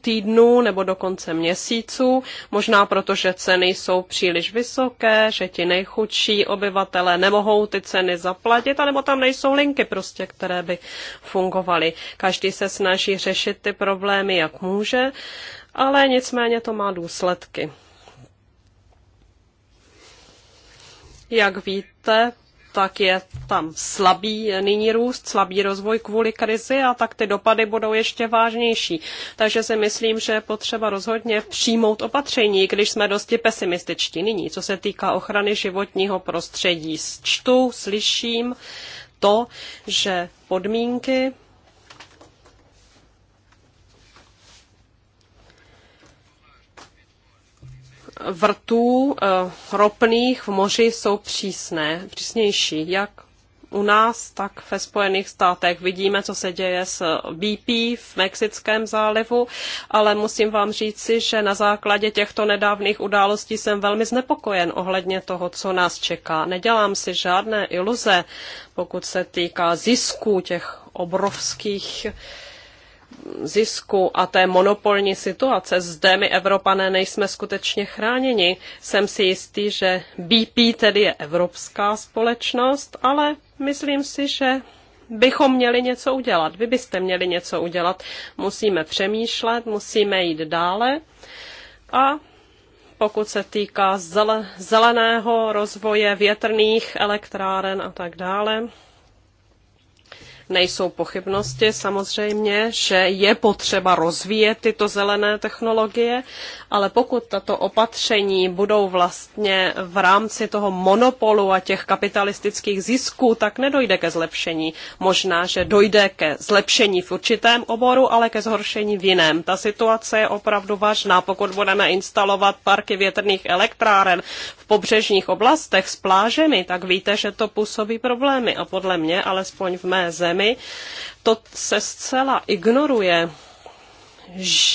týdnu nebo dokonce měsíců, možná protože ceny jsou příliš vysoké, že ti nejchudší obyvatele nemohou ty ceny zaplatit, anebo tam nejsou linky prostě, které by fungovaly. Každý se snaží řešit ty problémy, jak může, ale nicméně to má důsledky. Jak víte, tak je tam slabý nyní růst, slabý rozvoj kvůli krizi a tak ty dopady budou ještě vážnější. Takže si myslím, že je potřeba rozhodně přijmout opatření, když jsme dosti pesimističtí nyní, co se týká ochrany životního prostředí. Čtu, slyším to, že podmínky vrtů eh, ropných v moři jsou přísné, přísnější, jak u nás, tak ve Spojených státech. Vidíme, co se děje s BP v Mexickém zálivu, ale musím vám říci, že na základě těchto nedávných událostí jsem velmi znepokojen ohledně toho, co nás čeká. Nedělám si žádné iluze, pokud se týká zisků těch obrovských uh, zisku a té monopolní situace. Zde my Evropané nejsme skutečně chráněni. Jsem si jistý, že BP tedy je evropská společnost, ale myslím si, že bychom měli něco udělat. Vy byste měli něco udělat. Musíme přemýšlet, musíme jít dále a pokud se týká zeleného rozvoje větrných elektráren a tak dále, Nejsou pochybnosti samozřejmě, že je potřeba rozvíjet tyto zelené technologie, ale pokud tato opatření budou vlastně v rámci toho monopolu a těch kapitalistických zisků, tak nedojde ke zlepšení. Možná, že dojde ke zlepšení v určitém oboru, ale ke zhoršení v jiném. Ta situace je opravdu vážná, pokud budeme instalovat parky větrných elektráren pobřežních oblastech s plážemi, tak víte, že to působí problémy. A podle mě, alespoň v mé zemi, to se zcela ignoruje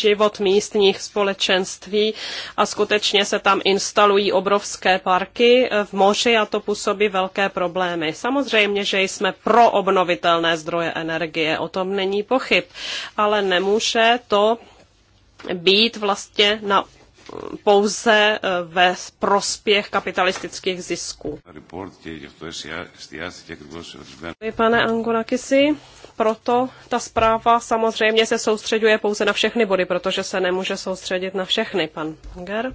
život místních společenství a skutečně se tam instalují obrovské parky v moři a to působí velké problémy. Samozřejmě, že jsme pro obnovitelné zdroje energie, o tom není pochyb, ale nemůže to být vlastně na pouze eh, ve prospěch kapitalistických zisků. pane Angonakisi. Proto ta zpráva samozřejmě se soustředuje pouze na všechny body, protože se nemůže soustředit na všechny. Pan Hunger.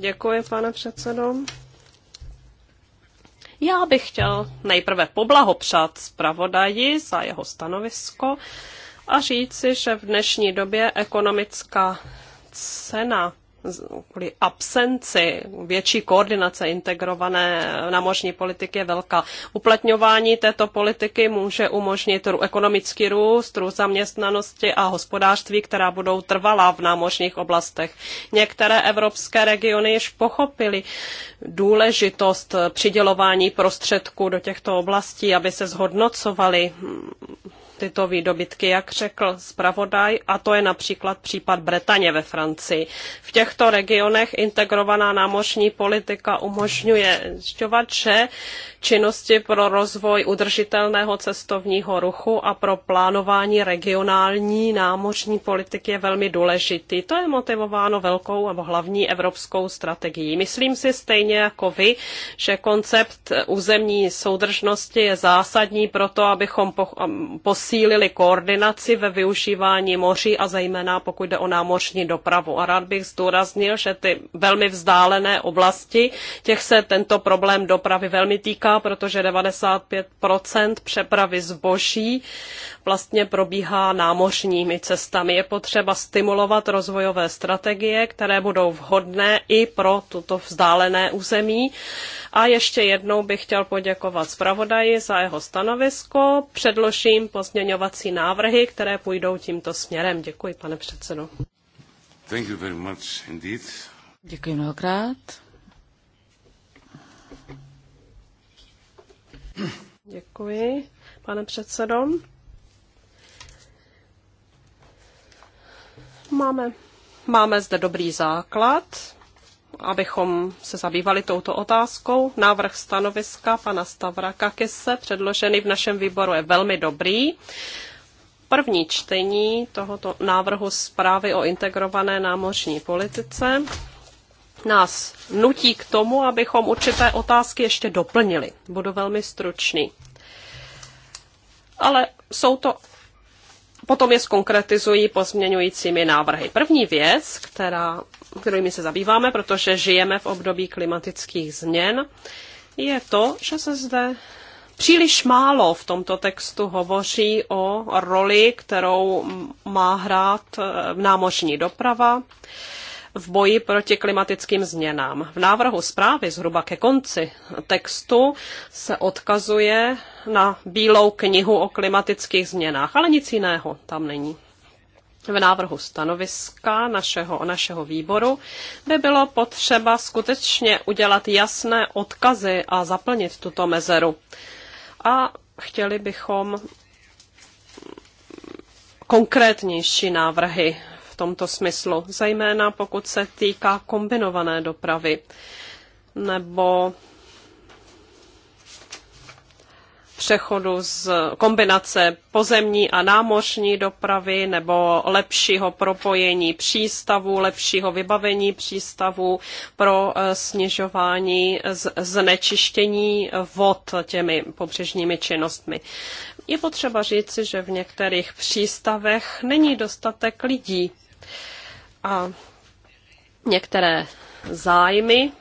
Děkuji, pane předsedo. Já bych chtěl nejprve poblahopřát zpravodaji za jeho stanovisko a říci, že v dnešní době ekonomická cena kvůli absenci větší koordinace integrované námořní politiky je velká. Uplatňování této politiky může umožnit ekonomický růst, růst zaměstnanosti a hospodářství, která budou trvalá v námořních oblastech. Některé evropské regiony již pochopily důležitost přidělování prostředků do těchto oblastí, aby se zhodnocovaly hm, tyto výdobytky, jak řekl zpravodaj, a to je například případ Bretaně ve Francii. V těchto regionech integrovaná námořní politika umožňuje zjišťovat, že činnosti pro rozvoj udržitelného cestovního ruchu a pro plánování regionální námořní politiky je velmi důležitý. To je motivováno velkou nebo hlavní evropskou strategií. Myslím si stejně jako vy, že koncept územní soudržnosti je zásadní pro to, abychom po, um, pos, posílili koordinaci ve využívání moří a zejména pokud jde o námořní dopravu. A rád bych zdůraznil, že ty velmi vzdálené oblasti, těch se tento problém dopravy velmi týká, protože 95% přepravy zboží vlastně probíhá námořními cestami. Je potřeba stimulovat rozvojové strategie, které budou vhodné i pro tuto vzdálené území. A ještě jednou bych chtěl poděkovat zpravodaji za jeho stanovisko. Předložím pozdě pozměňovací návrhy, které půjdou tímto směrem. Děkuji, pane předsedo. Thank you very much indeed. Děkuji mnohokrát. Děkuji, pane předsedo. Máme, máme zde dobrý základ abychom se zabývali touto otázkou. Návrh stanoviska pana Stavra Kakise předložený v našem výboru je velmi dobrý. První čtení tohoto návrhu zprávy o integrované námořní politice nás nutí k tomu, abychom určité otázky ještě doplnili. Budu velmi stručný. Ale jsou to potom je zkonkretizují pozměňujícími návrhy. První věc, která, kterými se zabýváme, protože žijeme v období klimatických změn, je to, že se zde příliš málo v tomto textu hovoří o roli, kterou má hrát eh, námořní doprava v boji proti klimatickým změnám. V návrhu zprávy zhruba ke konci textu se odkazuje na bílou knihu o klimatických změnách, ale nic jiného tam není. V návrhu stanoviska našeho, našeho výboru by bylo potřeba skutečně udělat jasné odkazy a zaplnit tuto mezeru. A chtěli bychom konkrétnější návrhy v tomto smyslu, zejména pokud se týká kombinované dopravy nebo přechodu z kombinace pozemní a námořní dopravy nebo lepšího propojení přístavu, lepšího vybavení přístavu pro eh, snižování znečištění vod těmi pobřežními činnostmi. Je potřeba říci, že v některých přístavech není dostatek lidí a některé zájmy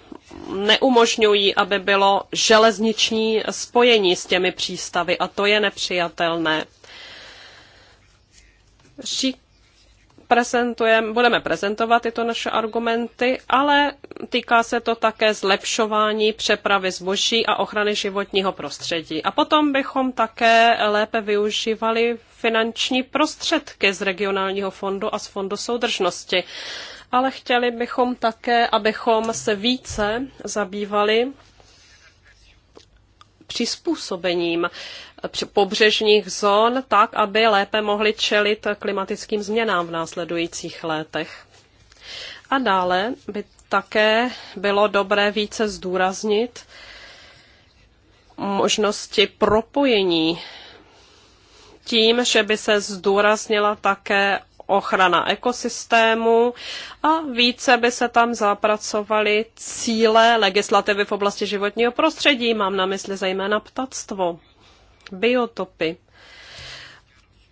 neumožňují, aby bylo železniční spojení s těmi přístavy a to je nepřijatelné. prezentujem, budeme prezentovat tyto naše argumenty, ale týká se to také zlepšování přepravy zboží a ochrany životního prostředí. A potom bychom také lépe využívali finanční prostředky z regionálního fondu a z fondu soudržnosti ale chtěli bychom také, abychom se více zabývali přizpůsobením pobřežních zón tak, aby lépe mohli čelit klimatickým změnám v následujících letech. A dále by také bylo dobré více zdůraznit možnosti propojení tím, že by se zdůraznila také ochrana ekosystému a více by se tam zapracovaly cíle legislativy v oblasti životního prostředí, mám na mysli zejména ptactvo, biotopy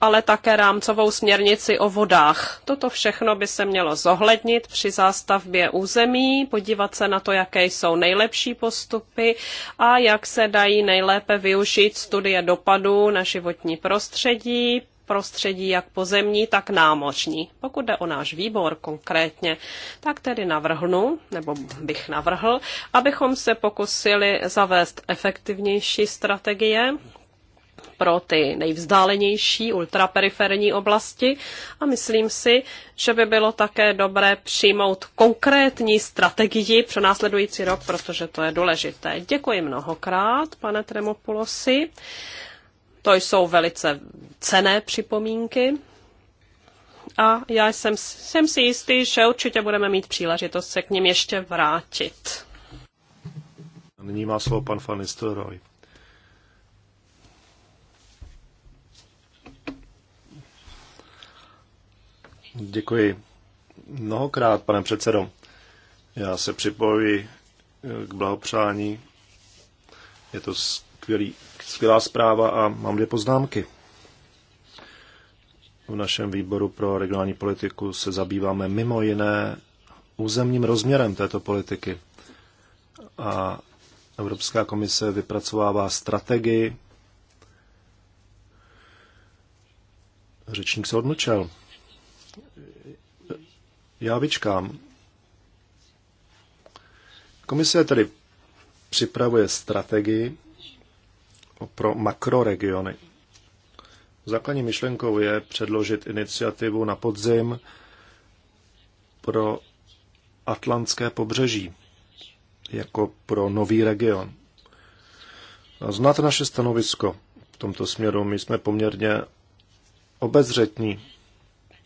ale také rámcovou směrnici o vodách. Toto všechno by se mělo zohlednit při zástavbě území, podívat se na to, jaké jsou nejlepší postupy a jak se dají nejlépe využít studie dopadů na životní prostředí prostředí jak pozemní, tak námořní. Pokud jde o náš výbor konkrétně, tak tedy navrhnu, nebo bych navrhl, abychom se pokusili zavést efektivnější strategie pro ty nejvzdálenější ultraperiferní oblasti a myslím si, že by bylo také dobré přijmout konkrétní strategii pro následující rok, protože to je důležité. Děkuji mnohokrát, pane Tremopulosi. To jsou velice cené připomínky a já jsem, jsem si jistý, že určitě budeme mít příležitost se k ním ještě vrátit. Nyní má slovo pan Fanistoroj. Děkuji mnohokrát, pane předsedo. Já se připojuji k blahopřání. Je to skvělý skvělá zpráva a mám dvě poznámky. V našem výboru pro regionální politiku se zabýváme mimo jiné územním rozměrem této politiky. A Evropská komise vypracovává strategii. Řečník se odmlčel. Já vyčkám. Komise tedy připravuje strategii pro makroregiony. Základní myšlenkou je předložit iniciativu na podzim pro atlantské pobřeží jako pro nový region. znáte naše stanovisko v tomto směru. My jsme poměrně obezřetní.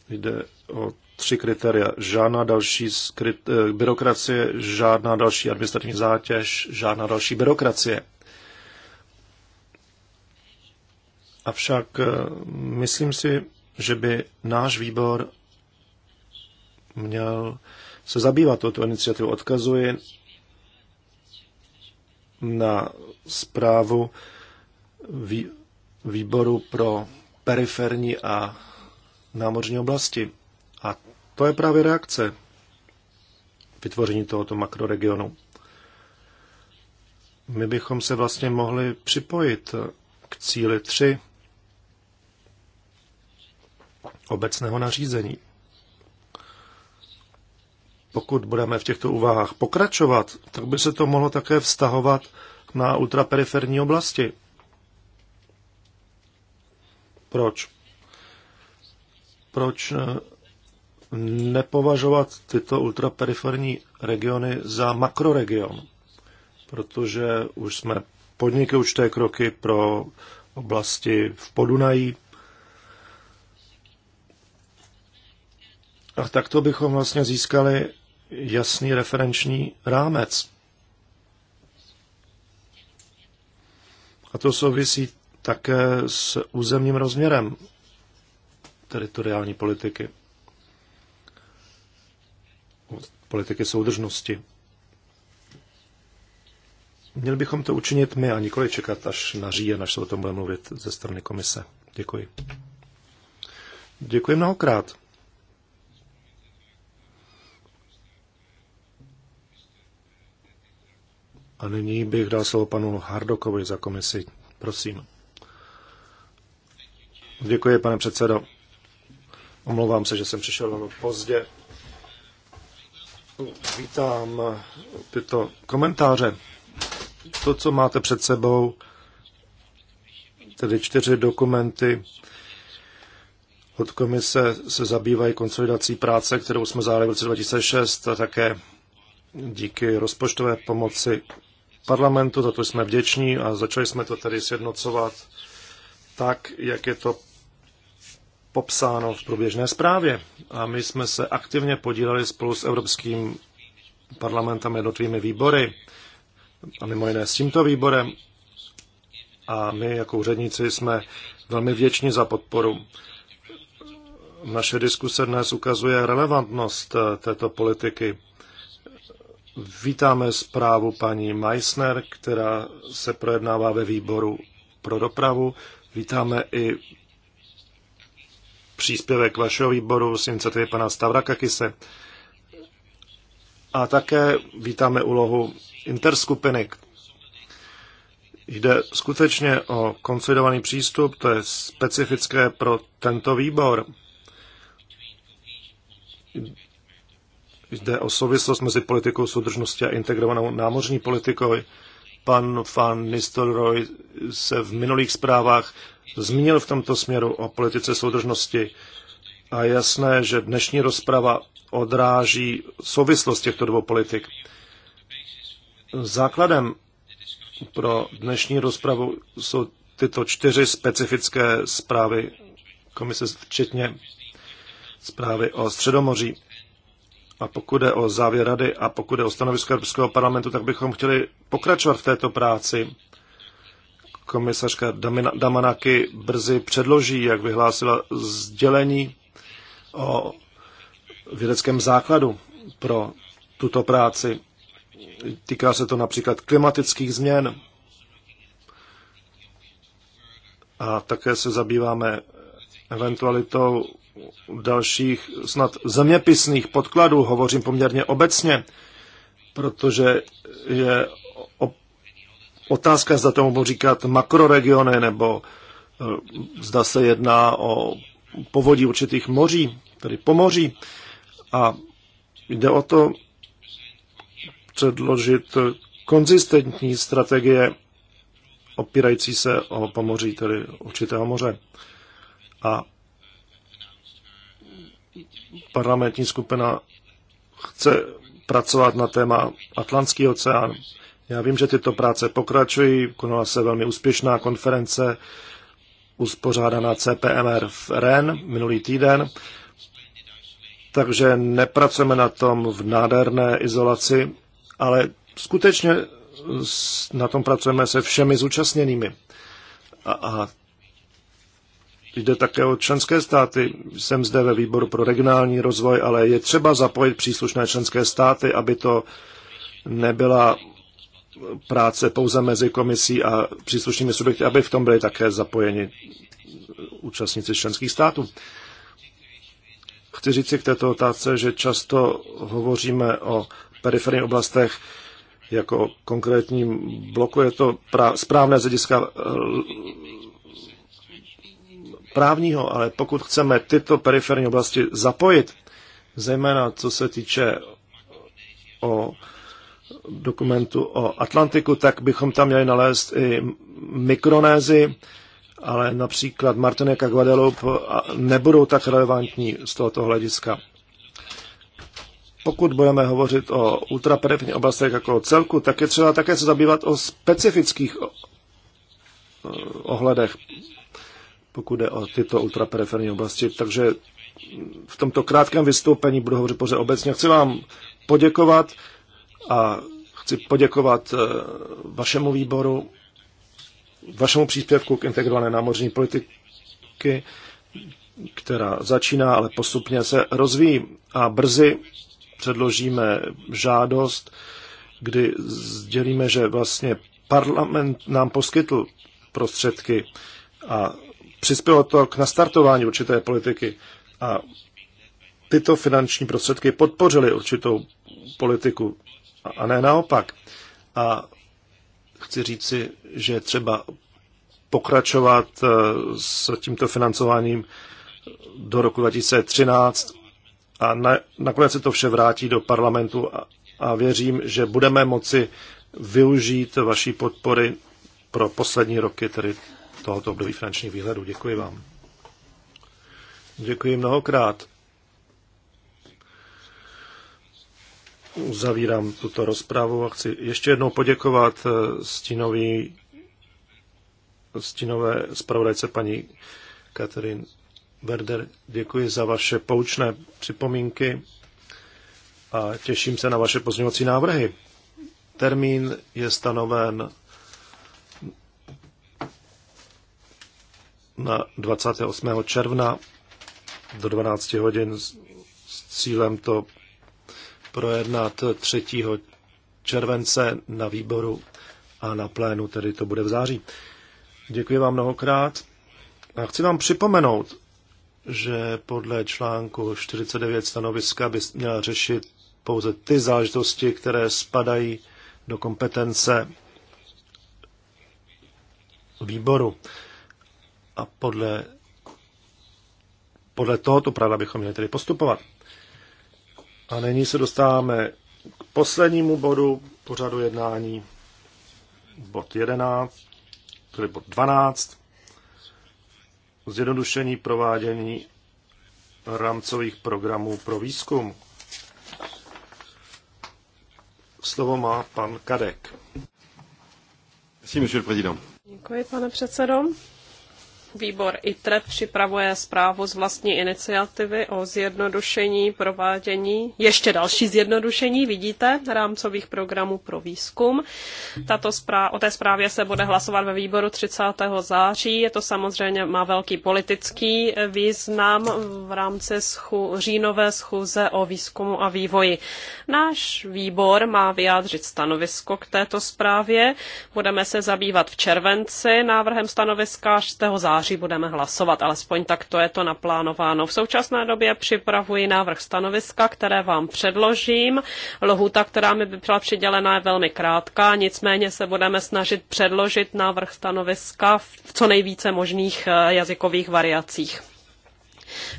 Jde o tři kritéria. Žádná další skryt, eh, byrokracie, žádná další administrativní zátěž, žádná další byrokracie. Avšak eh, myslím si, že by náš výbor měl se zabývat touto iniciativu, Odkazuji na zprávu výboru pro periferní a námořní oblasti. A to je právě reakce vytvoření tohoto makroregionu. My bychom se vlastně mohli připojit k cíli 3 obecného nařízení. Pokud budeme v těchto úvahách pokračovat, tak by se to mohlo také vztahovat na ultraperiferní oblasti. Proč? Proč eh, nepovažovat tyto ultraperiferní regiony za makroregion? Protože už jsme podnikli určité kroky pro oblasti v Podunají, A takto bychom vlastně získali jasný referenční rámec. A to souvisí také s územním rozměrem teritoriální politiky, politiky soudržnosti. Měli bychom to učinit my a nikoli čekat až na říjen, až se o tom bude mluvit ze strany komise. Děkuji. Děkuji mnohokrát. A nyní bych dal slovo panu Hardokovi za komisi. Prosím. Děkuji, pane předsedo. Omlouvám se, že jsem přišel pozdě. Vítám tyto komentáře. To, co máte před sebou, tedy čtyři dokumenty od komise se zabývají konsolidací práce, kterou jsme zahájili v roce 2006 a také díky rozpočtové pomoci parlamentu, za to jsme vděční a začali jsme to tedy sjednocovat tak, jak je to popsáno v průběžné zprávě. A my jsme se aktivně podíleli spolu s Evropským parlamentem jednotlivými výbory a mimo jiné s tímto výborem. A my jako úředníci jsme velmi vděční za podporu. Naše diskuse dnes ukazuje relevantnost eh, této politiky Vítáme zprávu paní Meissner, která se projednává ve výboru pro dopravu. Vítáme i příspěvek vašeho výboru z iniciativy pana Stavrakakise. A také vítáme úlohu interskupiny. Jde skutečně o konsolidovaný přístup, to je specifické pro tento výbor Jde o souvislost mezi politikou soudržnosti a integrovanou námořní politikou. Pan Van Nistelrooy se v minulých zprávách zmínil v tomto směru o politice soudržnosti. A jasné, že dnešní rozprava odráží souvislost těchto dvou politik. Základem pro dnešní rozpravu jsou tyto čtyři specifické zprávy komise, včetně zprávy o Středomoří a pokud je o závěr rady a pokud je o stanovisko Evropského parlamentu, tak bychom chtěli pokračovat v této práci. Komisařka Damanaki brzy předloží, jak vyhlásila, sdělení o vědeckém základu pro tuto práci. Týká se to například klimatických změn. A také se zabýváme eventualitou dalších snad zeměpisných podkladů hovořím poměrně obecně, protože je otázka, zda tomu můžu říkat makroregiony nebo e, zda se jedná o povodí určitých moří, tedy pomoří. A jde o to předložit konzistentní strategie opírající se o pomoří, tedy určitého moře. A parlamentní skupina chce pracovat na téma Atlantský oceán. Já vím, že tyto práce pokračují, konala se velmi úspěšná konference uspořádaná CPMR v REN minulý týden, takže nepracujeme na tom v nádherné izolaci, ale skutečně na tom pracujeme se všemi zúčastněnými. A, a jde také o členské státy. Jsem zde ve výboru pro regionální rozvoj, ale je třeba zapojit příslušné členské státy, aby to nebyla práce pouze mezi komisí a příslušnými subjekty, aby v tom byly také zapojeni účastníci členských států. Chci říct si k této otázce, že často hovoříme o periferních oblastech jako konkrétním bloku. Je to správné z hlediska správního, ale pokud chceme tyto periferní oblasti zapojit, zejména co se týče o dokumentu o Atlantiku, tak bychom tam měli nalézt i mikronézy, ale například Martinika Guadeloupe nebudou tak relevantní z tohoto hlediska. Pokud budeme hovořit o ultraperiferních oblastech jako o celku, tak je třeba také se zabývat o specifických ohledech pokud jde o tyto ultraperiferní oblasti. Takže v tomto krátkém vystoupení budu hovořit pořád obecně. Chci vám poděkovat a chci poděkovat eh, vašemu výboru, vašemu příspěvku k integrované námořní politiky, která začíná, ale postupně se rozvíjí a brzy předložíme žádost, kdy sdělíme, že vlastně parlament nám poskytl prostředky a přispělo to k nastartování určité politiky a tyto finanční prostředky podpořily určitou politiku a ne naopak. A chci říci, že třeba pokračovat eh, s tímto financováním do roku 2013 a na, nakonec se to vše vrátí do parlamentu a, a věřím, že budeme moci využít vaší podpory pro poslední roky, tedy tohoto období finančních výhledů. Děkuji vám. Děkuji mnohokrát. Uzavírám tuto rozpravu a chci ještě jednou poděkovat eh, stínový, stínové zpravodajce paní Katerin Werder. Děkuji za vaše poučné připomínky a těším se na vaše pozměňovací návrhy. Termín je stanoven na 28. června do 12 hodin s cílem to projednat 3. července na výboru a na plénu, tedy to bude v září. Děkuji vám mnohokrát a chci vám připomenout, že podle článku 49 stanoviska by měla řešit pouze ty záležitosti, které spadají do kompetence výboru. A podle, podle tohoto pravda bychom měli tedy postupovat. A nyní se dostáváme k poslednímu bodu pořadu jednání, bod 11, tedy bod 12, zjednodušení provádění rámcových programů pro výzkum. Slovo má pan Kadek. Děkuji, pane předsedo. Výbor ITRE připravuje zprávu z vlastní iniciativy o zjednodušení provádění, ještě další zjednodušení, vidíte, rámcových programů pro výzkum. Tato zpráv, o té zprávě se bude hlasovat ve výboru 30. září. Je to samozřejmě má velký politický eh, význam v rámci schu, říjnové schůze o výzkumu a vývoji. Náš výbor má vyjádřit stanovisko k této zprávě. Budeme se zabývat v červenci návrhem stanoviska 6. září září budeme hlasovat, alespoň tak to je to naplánováno. V současné době připravuji návrh stanoviska, které vám předložím. Lohuta, která mi by byla přidělena, je velmi krátká, nicméně se budeme snažit předložit návrh stanoviska v co nejvíce možných eh, jazykových variacích.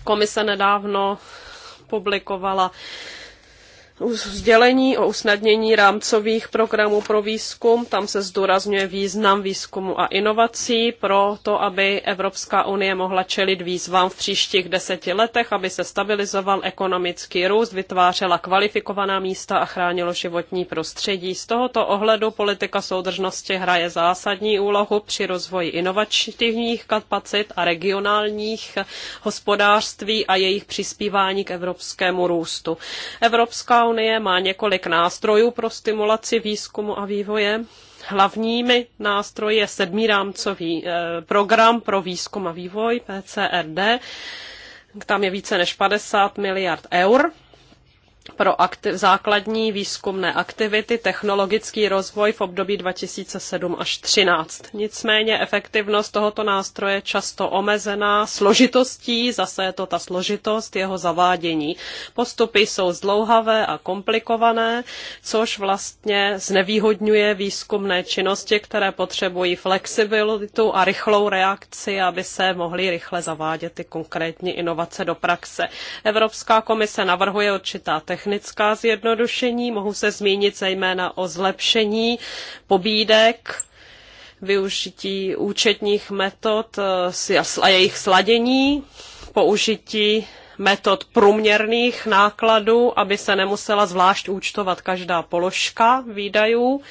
Komise nedávno publikovala uh, sdělení o usnadnění rámcových programů pro výzkum. Tam se zdůrazňuje význam výzkumu a inovací pro to, aby Evropská unie mohla čelit výzvám v příštích deseti letech, aby se stabilizoval ekonomický růst, vytvářela kvalifikovaná místa a chránilo životní prostředí. Z tohoto ohledu politika soudržnosti hraje zásadní úlohu při rozvoji inovativních kapacit a regionálních hospodářství a jejich přispívání k evropskému růstu. Evropská unie má několik nástrojů pro stimulaci výzkumu a vývoje. Hlavními nástroji je sedmý rámcový eh, program pro výzkum a vývoj PCRD. Tam je více než 50 miliard eur pro aktiv, základní výzkumné aktivity, technologický rozvoj v období 2007 až 2013. Nicméně efektivnost tohoto nástroje je často omezená složitostí, zase je to ta složitost jeho zavádění. Postupy jsou zdlouhavé a komplikované, což vlastně znevýhodňuje výzkumné činnosti, které potřebují flexibilitu a rychlou reakci, aby se mohly rychle zavádět ty konkrétní inovace do praxe. Evropská komise navrhuje určitá technologie, technická zjednodušení, mohu se zmínit zejména o zlepšení pobídek, využití účetních metod eh, a jejich sladění, použití metod průměrných nákladů, aby se nemusela zvlášť účtovat každá položka výdajů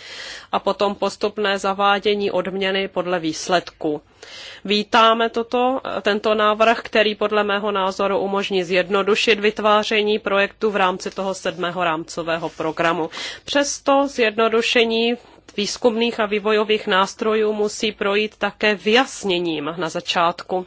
a potom postupné zavádění odměny podle výsledku. Vítáme toto, tento návrh, který podle mého názoru umožní zjednodušit vytváření projektu v rámci toho sedmého rámcového programu. Přesto zjednodušení výzkumných a vývojových nástrojů musí projít také vyjasněním na začátku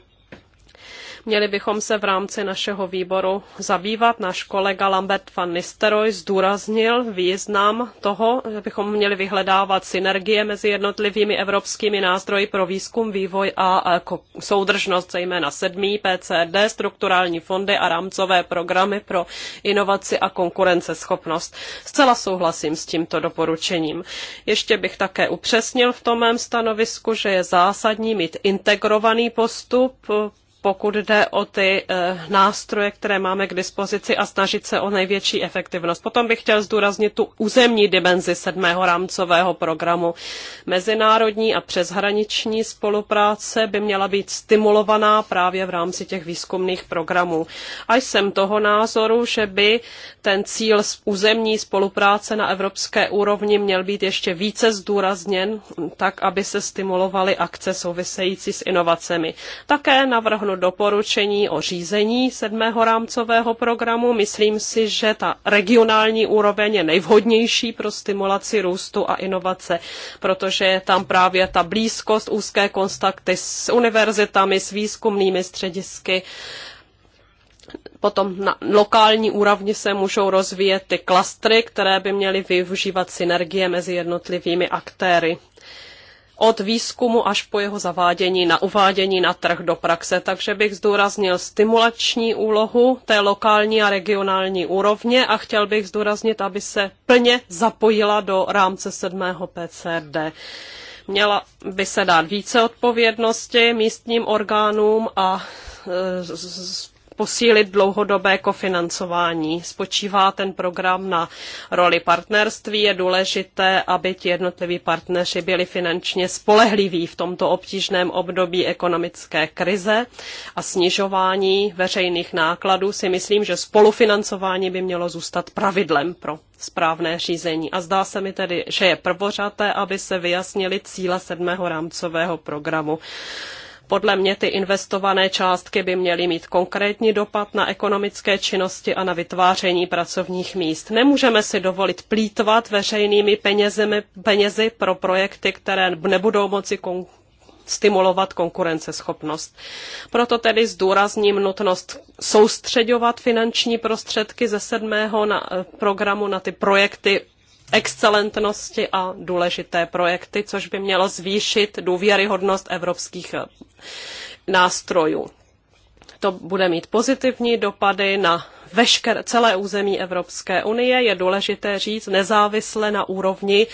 Měli bychom se v rámci našeho výboru zabývat. Náš kolega Lambert van Nisteroy zdůraznil význam toho, že bychom měli vyhledávat synergie mezi jednotlivými evropskými nástroji pro výzkum, vývoj a jako soudržnost, zejména sedmý PCD, strukturální fondy a rámcové programy pro inovaci a konkurenceschopnost. Zcela souhlasím s tímto doporučením. Ještě bych také upřesnil v tom mém stanovisku, že je zásadní mít integrovaný postup pokud jde o ty eh, nástroje, které máme k dispozici a snažit se o největší efektivnost. Potom bych chtěl zdůraznit tu územní dimenzi sedmého rámcového programu. Mezinárodní a přeshraniční spolupráce by měla být stimulovaná právě v rámci těch výzkumných programů. A jsem toho názoru, že by ten cíl územní spolupráce na evropské úrovni měl být ještě více zdůrazněn, tak aby se stimulovaly akce související s inovacemi. Také navrhnu všechno doporučení o řízení sedmého rámcového programu. Myslím si, že ta regionální úroveň je nejvhodnější pro stimulaci růstu a inovace, protože je tam právě ta blízkost, úzké kontakty s univerzitami, s výzkumnými středisky potom na lokální úrovni se můžou rozvíjet ty klastry, které by měly využívat synergie mezi jednotlivými aktéry od výzkumu až po jeho zavádění na uvádění na trh do praxe. Takže bych zdůraznil stimulační úlohu té lokální a regionální úrovně a chtěl bych zdůraznit, aby se plně zapojila do rámce sedmého PCD. Měla by se dát více odpovědnosti místním orgánům a e, posílit dlouhodobé kofinancování. Spočívá ten program na roli partnerství. Je důležité, aby ti jednotliví partneři byli finančně spolehliví v tomto obtížném období ekonomické krize a snižování veřejných nákladů si myslím, že spolufinancování by mělo zůstat pravidlem pro správné řízení. A zdá se mi tedy, že je prvořaté, aby se vyjasnily cíle sedmého rámcového programu. Podle mě ty investované částky by měly mít konkrétní dopad na ekonomické činnosti a na vytváření pracovních míst. Nemůžeme si dovolit plítvat veřejnými penězemi, penězi pro projekty, které nebudou moci kon- stimulovat konkurenceschopnost. Proto tedy zdůrazním nutnost soustředovat finanční prostředky ze sedmého na, eh, programu na ty projekty excelentnosti a důležité projekty, což by mělo zvýšit důvěryhodnost evropských eh, nástrojů. To bude mít pozitivní dopady na veškeré celé území Evropské unie. Je důležité říct nezávisle na úrovni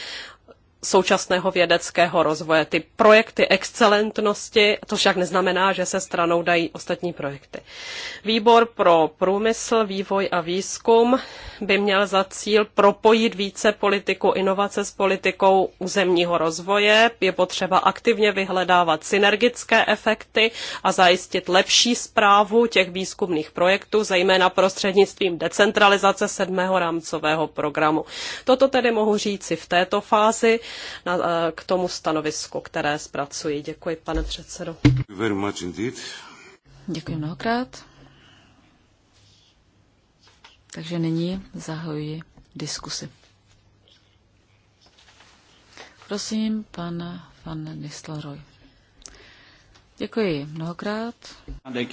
současného vědeckého rozvoje. Ty projekty excelentnosti, to však neznamená, že se stranou dají ostatní projekty. Výbor pro průmysl, vývoj a výzkum by měl za cíl propojit více politiku inovace s politikou územního rozvoje. Je potřeba aktivně vyhledávat synergické efekty a zajistit lepší zprávu těch výzkumných projektů, zejména prostřednictvím decentralizace sedmého rámcového programu. Toto tedy mohu říci v této fázi na, eh, k tomu stanovisku, které zpracují. Děkuji, pane předsedo. Very much indeed. Děkuji mnohokrát. Takže nyní zahajuji diskusi. Prosím, pan Van Nistelrooy. Děkuji mnohokrát.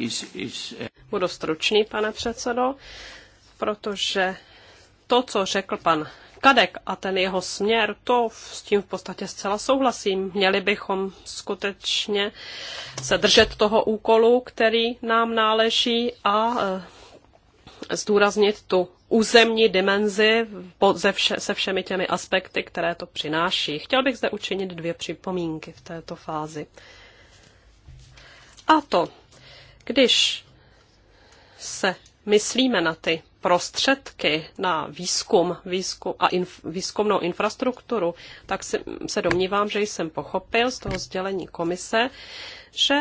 Eh, Budu stručný, pane předsedo, protože to, co řekl pan Kadek a ten jeho směr, to s tím v podstatě zcela souhlasím. Měli bychom skutečně se držet toho úkolu, který nám náleží a eh, zdůraznit tu územní dimenzi se, vše, se všemi těmi aspekty, které to přináší. Chtěl bych zde učinit dvě připomínky v této fázi. A to, když se myslíme na ty prostředky na výzkum, výzkum a inf, výzkumnou infrastrukturu, tak si, se domnívám, že jsem pochopil z toho sdělení komise, že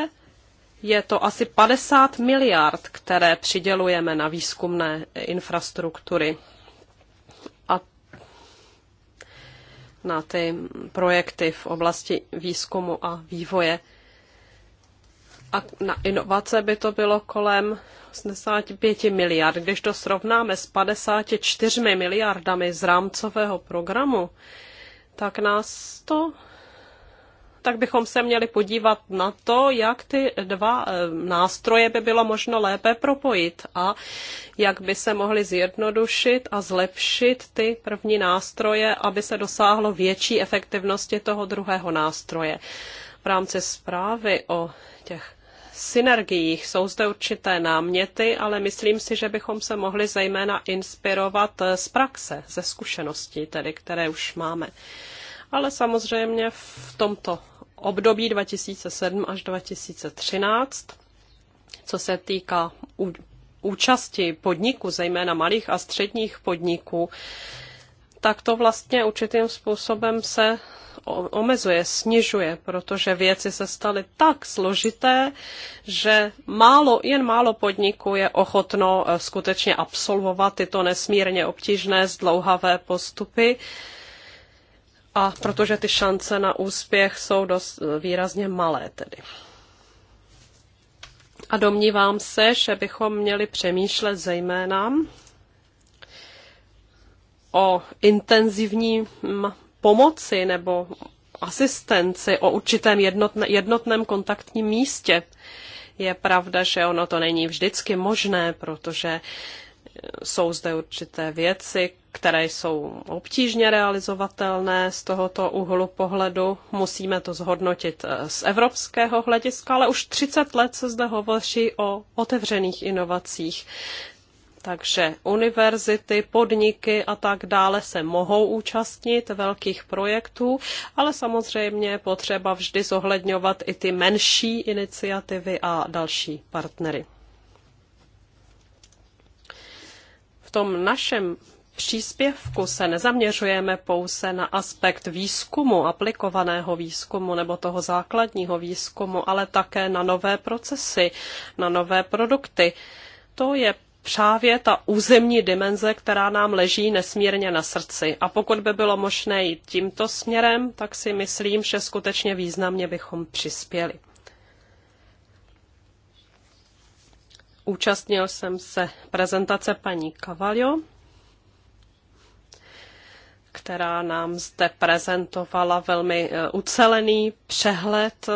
je to asi 50 miliard, které přidělujeme na výzkumné infrastruktury a na ty projekty v oblasti výzkumu a vývoje a na inovace by to bylo kolem 85 miliard. Když to srovnáme s 54 miliardami z rámcového programu, tak nás to tak bychom se měli podívat na to, jak ty dva eh, nástroje by bylo možno lépe propojit a jak by se mohly zjednodušit a zlepšit ty první nástroje, aby se dosáhlo větší efektivnosti toho druhého nástroje. V rámci zprávy o těch synergiích. Jsou zde určité náměty, ale myslím si, že bychom se mohli zejména inspirovat z praxe, ze zkušeností, tedy, které už máme. Ale samozřejmě v tomto období 2007 až 2013, co se týká účasti podniků, zejména malých a středních podniků, tak to vlastně určitým způsobem se omezuje, snižuje, protože věci se staly tak složité, že málo, jen málo podniků je ochotno eh, skutečně absolvovat tyto nesmírně obtížné, zdlouhavé postupy. A protože ty šance na úspěch jsou dost eh, výrazně malé tedy. A domnívám se, že bychom měli přemýšlet zejména o intenzivním pomoci nebo asistenci o určitém jednotne, jednotném kontaktním místě. Je pravda, že ono to není vždycky možné, protože e, jsou zde určité věci, které jsou obtížně realizovatelné z tohoto úhlu pohledu. Musíme to zhodnotit e, z evropského hlediska, ale už 30 let se zde hovoří o otevřených inovacích. Takže univerzity, podniky a tak dále se mohou účastnit velkých projektů, ale samozřejmě je potřeba vždy zohledňovat i ty menší iniciativy a další partnery. V tom našem příspěvku se nezaměřujeme pouze na aspekt výzkumu, aplikovaného výzkumu nebo toho základního výzkumu, ale také na nové procesy, na nové produkty. To je právě ta územní dimenze, která nám leží nesmírně na srdci. A pokud by bylo možné jít tímto směrem, tak si myslím, že skutečně významně bychom přispěli. Účastnil jsem se prezentace paní Kavaljo, která nám zde prezentovala velmi e, ucelený přehled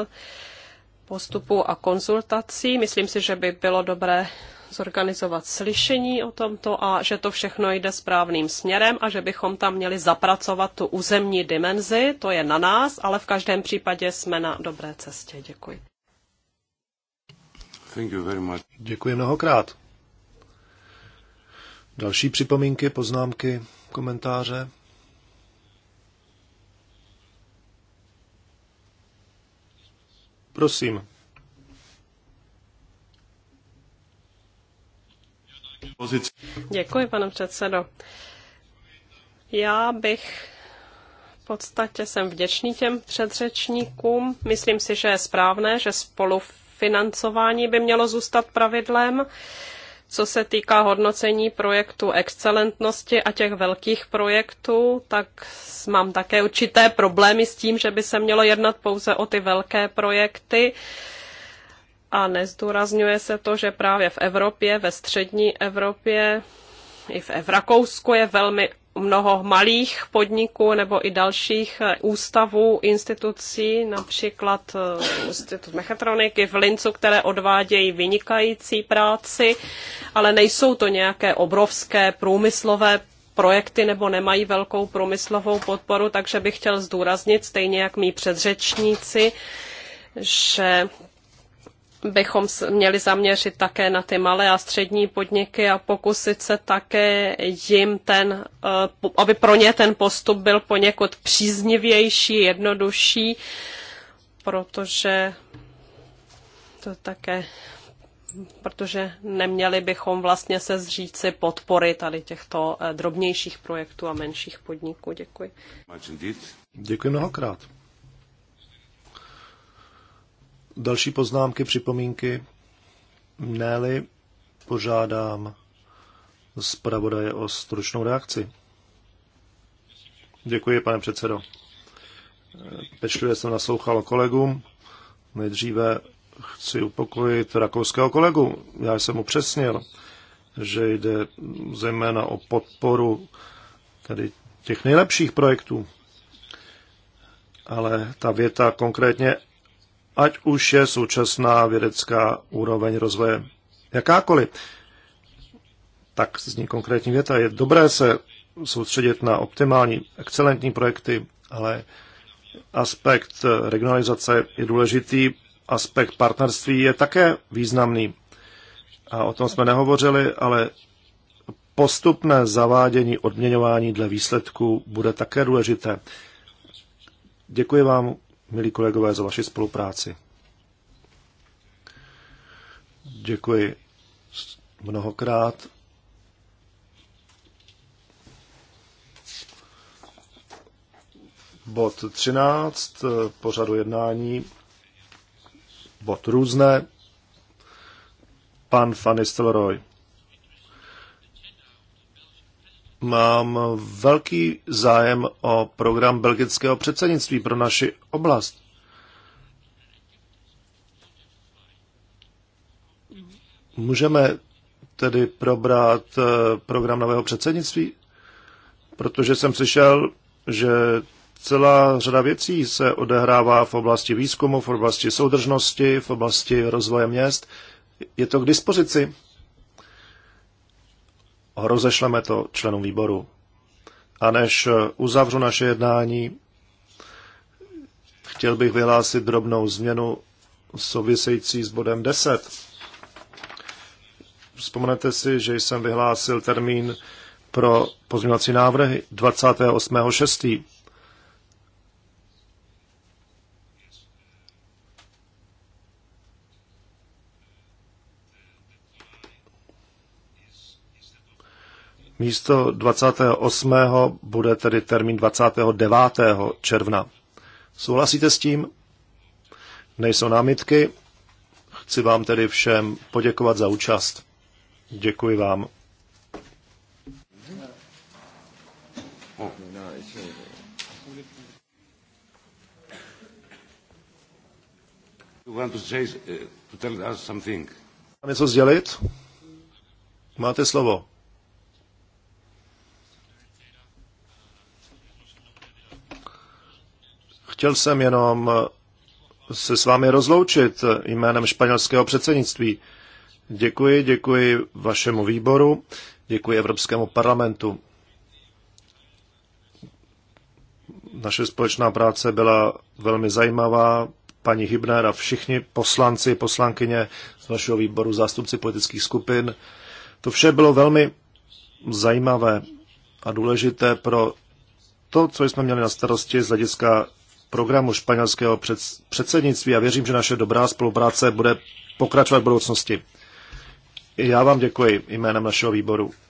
postupu a konzultací. Myslím si, že by bylo dobré zorganizovat slyšení o tomto a že to všechno jde správným směrem a že bychom tam měli zapracovat tu územní dimenzi. To je na nás, ale v každém případě jsme na dobré cestě. Děkuji. Thank you very much. Děkuji mnohokrát. Další připomínky, poznámky, komentáře? Prosím. Děkuji, pane předsedo. Já bych v podstatě jsem vděčný těm předřečníkům. Myslím si, že je správné, že spolufinancování by mělo zůstat pravidlem co se týká hodnocení projektu excelentnosti a těch velkých projektů, tak mám také určité problémy s tím, že by se mělo jednat pouze o ty velké projekty. A nezdůrazňuje se to, že právě v Evropě, ve střední Evropě, i v Rakousku je velmi mnoho malých podniků nebo i dalších eh, ústavů, institucí, například eh, Institut mechatroniky v Lincu, které odvádějí vynikající práci, ale nejsou to nějaké obrovské průmyslové projekty nebo nemají velkou průmyslovou podporu, takže bych chtěl zdůraznit, stejně jak mý předřečníci, že bychom měli zaměřit také na ty malé a střední podniky a pokusit se také jim ten, eh, aby pro ně ten postup byl poněkud příznivější, jednodušší, protože to také protože neměli bychom vlastně se zříci podpory tady těchto eh, drobnějších projektů a menších podniků. Děkuji. Děkuji mnohokrát. Další poznámky, připomínky? Néli, požádám zpravodaje o stručnou reakci. Děkuji, pane předsedo. Pečlivě jsem naslouchal kolegům. Nejdříve chci upokojit rakouského kolegu. Já jsem upřesnil, že jde zejména o podporu tedy těch nejlepších projektů. Ale ta věta konkrétně ať už je současná vědecká úroveň rozvoje jakákoliv. Tak zní konkrétní věta. Je dobré se soustředit na optimální, excelentní projekty, ale aspekt regionalizace je důležitý, aspekt partnerství je také významný. A o tom jsme nehovořili, ale postupné zavádění odměňování dle výsledků bude také důležité. Děkuji vám milí kolegové, za vaši spolupráci. Děkuji mnohokrát. Bod 13, pořadu jednání, bod různé, pan Fanny Stelroy. mám velký zájem o program belgického předsednictví pro naši oblast. Můžeme tedy probrat eh, program nového předsednictví? Protože jsem slyšel, že celá řada věcí se odehrává v oblasti výzkumu, v oblasti soudržnosti, v oblasti rozvoje měst. Je to k dispozici? rozešleme to členům výboru. A než eh, uzavřu naše jednání, chtěl bych vyhlásit drobnou změnu související s bodem 10. Vzpomenete si, že jsem vyhlásil termín pro pozměňovací návrhy 28.6. Místo 28. bude tedy termín 29. června. Souhlasíte s tím? Nejsou námitky. Chci vám tedy všem poděkovat za účast. Děkuji vám. Uh, Mám něco sdělit? Máte slovo. Chtěl jsem jenom eh, se s vámi rozloučit jménem španělského předsednictví. Děkuji, děkuji vašemu výboru, děkuji Evropskému parlamentu. Naše společná práce byla velmi zajímavá. Paní Hybner a všichni poslanci, poslankyně z vašeho výboru, zástupci politických skupin. To vše bylo velmi zajímavé a důležité pro to, co jsme měli na starosti z hlediska programu španělského předsednictví a věřím, že naše dobrá spolupráce bude pokračovat v budoucnosti. Já vám děkuji jménem našeho výboru.